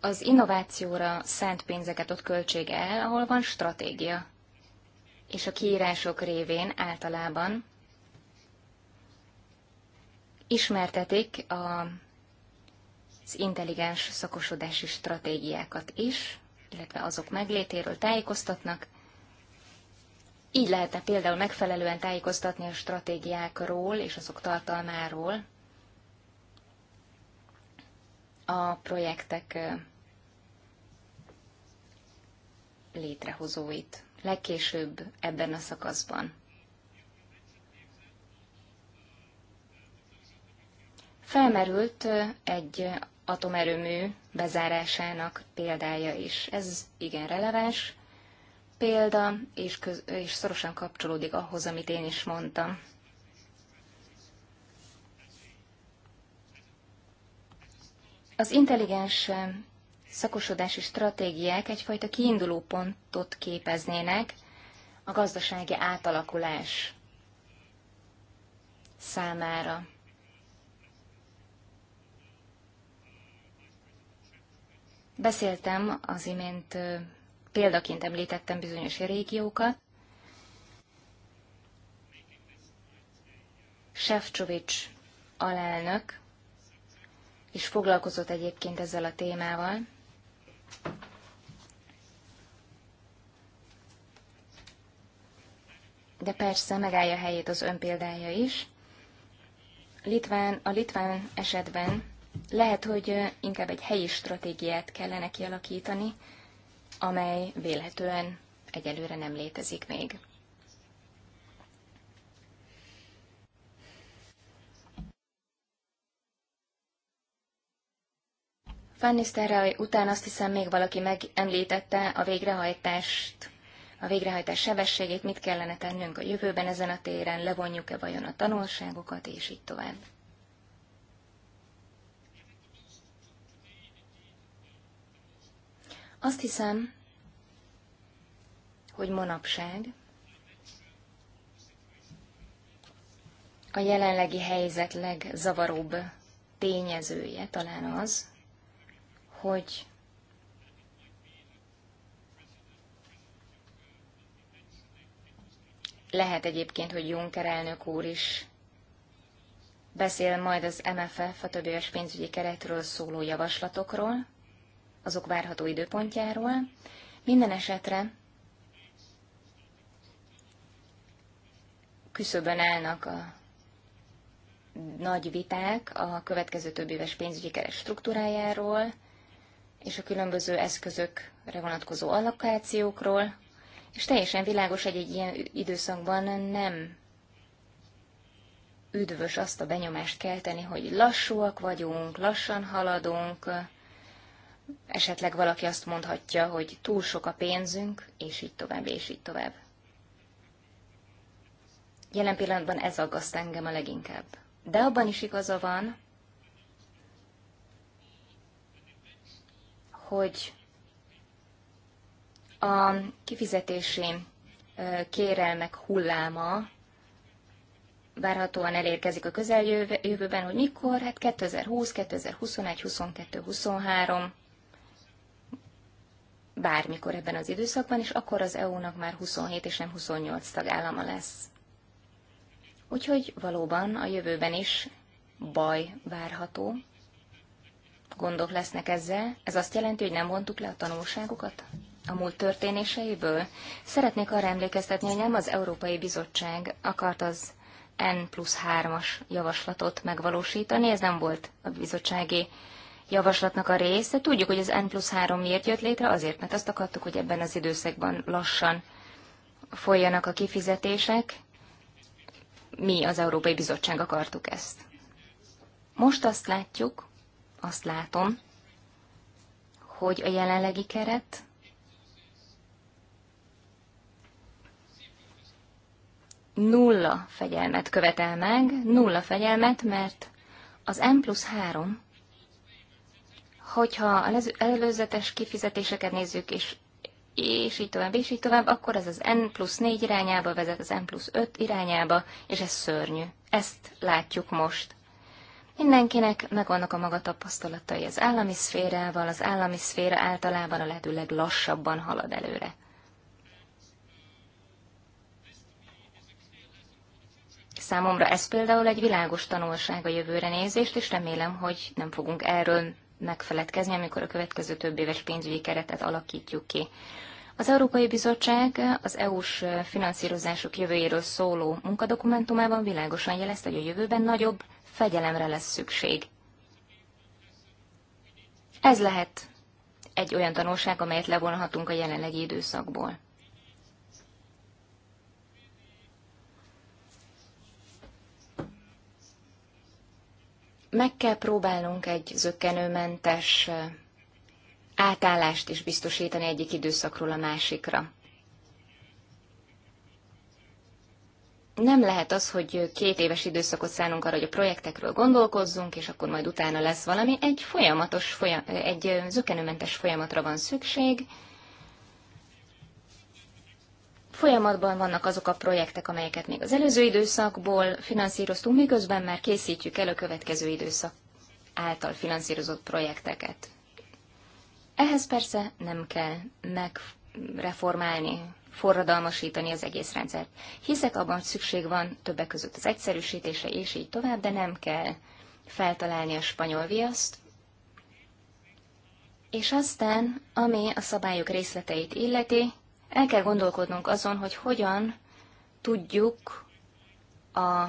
az innovációra szánt pénzeket ott költség el, ahol van stratégia. És a kiírások révén általában ismertetik a, az intelligens szakosodási stratégiákat is, illetve azok meglétéről tájékoztatnak, így lehetne például megfelelően tájékoztatni a stratégiákról és azok tartalmáról a projektek létrehozóit, legkésőbb ebben a szakaszban. Felmerült egy atomerőmű bezárásának példája is. Ez igen releváns, példa, és, köz, és szorosan kapcsolódik ahhoz, amit én is mondtam. Az intelligens szakosodási stratégiák egyfajta kiinduló pontot képeznének a gazdasági átalakulás számára. Beszéltem az imént példaként említettem bizonyos régiókat. Sefcsovics alelnök is foglalkozott egyébként ezzel a témával. De persze megállja helyét az ön példája is. Litván, a litván esetben lehet, hogy inkább egy helyi stratégiát kellene kialakítani, amely vélhetően egyelőre nem létezik még. Fanny Nistelrooy után azt hiszem még valaki megemlítette a végrehajtást, a végrehajtás sebességét, mit kellene tennünk a jövőben ezen a téren, levonjuk-e vajon a tanulságokat, és így tovább. Azt hiszem, hogy manapság a jelenlegi helyzet legzavaróbb tényezője talán az, hogy lehet egyébként, hogy Juncker elnök úr is beszél majd az MFF, a többéves pénzügyi keretről szóló javaslatokról, azok várható időpontjáról. Minden esetre küszöbön állnak a nagy viták a következő több éves pénzügyi keres struktúrájáról és a különböző eszközökre vonatkozó allokációkról, és teljesen világos, hogy egy ilyen időszakban nem üdvös azt a benyomást kelteni, hogy lassúak vagyunk, lassan haladunk, Esetleg valaki azt mondhatja, hogy túl sok a pénzünk, és így tovább, és így tovább. Jelen pillanatban ez aggaszt engem a leginkább. De abban is igaza van, hogy a kifizetési kérelmek hulláma várhatóan elérkezik a közeljövőben, hogy mikor, hát 2020, 2021, 22, 23 bármikor ebben az időszakban, és akkor az EU-nak már 27 és nem 28 tagállama lesz. Úgyhogy valóban a jövőben is baj várható. Gondok lesznek ezzel. Ez azt jelenti, hogy nem vontuk le a tanulságokat a múlt történéseiből. Szeretnék arra emlékeztetni, hogy nem az Európai Bizottság akart az N plusz 3-as javaslatot megvalósítani, ez nem volt a bizottsági javaslatnak a része. Tudjuk, hogy az N plusz 3 miért jött létre, azért, mert azt akartuk, hogy ebben az időszakban lassan folyjanak a kifizetések. Mi, az Európai Bizottság akartuk ezt. Most azt látjuk, azt látom, hogy a jelenlegi keret nulla fegyelmet követel meg, nulla fegyelmet, mert az M plusz 3 Hogyha az előzetes kifizetéseket nézzük, és, és így tovább, és így tovább, akkor ez az N plusz 4 irányába vezet az N plusz 5 irányába, és ez szörnyű. Ezt látjuk most. Mindenkinek megvannak a maga tapasztalatai az állami szférával, az állami szféra általában a lehető leglassabban halad előre. Számomra ez például egy világos tanulság a jövőre nézést, és remélem, hogy nem fogunk erről megfeledkezni, amikor a következő több éves pénzügyi keretet alakítjuk ki. Az Európai Bizottság az EU-s finanszírozások jövőjéről szóló munkadokumentumában világosan jelezte, hogy a jövőben nagyobb fegyelemre lesz szükség. Ez lehet egy olyan tanulság, amelyet levonhatunk a jelenlegi időszakból. meg kell próbálnunk egy zöggenőmentes átállást is biztosítani egyik időszakról a másikra. Nem lehet az, hogy két éves időszakot szánunk arra, hogy a projektekről gondolkozzunk, és akkor majd utána lesz valami. Egy folyamatos, folyam, egy zökenőmentes folyamatra van szükség, Folyamatban vannak azok a projektek, amelyeket még az előző időszakból finanszíroztunk, miközben már készítjük el a következő időszak által finanszírozott projekteket. Ehhez persze nem kell megreformálni, forradalmasítani az egész rendszert. Hiszek abban, hogy szükség van többek között az egyszerűsítésre, és így tovább, de nem kell feltalálni a spanyol viaszt. És aztán, ami a szabályok részleteit illeti, el kell gondolkodnunk azon, hogy hogyan tudjuk a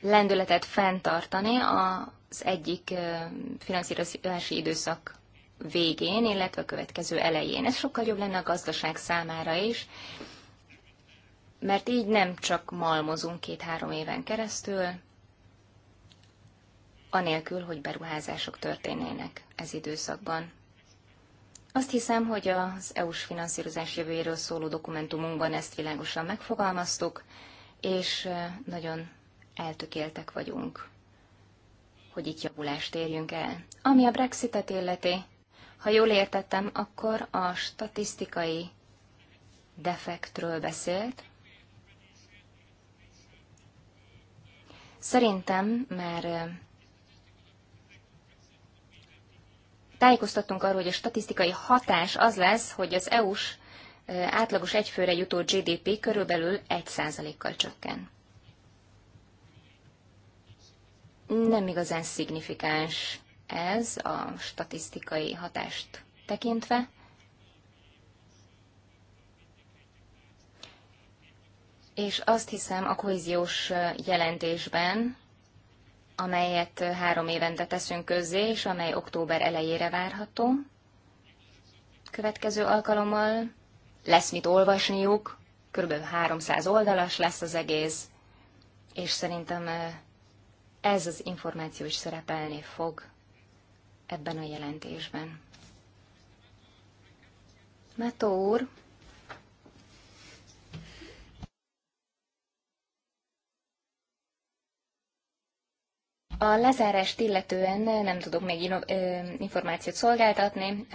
lendületet fenntartani az egyik finanszírozási időszak végén, illetve a következő elején. Ez sokkal jobb lenne a gazdaság számára is, mert így nem csak malmozunk két-három éven keresztül, anélkül, hogy beruházások történnének ez időszakban. Azt hiszem, hogy az EU-s finanszírozás jövőjéről szóló dokumentumunkban ezt világosan megfogalmaztuk, és nagyon eltökéltek vagyunk, hogy itt javulást érjünk el. Ami a Brexitet illeti, ha jól értettem, akkor a statisztikai defektről beszélt. Szerintem már Tájékoztattunk arról, hogy a statisztikai hatás az lesz, hogy az EU-s átlagos egyfőre jutó GDP körülbelül 1%-kal csökken. Nem igazán szignifikáns ez a statisztikai hatást tekintve. És azt hiszem a kohéziós jelentésben amelyet három évente teszünk közzé, és amely október elejére várható. Következő alkalommal lesz mit olvasniuk, kb. 300 oldalas lesz az egész, és szerintem ez az információ is szerepelni fog ebben a jelentésben. Mató úr, A lezárást illetően nem tudok még információt szolgáltatni.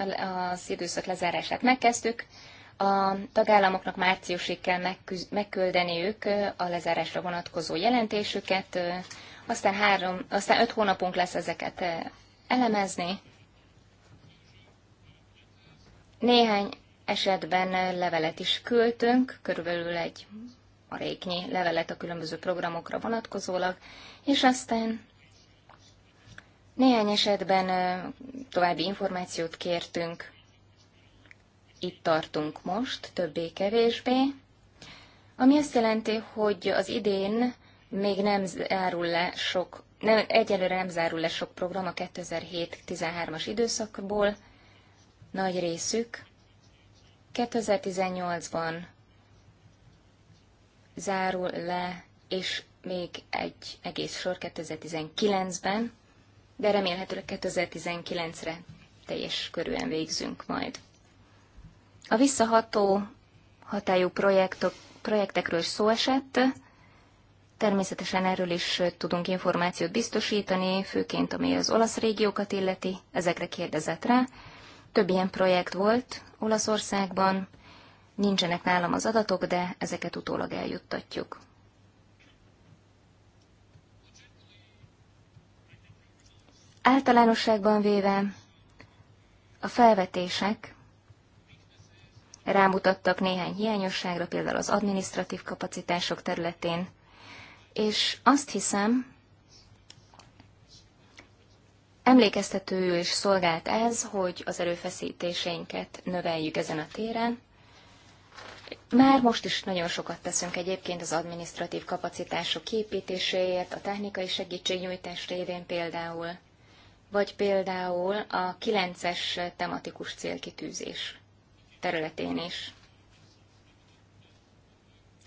Az időszak lezárását megkezdtük. A tagállamoknak márciusig kell megküldeni ők a lezárásra vonatkozó jelentésüket, aztán, három, aztán öt hónapunk lesz ezeket elemezni. Néhány esetben levelet is küldtünk, körülbelül egy maréknyi levelet a különböző programokra vonatkozólag, és aztán néhány esetben további információt kértünk, itt tartunk most, többé-kevésbé, ami azt jelenti, hogy az idén még nem zárul le sok, nem, egyelőre nem zárul le sok program a 2007-13-as időszakból, nagy részük 2018-ban zárul le, és még egy egész sor 2019-ben, de remélhetőleg 2019-re teljes körűen végzünk majd. A visszaható hatályú projektok, projektekről szó esett, természetesen erről is tudunk információt biztosítani, főként ami az olasz régiókat illeti, ezekre kérdezett rá. Több ilyen projekt volt Olaszországban, nincsenek nálam az adatok, de ezeket utólag eljuttatjuk. Általánosságban véve a felvetések rámutattak néhány hiányosságra, például az administratív kapacitások területén, és azt hiszem, emlékeztető is szolgált ez, hogy az erőfeszítéseinket növeljük ezen a téren. Már most is nagyon sokat teszünk egyébként az administratív kapacitások képítéséért, a technikai segítségnyújtás révén például vagy például a 9-es tematikus célkitűzés területén is.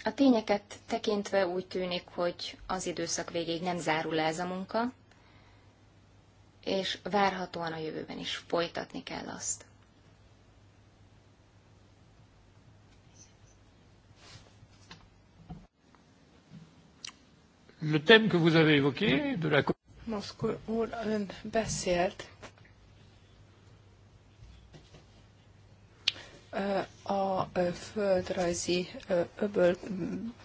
A tényeket tekintve úgy tűnik, hogy az időszak végéig nem zárul le ez a munka, és várhatóan a jövőben is folytatni kell azt. Le thème que vous avez évoqué de la Moszkó úr, ön beszélt a földrajzi öböl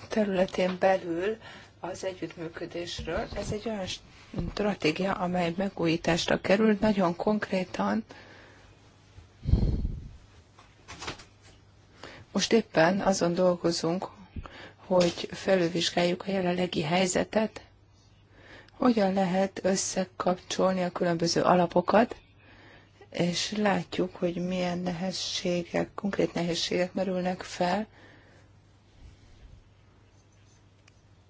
területén belül az együttműködésről. Ez egy olyan stratégia, amely megújításra került, nagyon konkrétan. Most éppen azon dolgozunk, hogy felülvizsgáljuk a jelenlegi helyzetet, hogyan lehet összekapcsolni a különböző alapokat, és látjuk, hogy milyen nehézségek, konkrét nehézségek merülnek fel.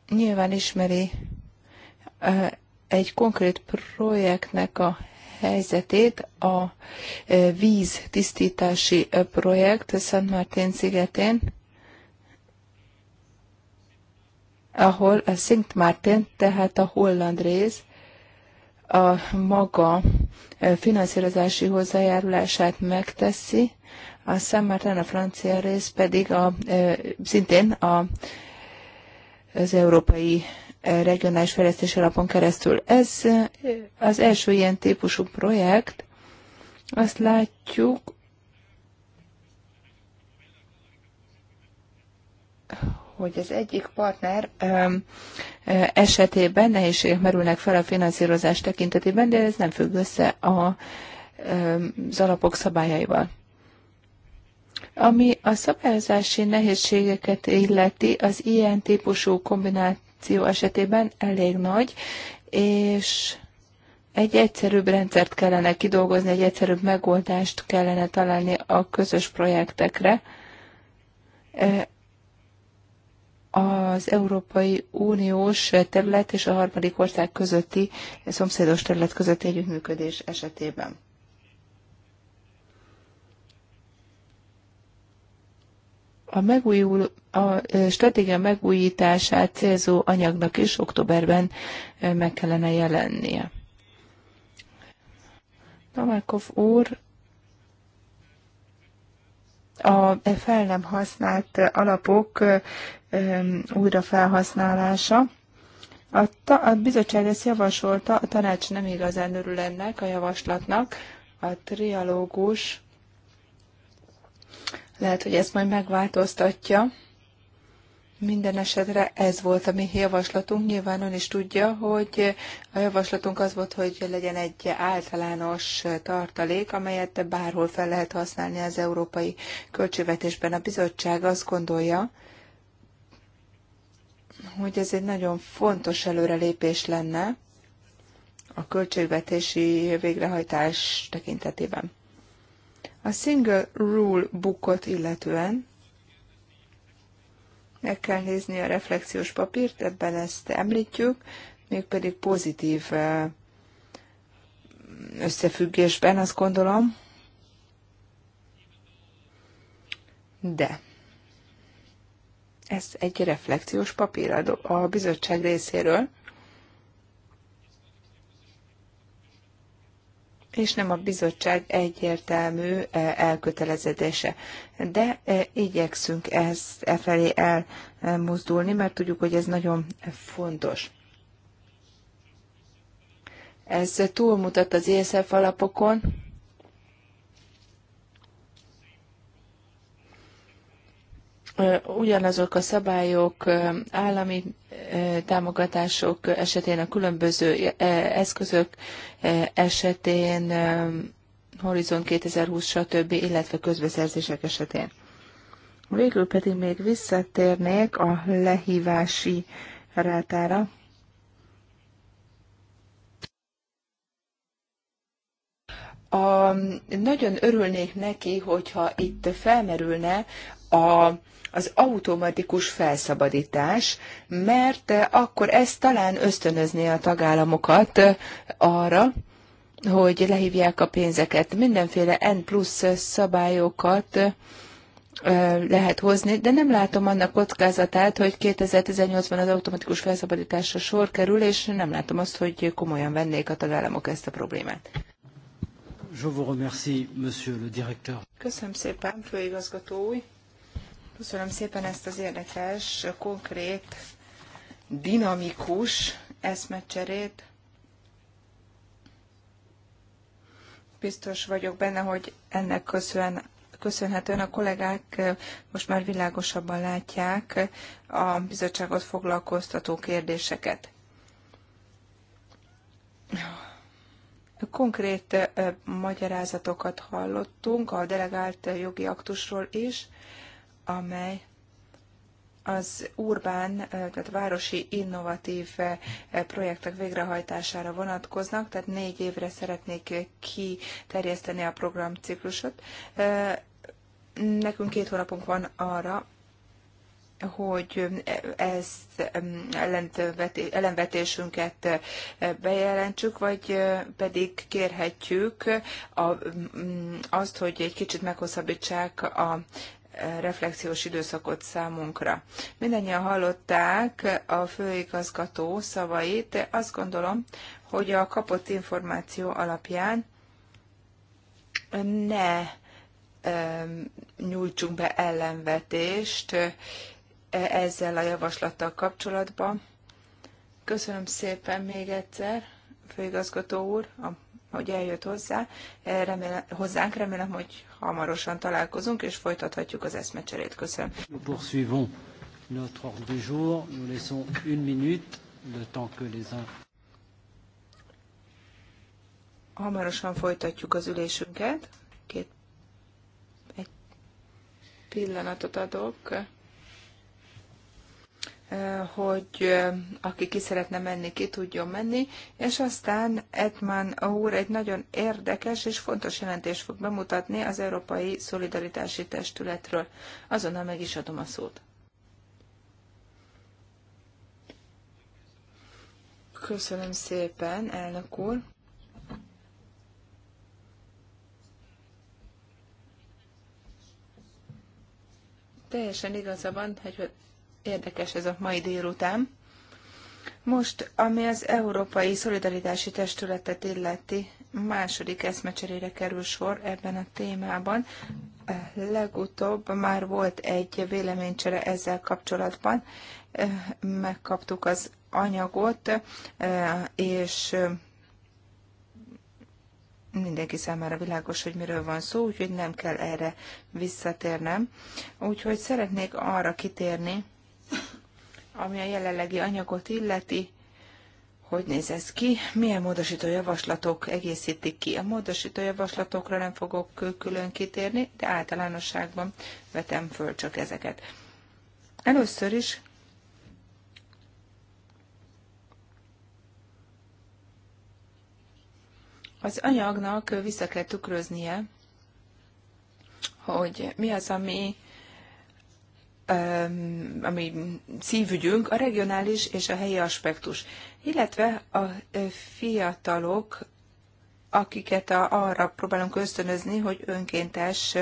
Nyilván ismeri egy konkrét projektnek a helyzetét, a víz tisztítási projekt Szent Martin szigetén, ahol a eh, Szint Mártén, tehát a holland rész, a maga eh, finanszírozási hozzájárulását megteszi, a Szent Mártén a francia rész pedig a, eh, szintén a, az Európai Regionális Fejlesztési Alapon keresztül. Ez az első ilyen típusú projekt. Azt látjuk, hogy az egyik partner esetében nehézségek merülnek fel a finanszírozás tekintetében, de ez nem függ össze a, az alapok szabályaival. Ami a szabályozási nehézségeket illeti, az ilyen típusú kombináció esetében elég nagy, és egy egyszerűbb rendszert kellene kidolgozni, egy egyszerűbb megoldást kellene találni a közös projektekre az Európai Uniós terület és a harmadik ország közötti, szomszédos terület közötti együttműködés esetében. A, megújul, a stratégia megújítását célzó anyagnak is októberben meg kellene jelennie. Novákov úr a fel nem használt alapok újrafelhasználása. A, ta- a bizottság ezt javasolta, a tanács nem igazán örül ennek a javaslatnak. A trialógus lehet, hogy ezt majd megváltoztatja. Minden esetre ez volt a mi javaslatunk. Nyilván ön is tudja, hogy a javaslatunk az volt, hogy legyen egy általános tartalék, amelyet bárhol fel lehet használni az európai költségvetésben. A bizottság azt gondolja, hogy ez egy nagyon fontos előrelépés lenne a költségvetési végrehajtás tekintetében. A Single Rule Bookot illetően meg kell nézni a reflexiós papírt, ebben ezt említjük, mégpedig pozitív eh, összefüggésben, azt gondolom. De ez egy reflekciós papír a bizottság részéről, és nem a bizottság egyértelmű eh, elkötelezedése. De eh, igyekszünk ez e felé elmozdulni, mert tudjuk, hogy ez nagyon fontos. Ez túlmutat az ESF alapokon, ugyanazok a szabályok állami támogatások esetén, a különböző eszközök esetén, Horizon 2020, stb., illetve közbeszerzések esetén. Végül pedig még visszatérnék a lehívási rátára. A, nagyon örülnék neki, hogyha itt felmerülne a az automatikus felszabadítás, mert akkor ez talán ösztönözné a tagállamokat arra, hogy lehívják a pénzeket. Mindenféle N plusz szabályokat lehet hozni, de nem látom annak kockázatát, hogy 2018-ban az automatikus felszabadításra sor kerül, és nem látom azt, hogy komolyan vennék a tagállamok ezt a problémát. Je vous remercie, monsieur le directeur. Köszönöm szépen, főigazgató új. Köszönöm szépen ezt az érdekes, konkrét, dinamikus eszmecserét. Biztos vagyok benne, hogy ennek köszönhetően köszönhetően a kollégák most már világosabban látják a bizottságot foglalkoztató kérdéseket. Konkrét magyarázatokat hallottunk a delegált jogi aktusról is, amely az urbán, tehát városi innovatív projektek végrehajtására vonatkoznak, tehát négy évre szeretnék kiterjeszteni a programciklusot. Nekünk két hónapunk van arra, hogy ezt ellenvetésünket bejelentsük, vagy pedig kérhetjük azt, hogy egy kicsit meghosszabbítsák a reflexiós időszakot számunkra. Mindennyian hallották a főigazgató szavait, azt gondolom, hogy a kapott információ alapján ne nyújtsunk be ellenvetést ezzel a javaslattal kapcsolatban. Köszönöm szépen még egyszer, főigazgató úr, a hogy eljött hozzá, remélem, hozzánk. Remélem, hogy hamarosan találkozunk, és folytathatjuk az eszmecserét. Köszönöm. Poursuivons notre ordre du jour. Nous laissons une minute, temps que les uns... Hamarosan folytatjuk az ülésünket. Két, egy pillanatot adok hogy aki ki szeretne menni, ki tudjon menni, és aztán Edman úr egy nagyon érdekes és fontos jelentést fog bemutatni az Európai Szolidaritási Testületről. Azonnal meg is adom a szót. Köszönöm szépen, elnök úr. Teljesen igaza van, hogy Érdekes ez a mai délután. Most, ami az Európai Szolidaritási Testületet illeti, második eszmecserére kerül sor ebben a témában. Eh, legutóbb már volt egy véleménycsere ezzel kapcsolatban. Eh, megkaptuk az anyagot, eh, és mindenki számára világos, hogy miről van szó, úgyhogy nem kell erre visszatérnem. Úgyhogy szeretnék arra kitérni, ami a jelenlegi anyagot illeti, hogy néz ez ki, milyen módosító javaslatok egészítik ki. A módosító javaslatokra nem fogok külön kitérni, de általánosságban vetem föl csak ezeket. Először is az anyagnak vissza kell tükröznie, hogy mi az, ami ami szívügyünk, a regionális és a helyi aspektus, illetve a fiatalok, akiket arra próbálunk ösztönözni, hogy önkéntes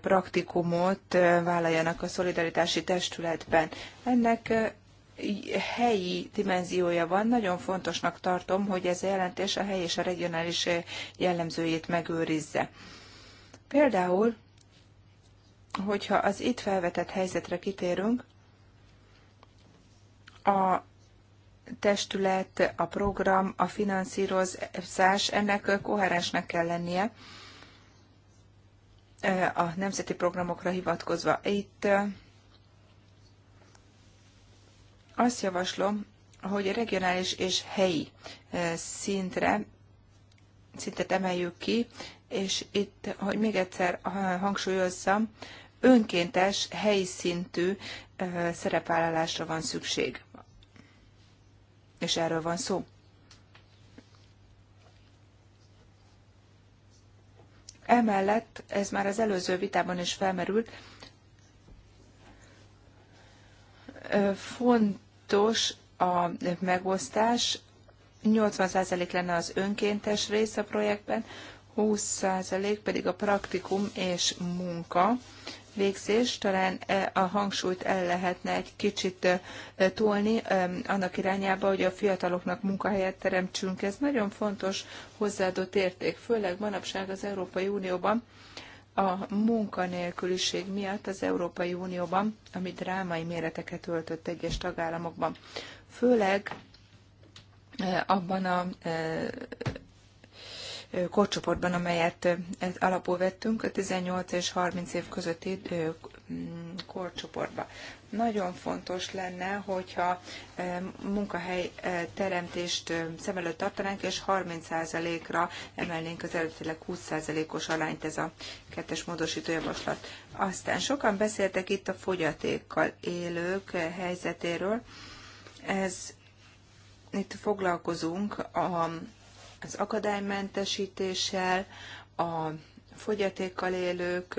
praktikumot vállaljanak a szolidaritási testületben. Ennek helyi dimenziója van. Nagyon fontosnak tartom, hogy ez a jelentés a helyi és a regionális jellemzőjét megőrizze. Például hogyha az itt felvetett helyzetre kitérünk, a testület, a program, a finanszírozás, ennek koherensnek kell lennie a nemzeti programokra hivatkozva. Itt azt javaslom, hogy a regionális és helyi szintre szintet emeljük ki, és itt, hogy még egyszer hangsúlyozzam, önkéntes, helyi szintű szerepvállalásra van szükség. És erről van szó. Emellett, ez már az előző vitában is felmerült, fontos a megosztás, 80% lenne az önkéntes rész a projektben, 20% pedig a praktikum és munka végzés, talán e, a hangsúlyt el lehetne egy kicsit e, tolni e, annak irányába, hogy a fiataloknak munkahelyet teremtsünk. Ez nagyon fontos hozzáadott érték, főleg manapság az Európai Unióban, a munkanélküliség miatt az Európai Unióban, ami drámai méreteket öltött egyes tagállamokban. Főleg abban a korcsoportban, amelyet alapul vettünk, a 18 és 30 év közötti mm, korcsoportba. Nagyon fontos lenne, hogyha munkahely teremtést szem előtt tartanánk, és 30%-ra emelnénk az előttileg 20%-os alányt ez a kettes módosító javaslat. Aztán sokan beszéltek itt a fogyatékkal élők helyzetéről. Ez itt foglalkozunk a az akadálymentesítéssel, a fogyatékkal élők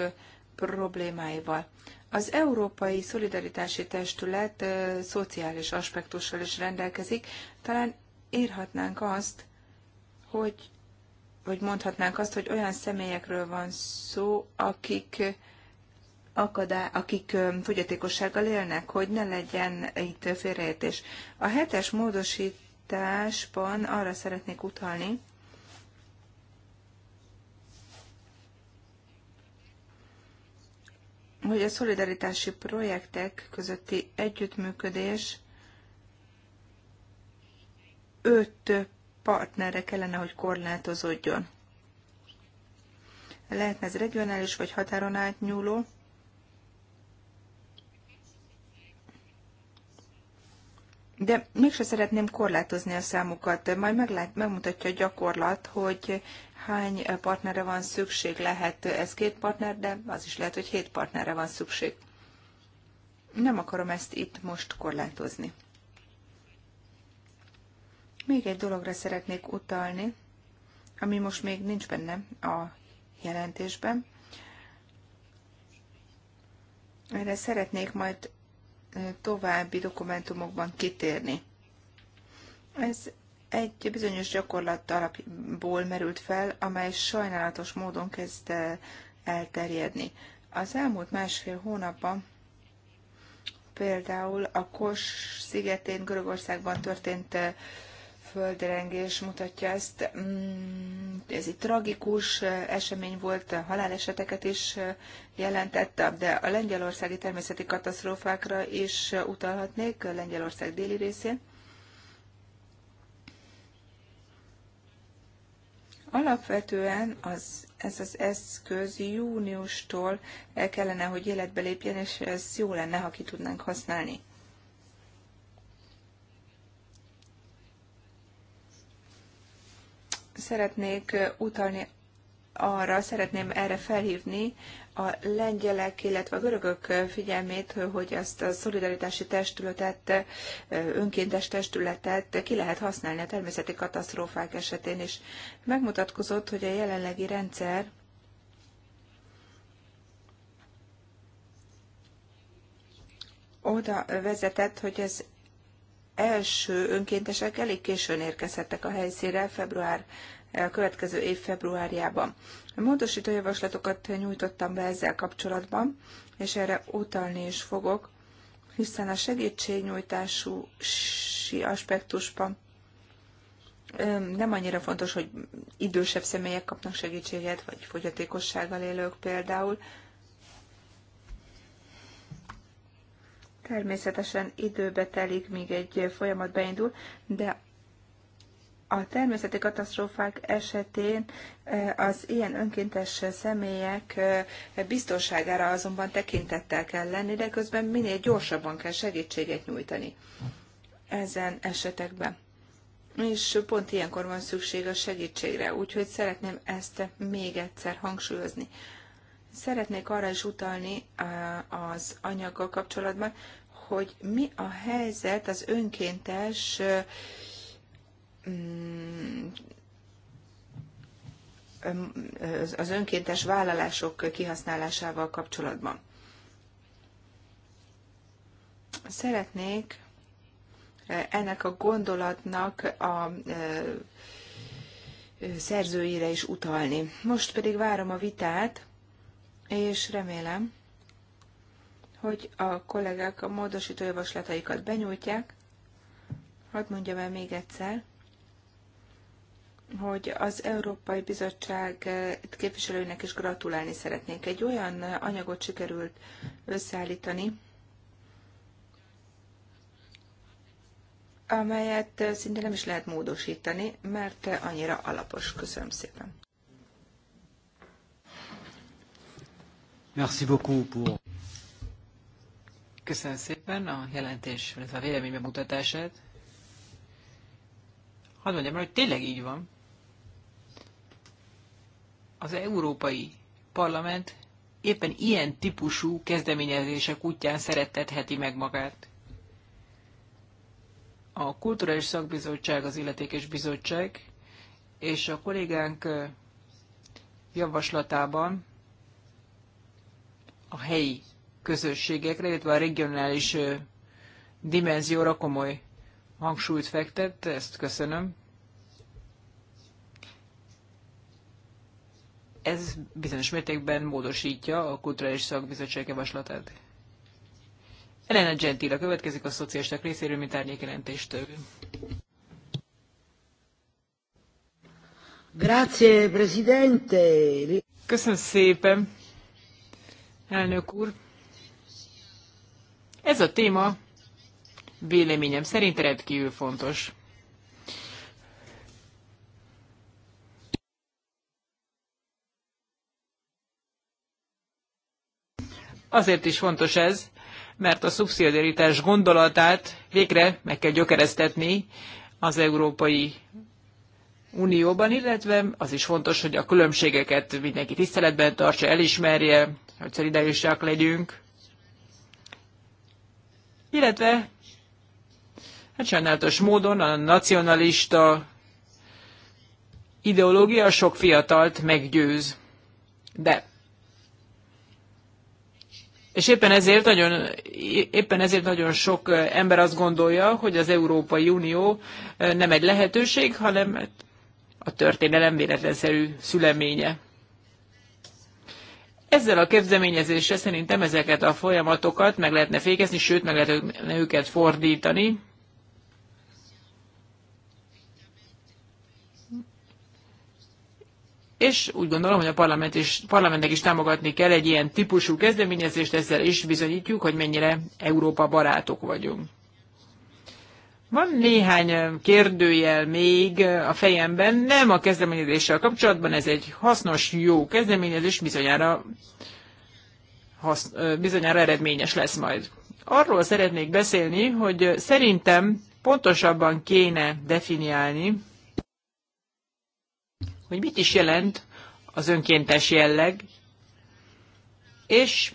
problémáival. Az Európai Szolidaritási Testület szociális aspektussal is rendelkezik. Talán írhatnánk azt, hogy, vagy mondhatnánk azt, hogy olyan személyekről van szó, akik akadá, akik fogyatékossággal élnek, hogy ne legyen itt félreértés. A hetes módosít módosításban arra szeretnék utalni, hogy a szolidaritási projektek közötti együttműködés öt partnerre kellene, hogy korlátozódjon. Lehetne ez regionális vagy határon átnyúló, de mégse szeretném korlátozni a számukat. Majd meglát, megmutatja a gyakorlat, hogy hány partnerre van szükség. Lehet ez két partner, de az is lehet, hogy hét partnerre van szükség. Nem akarom ezt itt most korlátozni. Még egy dologra szeretnék utalni, ami most még nincs benne a jelentésben. Erre szeretnék majd további dokumentumokban kitérni. Ez egy bizonyos gyakorlat alapból merült fel, amely sajnálatos módon kezd eh, elterjedni. Az elmúlt másfél hónapban például a Kos szigetén Görögországban történt eh, földrengés mutatja ezt. Mm, ez egy tragikus eh, esemény volt, haláleseteket is eh, jelentette, de a lengyelországi természeti katasztrófákra is eh, utalhatnék, a Lengyelország déli részén. Alapvetően az, ez az eszköz júniustól kellene, hogy életbe lépjen, és ez jó lenne, ha ki tudnánk használni. szeretnék utalni arra, szeretném erre felhívni a lengyelek, illetve a görögök figyelmét, hogy ezt a szolidaritási testületet, önkéntes testületet ki lehet használni a természeti katasztrófák esetén is. Megmutatkozott, hogy a jelenlegi rendszer oda vezetett, hogy ez első önkéntesek elég későn érkezhettek a helyszínre, február a következő év februárjában. Módosító javaslatokat nyújtottam be ezzel kapcsolatban, és erre utalni is fogok, hiszen a segítségnyújtású aspektusban nem annyira fontos, hogy idősebb személyek kapnak segítséget, vagy fogyatékossággal élők például, Természetesen időbe telik, míg egy folyamat beindul, de a természeti katasztrófák esetén e, az ilyen önkéntes személyek e, biztonságára azonban tekintettel kell lenni, de közben minél gyorsabban kell segítséget nyújtani ezen esetekben. És pont ilyenkor van szükség a segítségre, úgyhogy szeretném ezt még egyszer hangsúlyozni. Szeretnék arra is utalni e, az anyaggal kapcsolatban, hogy mi a helyzet az önkéntes mm, mm, az önkéntes vállalások kihasználásával kapcsolatban. Szeretnék ennek a gondolatnak a e, szerzőire is utalni. Most pedig várom a vitát, és remélem, hogy a kollégák a módosító javaslataikat benyújtják. Hadd mondjam el még egyszer, hogy az Európai Bizottság eh, képviselőinek is gratulálni szeretnék. Egy olyan eh, anyagot sikerült összeállítani, amelyet eh, szinte nem is lehet módosítani, mert annyira alapos. Köszönöm szépen. Merci beaucoup pour... Köszönöm szépen a jelentés, illetve a vélemény bemutatását. Hadd mondjam hogy tényleg így van. Az Európai Parlament éppen ilyen típusú kezdeményezések útján szerettetheti meg magát. A Kulturális Szakbizottság, az Illetékes Bizottság és a kollégánk eh, javaslatában a helyi közösségekre, illetve a regionális dimenzióra komoly hangsúlyt fektet, ezt köszönöm. Ez bizonyos mértékben módosítja a Kulturális Szakbizottság javaslatát. Elena Gentila következik a szociálisták részéről, mint árnyékjelentéstől. Grazie, Presidente. Köszönöm szépen, elnök úr. Ez a téma véleményem szerint rendkívül fontos. Azért is fontos ez, mert a szubszidiaritás gondolatát végre meg kell gyökeresztetni az Európai Unióban, illetve az is fontos, hogy a különbségeket mindenki tiszteletben tartsa, elismerje, hogy szolidárisak legyünk. Illetve, hát sajnálatos módon a nacionalista ideológia sok fiatalt meggyőz. De és éppen ezért, nagyon, éppen ezért nagyon sok ember azt gondolja, hogy az Európai Unió nem egy lehetőség, hanem a történelem véletlenszerű szüleménye. Ezzel a kezdeményezéssel szerintem ezeket a folyamatokat meg lehetne fékezni, sőt, meg lehetne őket fordítani. És úgy gondolom, hogy a parlament is, parlamentnek is támogatni kell egy ilyen típusú kezdeményezést, ezzel is bizonyítjuk, hogy mennyire Európa barátok vagyunk. Van néhány kérdőjel még a fejemben, nem a kezdeményezéssel kapcsolatban, ez egy hasznos, jó kezdeményezés, bizonyára, hasz, bizonyára eredményes lesz majd. Arról szeretnék beszélni, hogy szerintem pontosabban kéne definiálni, hogy mit is jelent az önkéntes jelleg, és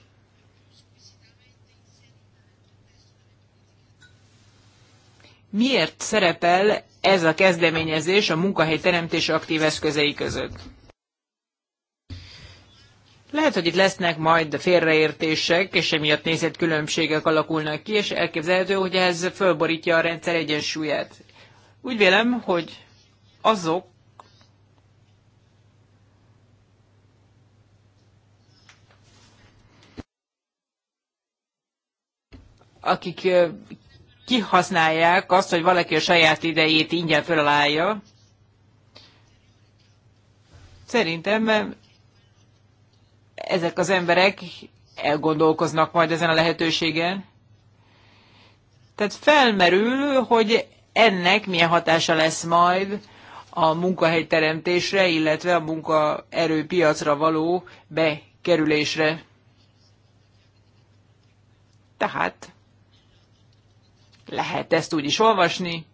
miért szerepel ez a kezdeményezés a munkahely aktív eszközei között? Lehet, hogy itt lesznek majd félreértések, és emiatt különbségek alakulnak ki, és elképzelhető, hogy ez fölborítja a rendszer egyensúlyát. Úgy vélem, hogy azok, akik kihasználják azt, hogy valaki a saját idejét ingyen felállja. Szerintem ezek az emberek elgondolkoznak majd ezen a lehetőségen. Tehát felmerül, hogy ennek milyen hatása lesz majd a munkahelyteremtésre, illetve a munkaerőpiacra való bekerülésre. Tehát lehet ezt úgy is olvasni,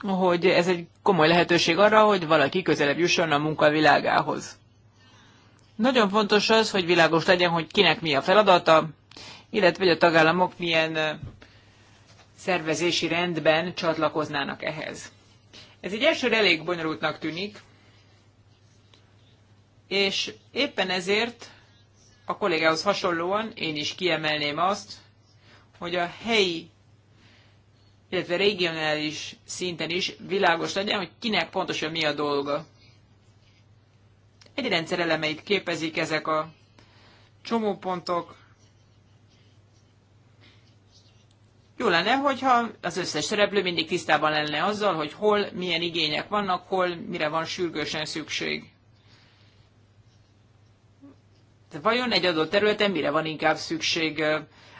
hogy ez egy komoly lehetőség arra, hogy valaki közelebb jusson a munkavilágához. Nagyon fontos az, hogy világos legyen, hogy kinek mi a feladata, illetve hogy a tagállamok milyen szervezési rendben csatlakoznának ehhez. Ez egy elsőre elég bonyolultnak tűnik, és éppen ezért a kollégához hasonlóan én is kiemelném azt, hogy a helyi, illetve regionális szinten is világos legyen, hogy kinek pontosan mi a dolga. Egy rendszer elemeit képezik ezek a csomópontok. Jó lenne, hogyha az összes szereplő mindig tisztában lenne azzal, hogy hol milyen igények vannak, hol mire van sürgősen szükség vajon egy adott területen mire van inkább szükség?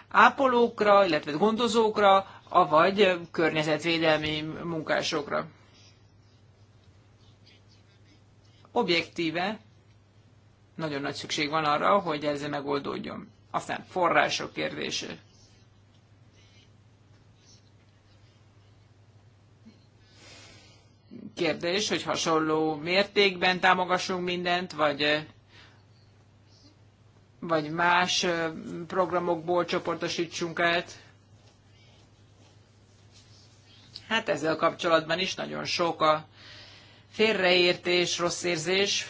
Ápolókra, illetve gondozókra, avagy környezetvédelmi munkásokra? Objektíve nagyon nagy szükség van arra, hogy ezzel megoldódjon. Aztán források kérdése. Kérdés, hogy hasonló mértékben támogassunk mindent, vagy vagy más programokból csoportosítsunk át. Hát ezzel kapcsolatban is nagyon sok a félreértés, rossz érzés,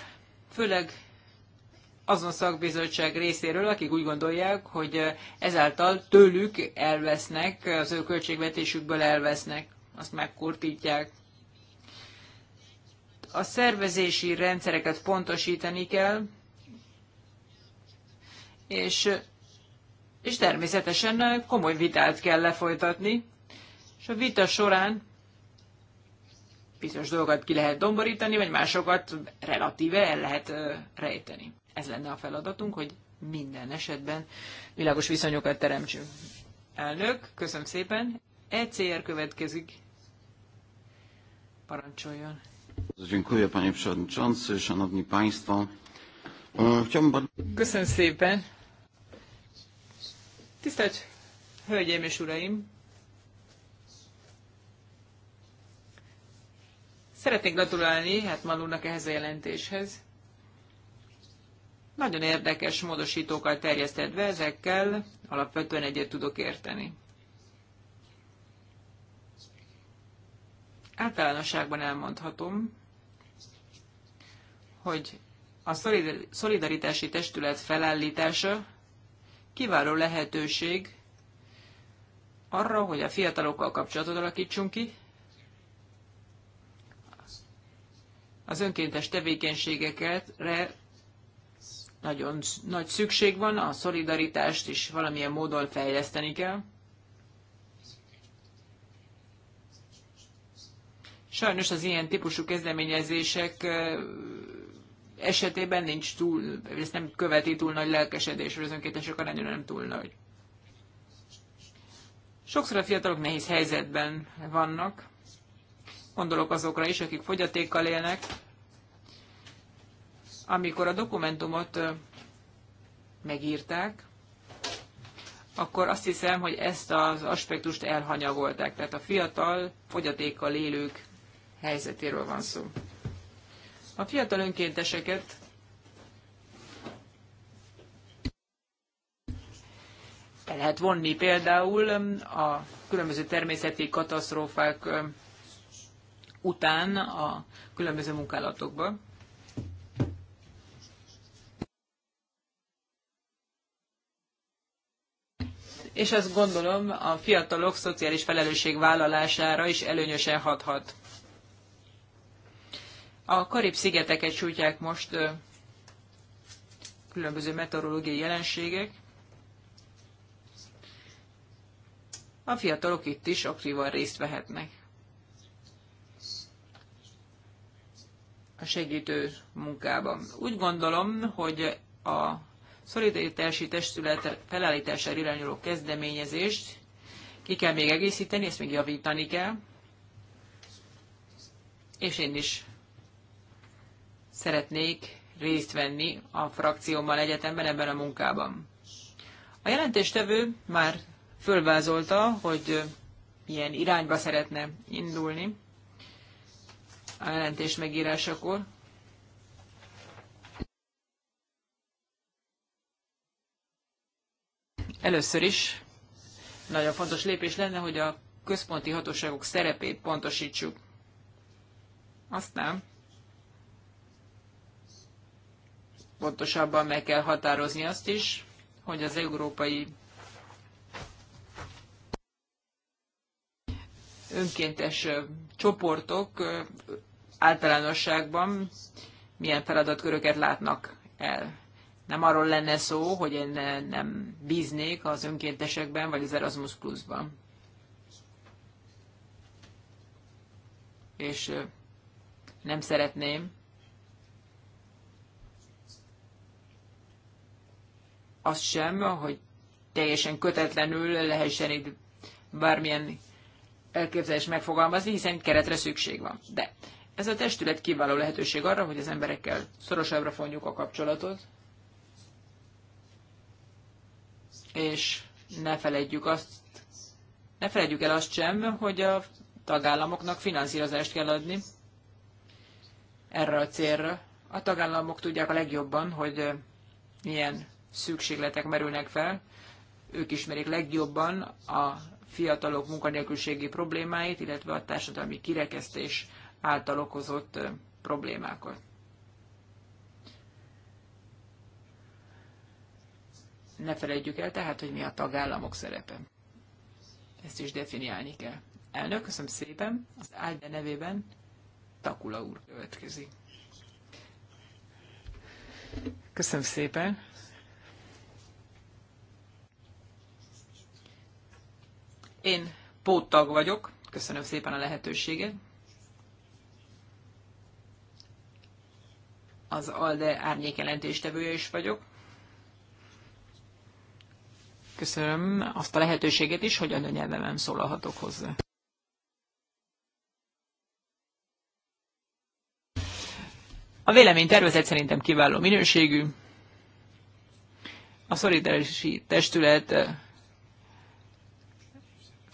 főleg azon szakbizottság részéről, akik úgy gondolják, hogy ezáltal tőlük elvesznek, az ő költségvetésükből elvesznek, azt megkurtítják. A szervezési rendszereket pontosítani kell, és, és természetesen komoly vitát kell lefolytatni, és a vita során bizonyos dolgokat ki lehet domborítani, vagy másokat relatíve el lehet rejteni. Ez lenne a feladatunk, hogy minden esetben világos viszonyokat teremtsünk. Elnök, köszönöm szépen. ECR következik. Parancsoljon. Dziękuję panie przewodniczący, szanowni państwo. E, köszönöm szépen. Tisztelt Hölgyeim és Uraim! Szeretnék gratulálni hát Malúnak ehhez a jelentéshez. Nagyon érdekes módosítókkal terjesztedve ezekkel alapvetően egyet tudok érteni. Általánosságban elmondhatom, hogy a szolidaritási testület felállítása kiváló lehetőség arra, hogy a fiatalokkal kapcsolatot alakítsunk ki, az önkéntes tevékenységekre nagyon nagy szükség van, a szolidaritást is valamilyen módon fejleszteni kell. Sajnos az ilyen típusú kezdeményezések esetében nincs túl, ez nem követi túl nagy lelkesedés, az önkéntesek arányra nem túl nagy. Sokszor a fiatalok nehéz helyzetben vannak. Gondolok azokra is, akik fogyatékkal élnek. Amikor a dokumentumot megírták, akkor azt hiszem, hogy ezt az aspektust elhanyagolták. Tehát a fiatal fogyatékkal élők helyzetéről van szó. A fiatal önkénteseket el lehet vonni például um, a különböző természeti katasztrófák um, után a különböző munkálatokba. És azt gondolom a fiatalok szociális felelősség vállalására is előnyösen hathat. A Karib-szigeteket sújtják most különböző meteorológiai jelenségek. A fiatalok itt is aktívan részt vehetnek. A segítő munkában. Úgy gondolom, hogy a szolidaritási testület felállítására irányuló kezdeményezést ki kell még egészíteni, ezt még javítani kell. És én is szeretnék részt venni a frakciómmal egyetemben ebben a munkában. A jelentéstevő már fölvázolta, hogy milyen irányba szeretne indulni a jelentés megírásakor. Először is nagyon fontos lépés lenne, hogy a központi hatóságok szerepét pontosítsuk. Aztán pontosabban meg kell határozni azt is, hogy az európai önkéntes csoportok általánosságban milyen feladatköröket látnak el. Nem arról lenne szó, hogy én nem bíznék az önkéntesekben vagy az Erasmus Plus-ban. És nem szeretném, az sem, hogy teljesen kötetlenül lehessen itt bármilyen elképzelést megfogalmazni, hiszen keretre szükség van. De ez a testület kiváló lehetőség arra, hogy az emberekkel szorosabbra fonjuk a kapcsolatot, és ne felejtjük azt, ne felejtjük el azt sem, hogy a tagállamoknak finanszírozást kell adni erre a célra. A tagállamok tudják a legjobban, hogy milyen szükségletek merülnek fel. Ők ismerik legjobban a fiatalok munkanélküliségi problémáit, illetve a társadalmi kirekesztés által okozott problémákat. Ne felejtjük el tehát, hogy mi a tagállamok szerepe. Ezt is definiálni kell. Elnök, köszönöm szépen. Az Ágyde nevében Takula úr következik. Köszönöm szépen. Én póttag vagyok, köszönöm szépen a lehetőséget. Az ALDE árnyékjelentéstevője is vagyok. Köszönöm azt a lehetőséget is, hogy anyanyelvemen szólalhatok hozzá. A tervezet szerintem kiváló minőségű. A szolidaritási testület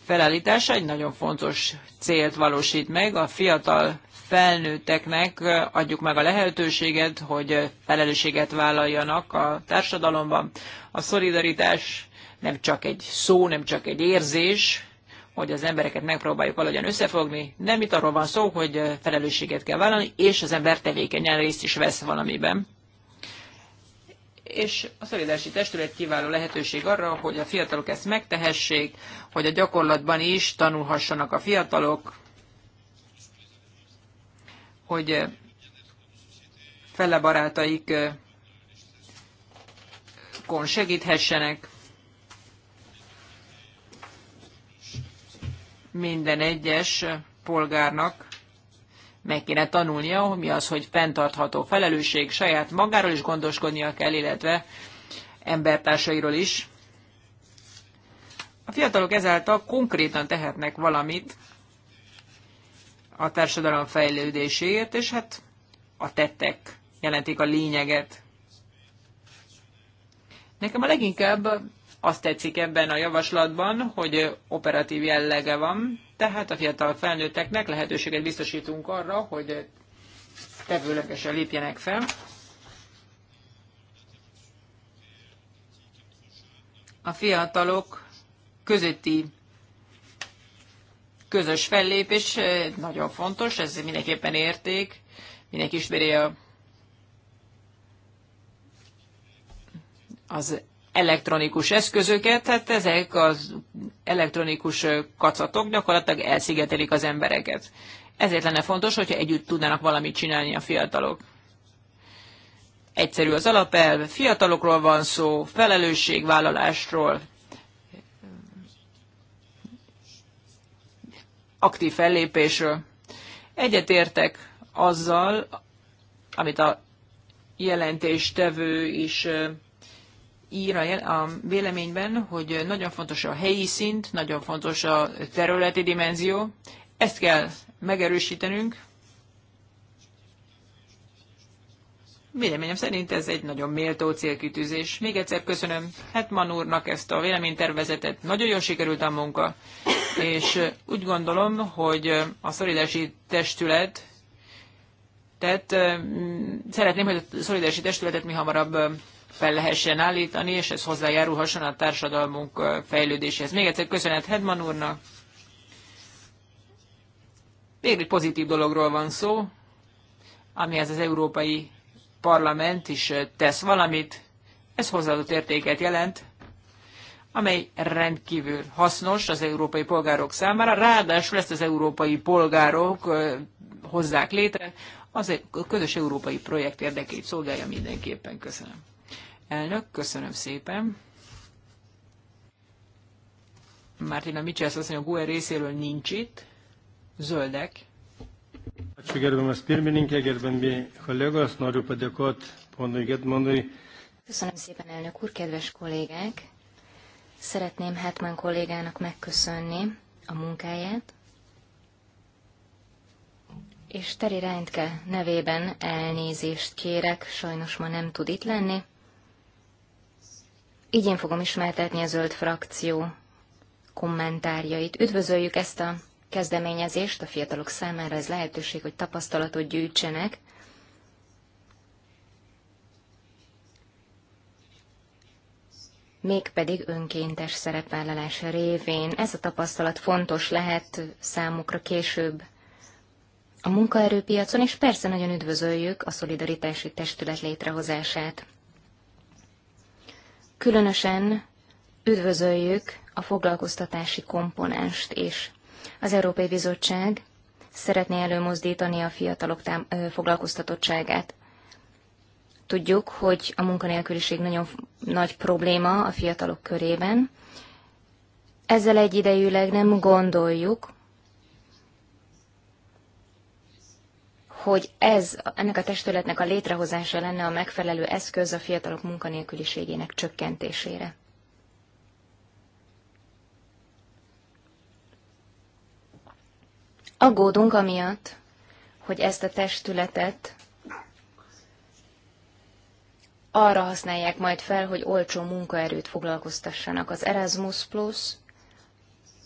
felállítása egy nagyon fontos célt valósít meg. A fiatal felnőtteknek adjuk meg a lehetőséget, hogy felelősséget vállaljanak a társadalomban. A szolidaritás nem csak egy szó, nem csak egy érzés, hogy az embereket megpróbáljuk valahogyan összefogni. Nem itt arról van szó, hogy felelősséget kell vállalni, és az ember tevékenyen részt is vesz valamiben és a szolidaritási testület kiváló lehetőség arra, hogy a fiatalok ezt megtehessék, hogy a gyakorlatban is tanulhassanak a fiatalok, hogy eh, fele barátaikon eh, segíthessenek. Minden egyes polgárnak meg kéne tanulnia, mi az, hogy fenntartható felelősség, saját magáról is gondoskodnia kell, illetve embertársairól is. A fiatalok ezáltal konkrétan tehetnek valamit a társadalom fejlődéséért, és hát a tettek jelentik a lényeget. Nekem a leginkább azt tetszik ebben a javaslatban, hogy operatív jellege van, tehát a fiatal felnőtteknek lehetőséget biztosítunk arra, hogy tevőlegesen lépjenek fel. A fiatalok közötti közös fellépés eh, nagyon fontos, ez mindenképpen érték, mindenki ismeri a, az elektronikus eszközöket, tehát ezek az elektronikus kacatok gyakorlatilag elszigetelik az embereket. Ezért lenne fontos, hogyha együtt tudnának valamit csinálni a fiatalok. Egyszerű az alapelv, fiatalokról van szó, felelősségvállalásról, aktív fellépésről. Egyetértek azzal, amit a jelentéstevő is ír a véleményben, hogy nagyon fontos a helyi szint, nagyon fontos a területi dimenzió. Ezt kell megerősítenünk. Véleményem szerint ez egy nagyon méltó célkitűzés. Még egyszer köszönöm Hetman úrnak ezt a véleménytervezetet. Nagyon jól sikerült a munka, és úgy gondolom, hogy a szolidási testület tehát mm, szeretném, hogy a szolidási testületet mi hamarabb fel lehessen állítani, és ez hozzájárulhasson a társadalmunk fejlődéséhez. Még egyszer köszönet Hedman úrnak. Végül pozitív dologról van szó, amihez az Európai Parlament is tesz valamit. Ez hozzáadott értéket jelent, amely rendkívül hasznos az európai polgárok számára. Ráadásul ezt az európai polgárok hozzák létre, az egy közös európai projekt érdekét szolgálja mindenképpen. Köszönöm. Elnök, köszönöm szépen. Martina Mitchell azt mondja, a GUE részéről nincs itt. Zöldek. Ačiū gerbiamas pirmininkė, gerbiami kolegos, noriu padėkoti ponui Gedmanui. Köszönöm szépen, elnök úr, kedves kollégák! Szeretném Hetman kollégának megköszönni a munkáját, és Teri Reintke nevében elnézést kérek, sajnos ma nem tud itt lenni. Így én fogom ismertetni a zöld frakció kommentárjait. Üdvözöljük ezt a kezdeményezést, a fiatalok számára ez lehetőség, hogy tapasztalatot gyűjtsenek. mégpedig önkéntes szerepvállalás révén. Ez a tapasztalat fontos lehet számukra később a munkaerőpiacon, és persze nagyon üdvözöljük a szolidaritási testület létrehozását. Különösen üdvözöljük a foglalkoztatási komponást is. Az Európai Bizottság szeretné előmozdítani a fiatalok tám- foglalkoztatottságát. Tudjuk, hogy a munkanélküliség nagyon nagy probléma a fiatalok körében. Ezzel egyidejűleg nem gondoljuk, hogy ez, ennek a testületnek a létrehozása lenne a megfelelő eszköz a fiatalok munkanélküliségének csökkentésére. Aggódunk amiatt, hogy ezt a testületet arra használják majd fel, hogy olcsó munkaerőt foglalkoztassanak. Az Erasmus Plus,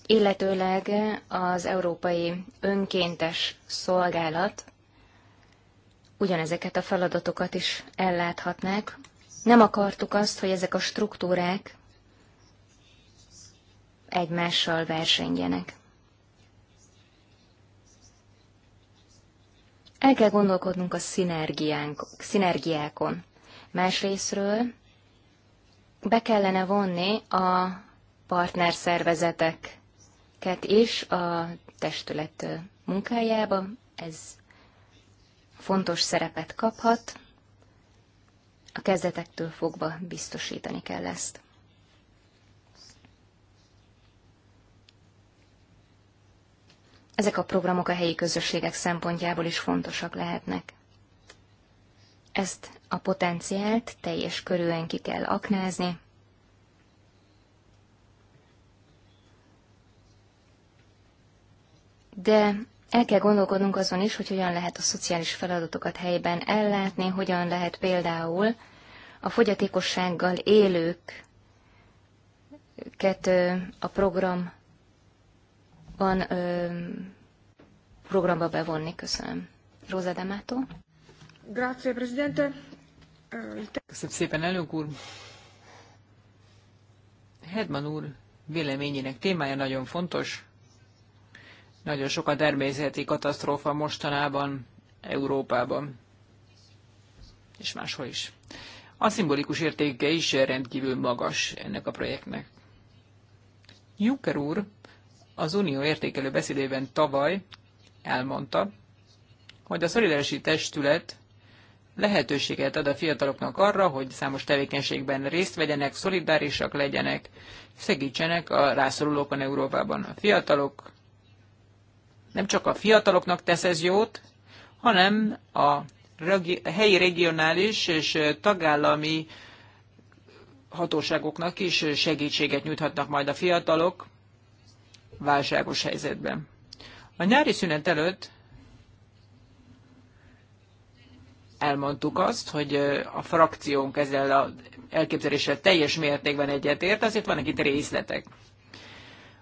illetőleg az Európai Önkéntes Szolgálat ugyanezeket a feladatokat is elláthatnák. Nem akartuk azt, hogy ezek a struktúrák egymással versengjenek. El kell gondolkodnunk a szinergiánk, szinergiákon. Másrésztről be kellene vonni a partnerszervezeteket is a testület munkájába, ez fontos szerepet kaphat, a kezdetektől fogva biztosítani kell ezt. Ezek a programok a helyi közösségek szempontjából is fontosak lehetnek. Ezt a potenciált teljes körülön ki kell aknázni, de el kell gondolkodnunk azon is, hogy hogyan lehet a szociális feladatokat helyben ellátni, hogyan lehet például a fogyatékossággal élőket a programban programba bevonni. Köszönöm. Róza Demátó. Grazie, Presidente. Köszönöm szépen, elnök úr. Hedman úr véleményének témája nagyon fontos. Nagyon sok a természeti katasztrófa mostanában Európában, és máshol is. A szimbolikus értéke is rendkívül magas ennek a projektnek. Juncker úr az Unió értékelő beszédében tavaly elmondta, hogy a szolidaritási testület lehetőséget ad a fiataloknak arra, hogy számos tevékenységben részt vegyenek, szolidárisak legyenek, segítsenek a rászorulókon Európában. A fiatalok nem csak a fiataloknak tesz ez jót, hanem a helyi regionális és tagállami hatóságoknak is segítséget nyújthatnak majd a fiatalok válságos helyzetben. A nyári szünet előtt elmondtuk azt, hogy a frakciónk ezzel a elképzeléssel teljes mértékben egyetért, azért vannak itt részletek.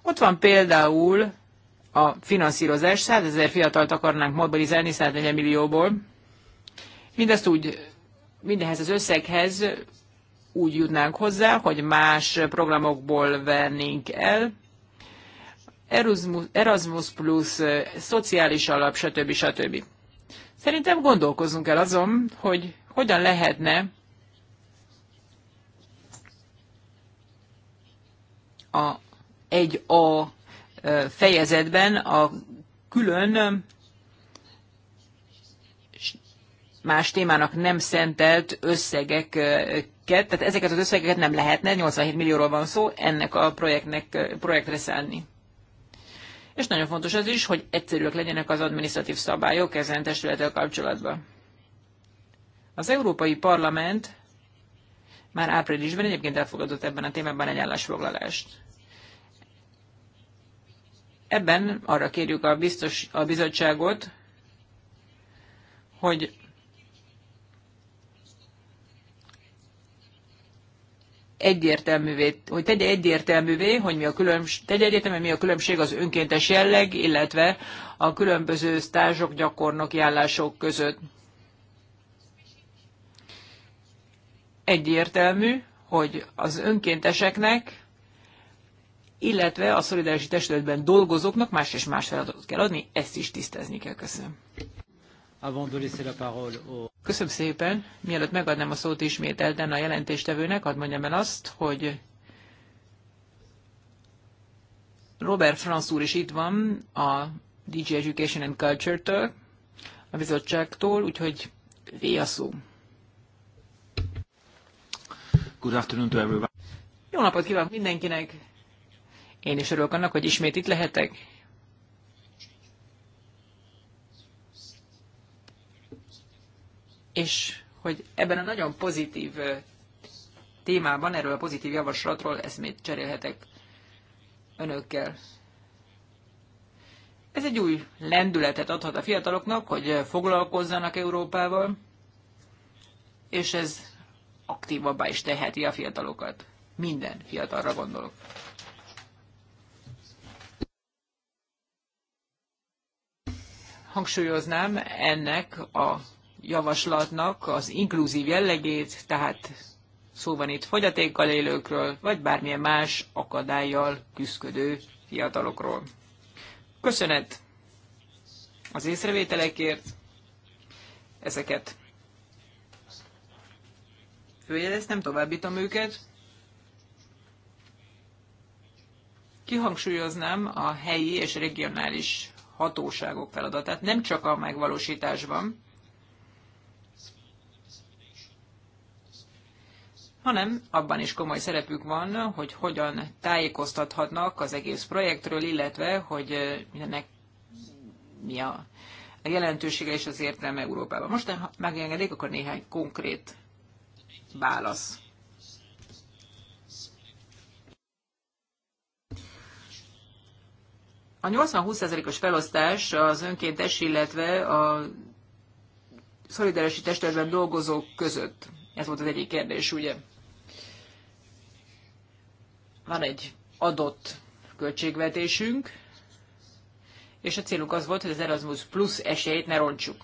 Ott van például a finanszírozás. 100 ezer fiatalt akarnánk mobilizálni 140 millióból. Mindezt úgy, mindehez az összeghez úgy jutnánk hozzá, hogy más programokból vennénk el. Erasmus, Erasmus plusz szociális alap, stb. stb. Szerintem gondolkozunk el azon, hogy hogyan lehetne a 1A fejezetben a külön más témának nem szentelt összegeket, tehát ezeket az összegeket nem lehetne, 87 millióról van szó, ennek a projektnek, projektre szállni. És nagyon fontos az is, hogy egyszerűek legyenek az administratív szabályok ezen testülettel kapcsolatban. Az Európai Parlament már áprilisban egyébként elfogadott ebben a témában egy állásfoglalást. Ebben arra kérjük a, biztos, a bizottságot, hogy egyértelművé, hogy tegye egyértelművé, hogy mi a különbség, egyértelmű, mi a különbség az önkéntes jelleg, illetve a különböző stázsok, gyakornoki állások között. Egyértelmű, hogy az önkénteseknek illetve a szolidaritási testületben dolgozóknak más és más feladatot kell adni, ezt is tisztázni kell. Köszönöm. Köszönöm szépen. Mielőtt megadnám a szót ismételten a jelentéstevőnek, hadd mondjam el azt, hogy Robert Franz úr is itt van a DJ Education and Culture-től, a bizottságtól, úgyhogy a szó. Good afternoon to everyone. Jó napot kívánok mindenkinek! Én is örülök annak, hogy ismét itt lehetek. És hogy ebben a nagyon pozitív témában, erről a pozitív javaslatról eszmét cserélhetek önökkel. Ez egy új lendületet adhat a fiataloknak, hogy foglalkozzanak Európával, és ez aktívabbá is teheti a fiatalokat. Minden fiatalra gondolok. hangsúlyoznám ennek a javaslatnak az inkluzív jellegét, tehát szó van itt fogyatékkal élőkről, vagy bármilyen más akadályjal küzdködő fiatalokról. Köszönet az észrevételekért, ezeket nem továbbítom őket. Kihangsúlyoznám a helyi és regionális hatóságok feladatát, nem csak a megvalósításban, hanem abban is komoly szerepük van, hogy hogyan tájékoztathatnak az egész projektről, illetve hogy ennek mi a jelentősége és az értelme Európában. Most megengedik, akkor néhány konkrét válasz. A 80-20%-os felosztás az önkéntes, illetve a szolidarási testületben dolgozók között. Ez volt az egyik kérdés, ugye? Van egy adott költségvetésünk, és a célunk az volt, hogy az Erasmus Plus esélyt ne rontsuk.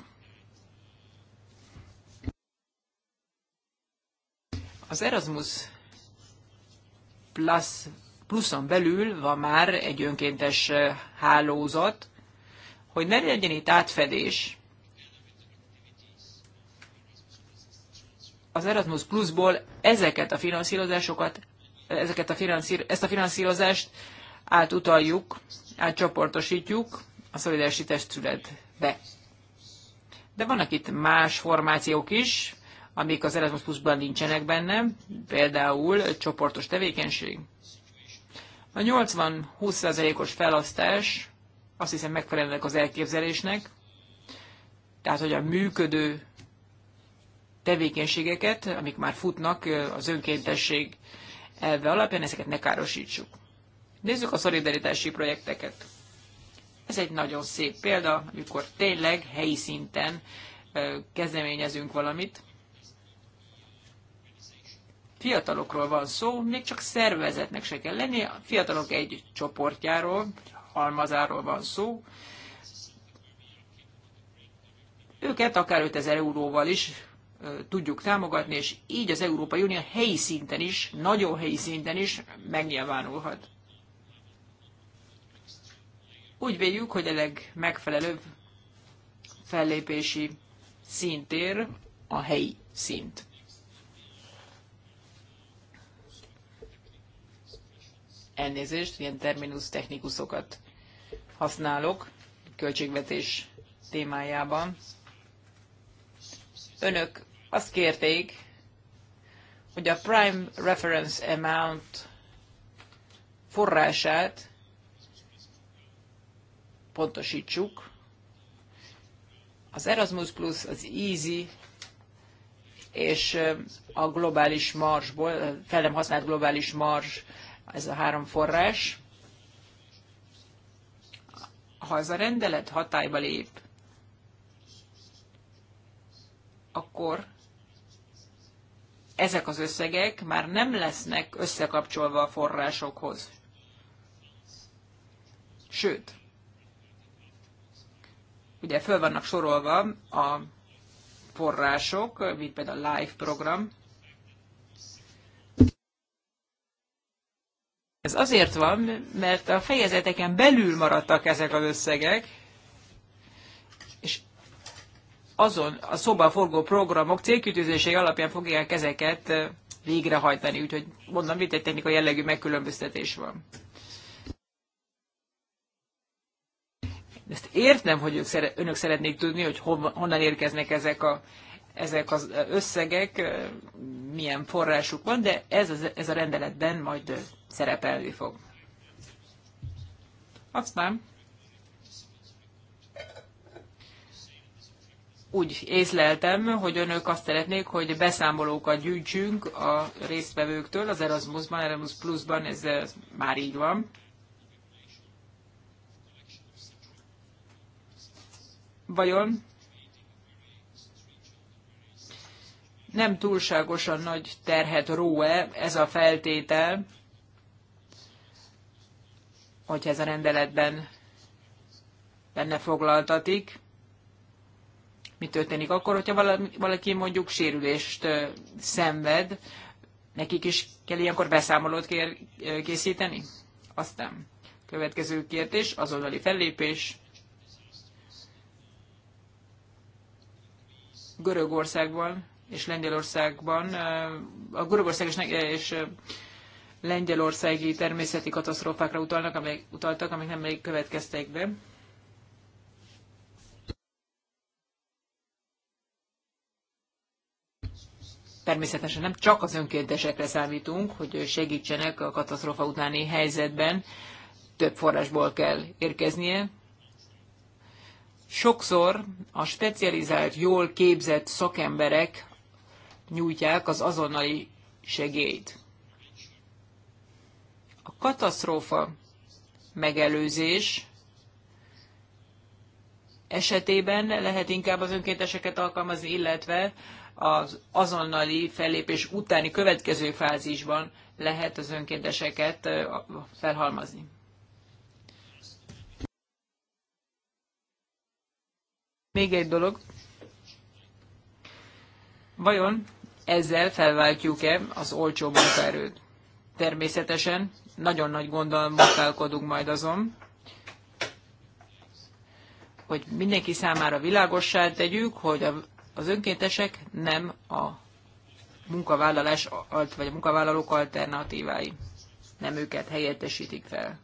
Az Erasmus Plus pluszon belül van már egy önkéntes hálózat, hogy ne legyen itt átfedés, az Erasmus Plusból ezeket a finanszírozásokat, ezeket a finanszír, ezt a finanszírozást átutaljuk, átcsoportosítjuk a Szolidaritási Testületbe. De vannak itt más formációk is, amik az Erasmus Plusban nincsenek benne, például csoportos tevékenység, a 80-20%-os felasztás azt hiszem megfelelnek az elképzelésnek, tehát hogy a működő tevékenységeket, amik már futnak az önkéntesség elve alapján, ezeket ne károsítsuk. Nézzük a szolidaritási projekteket. Ez egy nagyon szép példa, amikor tényleg helyi szinten kezdeményezünk valamit fiatalokról van szó, még csak szervezetnek se kell lenni, a fiatalok egy csoportjáról, halmazáról van szó. Őket akár 5000 euróval is tudjuk támogatni, és így az Európai Unió helyi szinten is, nagyon helyi szinten is megnyilvánulhat. Úgy véljük, hogy a legmegfelelőbb fellépési szintér a helyi szint. elnézést, ilyen terminus technikusokat használok költségvetés témájában. Önök azt kérték, hogy a prime reference amount forrását pontosítsuk. Az Erasmus Plus, az Easy és a globális marsból, fel nem használt globális mars ez a három forrás. Ha ez a rendelet hatályba lép, akkor ezek az összegek már nem lesznek összekapcsolva a forrásokhoz. Sőt, ugye föl vannak sorolva a források, mint például a live program, Ez azért van, mert a fejezeteken belül maradtak ezek az összegek, és azon a szóban forgó programok célkütőzései alapján fogják ezeket végrehajtani, úgyhogy mondom, itt egy technikai jellegű megkülönböztetés van. Ezt értem, hogy ők önök szeretnék tudni, hogy honnan érkeznek ezek a ezek az összegek, milyen forrásuk van, de ez, ez a rendeletben majd szerepelni fog. Aztán úgy észleltem, hogy önök azt szeretnék, hogy beszámolókat gyűjtsünk a résztvevőktől, az Erasmusban, Erasmus Plusban ez már így van. Vajon nem túlságosan nagy terhet ró-e ez a feltétel, hogyha ez a rendeletben benne foglaltatik. Mi történik akkor, hogyha valaki mondjuk sérülést szenved, nekik is kell ilyenkor beszámolót kér, készíteni? Aztán következő kérdés, azonnali fellépés. Görögországban és Lengyelországban, a Görögország és, és lengyelországi természeti katasztrófákra utalnak, amelyek, utaltak, amik nem még következtek be. Természetesen nem csak az önkéntesekre számítunk, hogy segítsenek a katasztrófa utáni helyzetben, több forrásból kell érkeznie. Sokszor a specializált, jól képzett szakemberek nyújtják az azonnali segélyt. A katasztrófa megelőzés esetében lehet inkább az önkénteseket alkalmazni, illetve az azonnali fellépés utáni következő fázisban lehet az önkénteseket felhalmazni. Még egy dolog. Vajon ezzel felváltjuk-e az olcsó munkaerőt. Természetesen nagyon nagy gonddal munkálkodunk majd azon, hogy mindenki számára világossá tegyük, hogy az önkéntesek nem a munkavállalás vagy a munkavállalók alternatívái. Nem őket helyettesítik fel.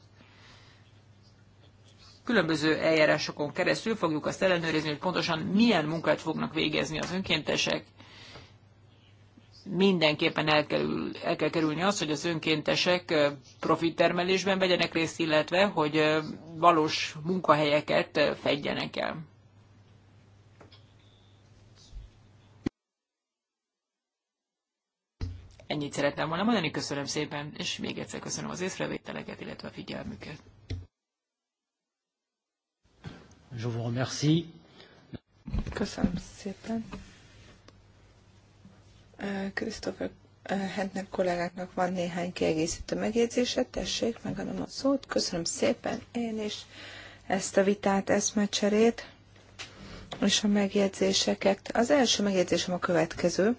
Különböző eljárásokon keresztül fogjuk azt ellenőrizni, hogy pontosan milyen munkát fognak végezni az önkéntesek, mindenképpen el kell, el kell kerülni az, hogy az önkéntesek profittermelésben vegyenek részt, illetve hogy valós munkahelyeket fedjenek el. Ennyit szerettem volna mondani, köszönöm szépen, és még egyszer köszönöm az észrevételeket, illetve a figyelmüket. Je vous remercie. Köszönöm szépen. Christopher eh, Hentner kollégáknak van néhány kiegészítő megjegyzése. Tessék, megadom a szót. Köszönöm szépen én is ezt a vitát, eszmecserét és a megjegyzéseket. Az első megjegyzésem a következő.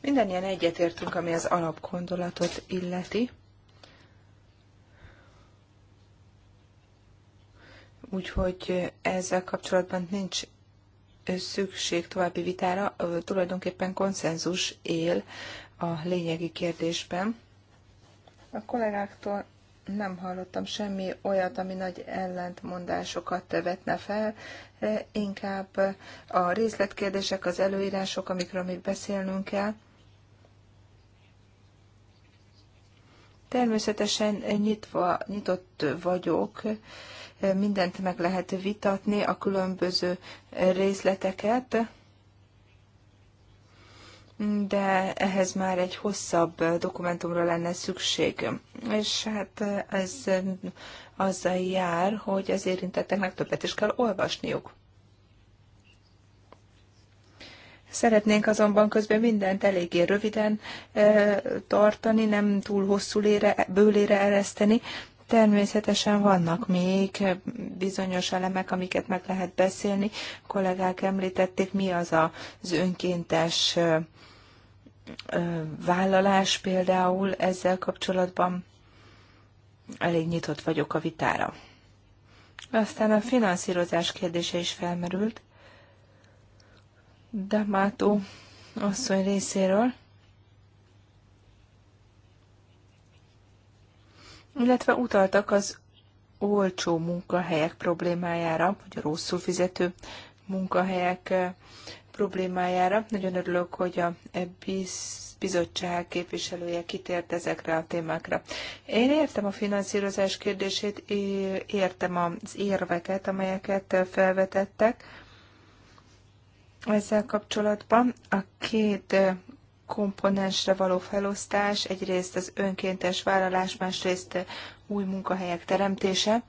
Mindannyian egyetértünk, ami az alapgondolatot illeti. úgyhogy ezzel kapcsolatban nincs szükség további vitára, tulajdonképpen konszenzus él a lényegi kérdésben. A kollégáktól nem hallottam semmi olyat, ami nagy ellentmondásokat vetne fel, inkább a részletkérdések, az előírások, amikről még beszélnünk kell. Természetesen nyitva, nyitott vagyok mindent meg lehet vitatni, a különböző részleteket, de ehhez már egy hosszabb dokumentumra lenne szükség. És hát ez azzal jár, hogy az érintetteknek többet is kell olvasniuk. Szeretnénk azonban közben mindent eléggé röviden e, tartani, nem túl hosszú lére, bőlére ereszteni, Természetesen vannak még bizonyos elemek, amiket meg lehet beszélni. A kollégák említették, mi az az önkéntes vállalás például ezzel kapcsolatban. Elég nyitott vagyok a vitára. Aztán a finanszírozás kérdése is felmerült. Damátó asszony részéről. illetve utaltak az olcsó munkahelyek problémájára, vagy a rosszul fizető munkahelyek eh, problémájára. Nagyon örülök, hogy a bizottság képviselője kitért ezekre a témákra. Én értem a finanszírozás kérdését, értem az érveket, amelyeket felvetettek ezzel kapcsolatban. A két eh, komponensre való felosztás, egyrészt az önkéntes vállalás, másrészt új munkahelyek teremtése.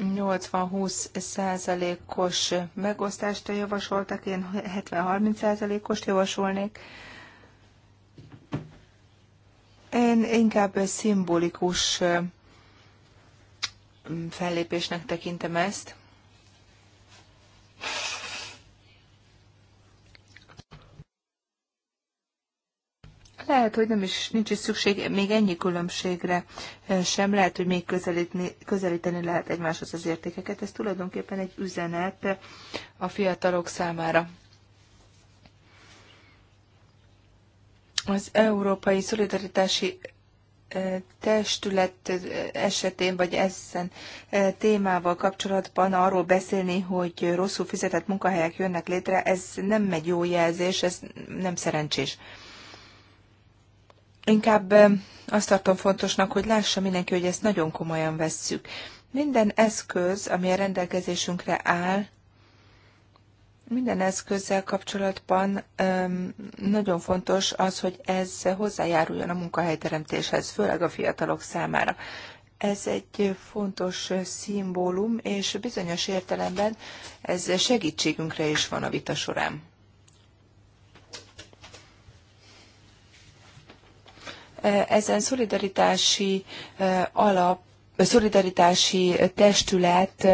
80-20 százalékos megosztást javasoltak, én 70-30 százalékost javasolnék. Én inkább szimbolikus fellépésnek tekintem ezt. Lehet, hogy nem is nincs is szükség még ennyi különbségre e, sem, lehet, hogy még közelíteni, közelíteni lehet egymáshoz az értékeket. Ez tulajdonképpen egy üzenet a fiatalok számára. Az Európai Szolidaritási e, testület esetén, vagy ezen e, témával kapcsolatban arról beszélni, hogy rosszul fizetett munkahelyek jönnek létre, ez nem egy jó jelzés, ez nem szerencsés. Inkább azt tartom fontosnak, hogy lássa mindenki, hogy ezt nagyon komolyan vesszük. Minden eszköz, ami a rendelkezésünkre áll, minden eszközzel kapcsolatban nagyon fontos az, hogy ez hozzájáruljon a munkahelyteremtéshez, főleg a fiatalok számára. Ez egy fontos szimbólum, és bizonyos értelemben ez segítségünkre is van a vita során. ezen szolidaritási alap, szolidaritási testület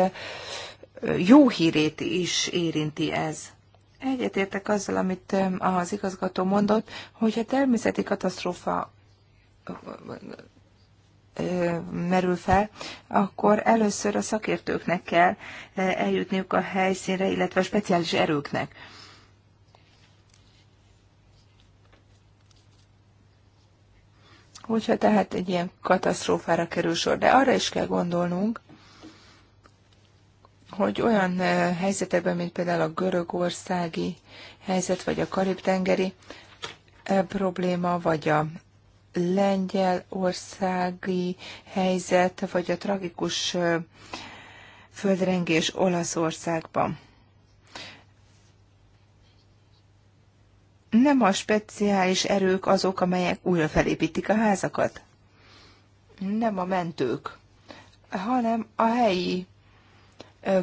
jó hírét is érinti ez. Egyetértek azzal, amit az igazgató mondott, hogy a természeti katasztrófa merül fel, akkor először a szakértőknek kell eljutniuk a helyszínre, illetve a speciális erőknek. hogyha tehát egy ilyen katasztrófára kerül sor. De arra is kell gondolnunk, hogy olyan eh, helyzetekben, mint például a görögországi helyzet, vagy a karib-tengeri eh, probléma, vagy a lengyelországi helyzet, vagy a tragikus eh, földrengés Olaszországban. nem a speciális erők azok, amelyek újra felépítik a házakat. Nem a mentők, hanem a helyi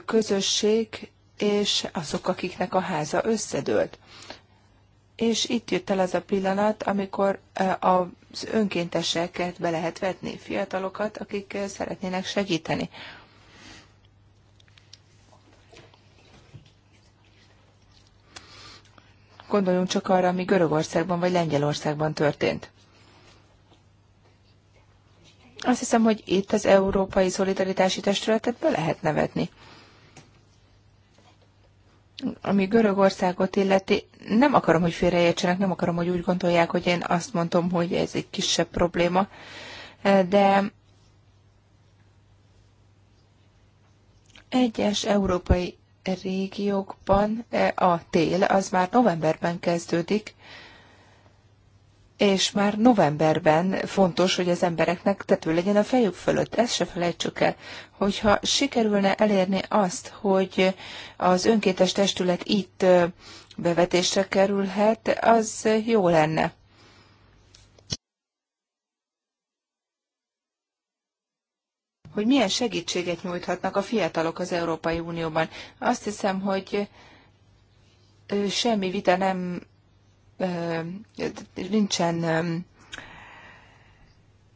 közösség és azok, akiknek a háza összedőlt. És itt jött el az a pillanat, amikor az önkénteseket be lehet vetni, fiatalokat, akik szeretnének segíteni. Gondoljunk csak arra, ami Görögországban vagy Lengyelországban történt. Azt hiszem, hogy itt az Európai Szolidaritási Testületet be lehet nevetni. Ami Görögországot illeti, nem akarom, hogy félreértsenek, nem akarom, hogy úgy gondolják, hogy én azt mondom, hogy ez egy kisebb probléma, de egyes európai régiókban e, a tél az már novemberben kezdődik, és már novemberben fontos, hogy az embereknek tető legyen a fejük fölött. Ezt se felejtsük el, hogyha sikerülne elérni azt, hogy az önkéntes testület itt bevetésre kerülhet, az jó lenne. hogy milyen segítséget nyújthatnak a fiatalok az Európai Unióban. Azt hiszem, hogy semmi vita nem nincsen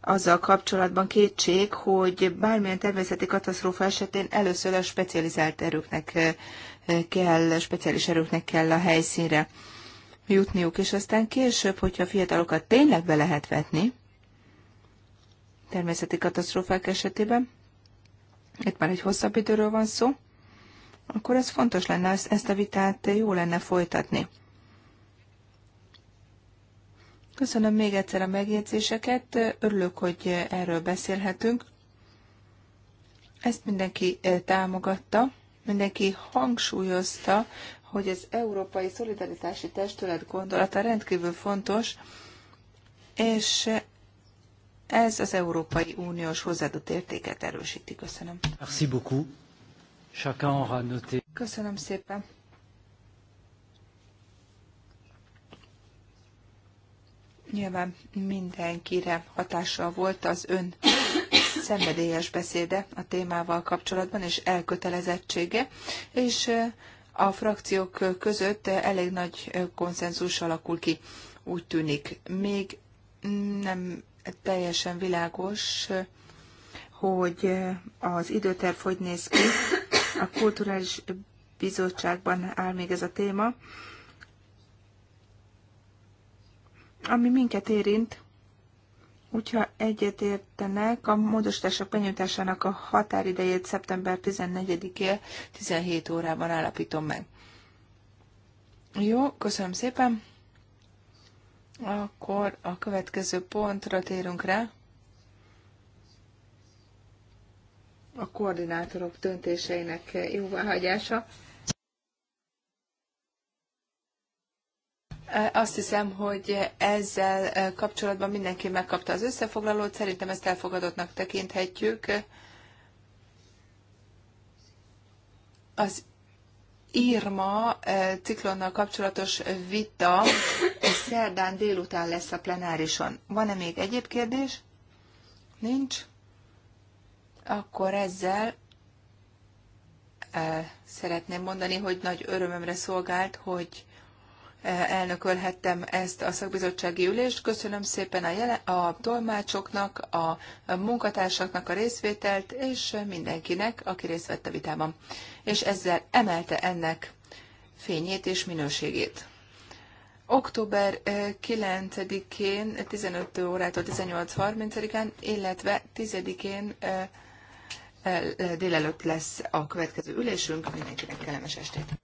azzal kapcsolatban kétség, hogy bármilyen természeti katasztrófa esetén először a specializált erőknek kell, speciális erőknek kell a helyszínre jutniuk, és aztán később, hogyha a fiatalokat tényleg be lehet vetni, természeti katasztrófák esetében, itt már egy hosszabb időről van szó, akkor ez fontos lenne, ezt a vitát jó lenne folytatni. Köszönöm még egyszer a megjegyzéseket, örülök, hogy erről beszélhetünk. Ezt mindenki eh, támogatta, mindenki hangsúlyozta, hogy az Európai Szolidaritási Testület gondolata rendkívül fontos, és ez az Európai Uniós hozzáadott értéket erősíti. Köszönöm. Merci beaucoup. Chacun aura noté. Köszönöm szépen. Nyilván mindenkire hatással volt az ön szenvedélyes beszéde a témával kapcsolatban és elkötelezettsége, és eh, a frakciók között elég nagy eh, konszenzus alakul ki, úgy tűnik. Még nem teljesen világos, hogy az időterv hogy néz ki. A kulturális bizottságban áll még ez a téma. Ami minket érint, Hogyha egyetértenek, a módosítások benyújtásának a határidejét szeptember 14-e 17 órában állapítom meg. Jó, köszönöm szépen. Akkor a következő pontra térünk rá. A koordinátorok döntéseinek jóváhagyása. Azt hiszem, hogy ezzel kapcsolatban mindenki megkapta az összefoglalót, szerintem ezt elfogadottnak tekinthetjük. Az Irma ciklonnal kapcsolatos vita szerdán délután lesz a plenárison. Van-e még egyéb kérdés? Nincs? Akkor ezzel szeretném mondani, hogy nagy örömömre szolgált, hogy elnökölhettem ezt a szakbizottsági ülést. Köszönöm szépen a, jelen, a tolmácsoknak, a munkatársaknak a részvételt, és mindenkinek, aki részt vett a vitában. És ezzel emelte ennek fényét és minőségét október 9-én 15 órától 18.30-án, illetve 10-én délelőtt lesz a következő ülésünk. Mindenkinek kellemes estét!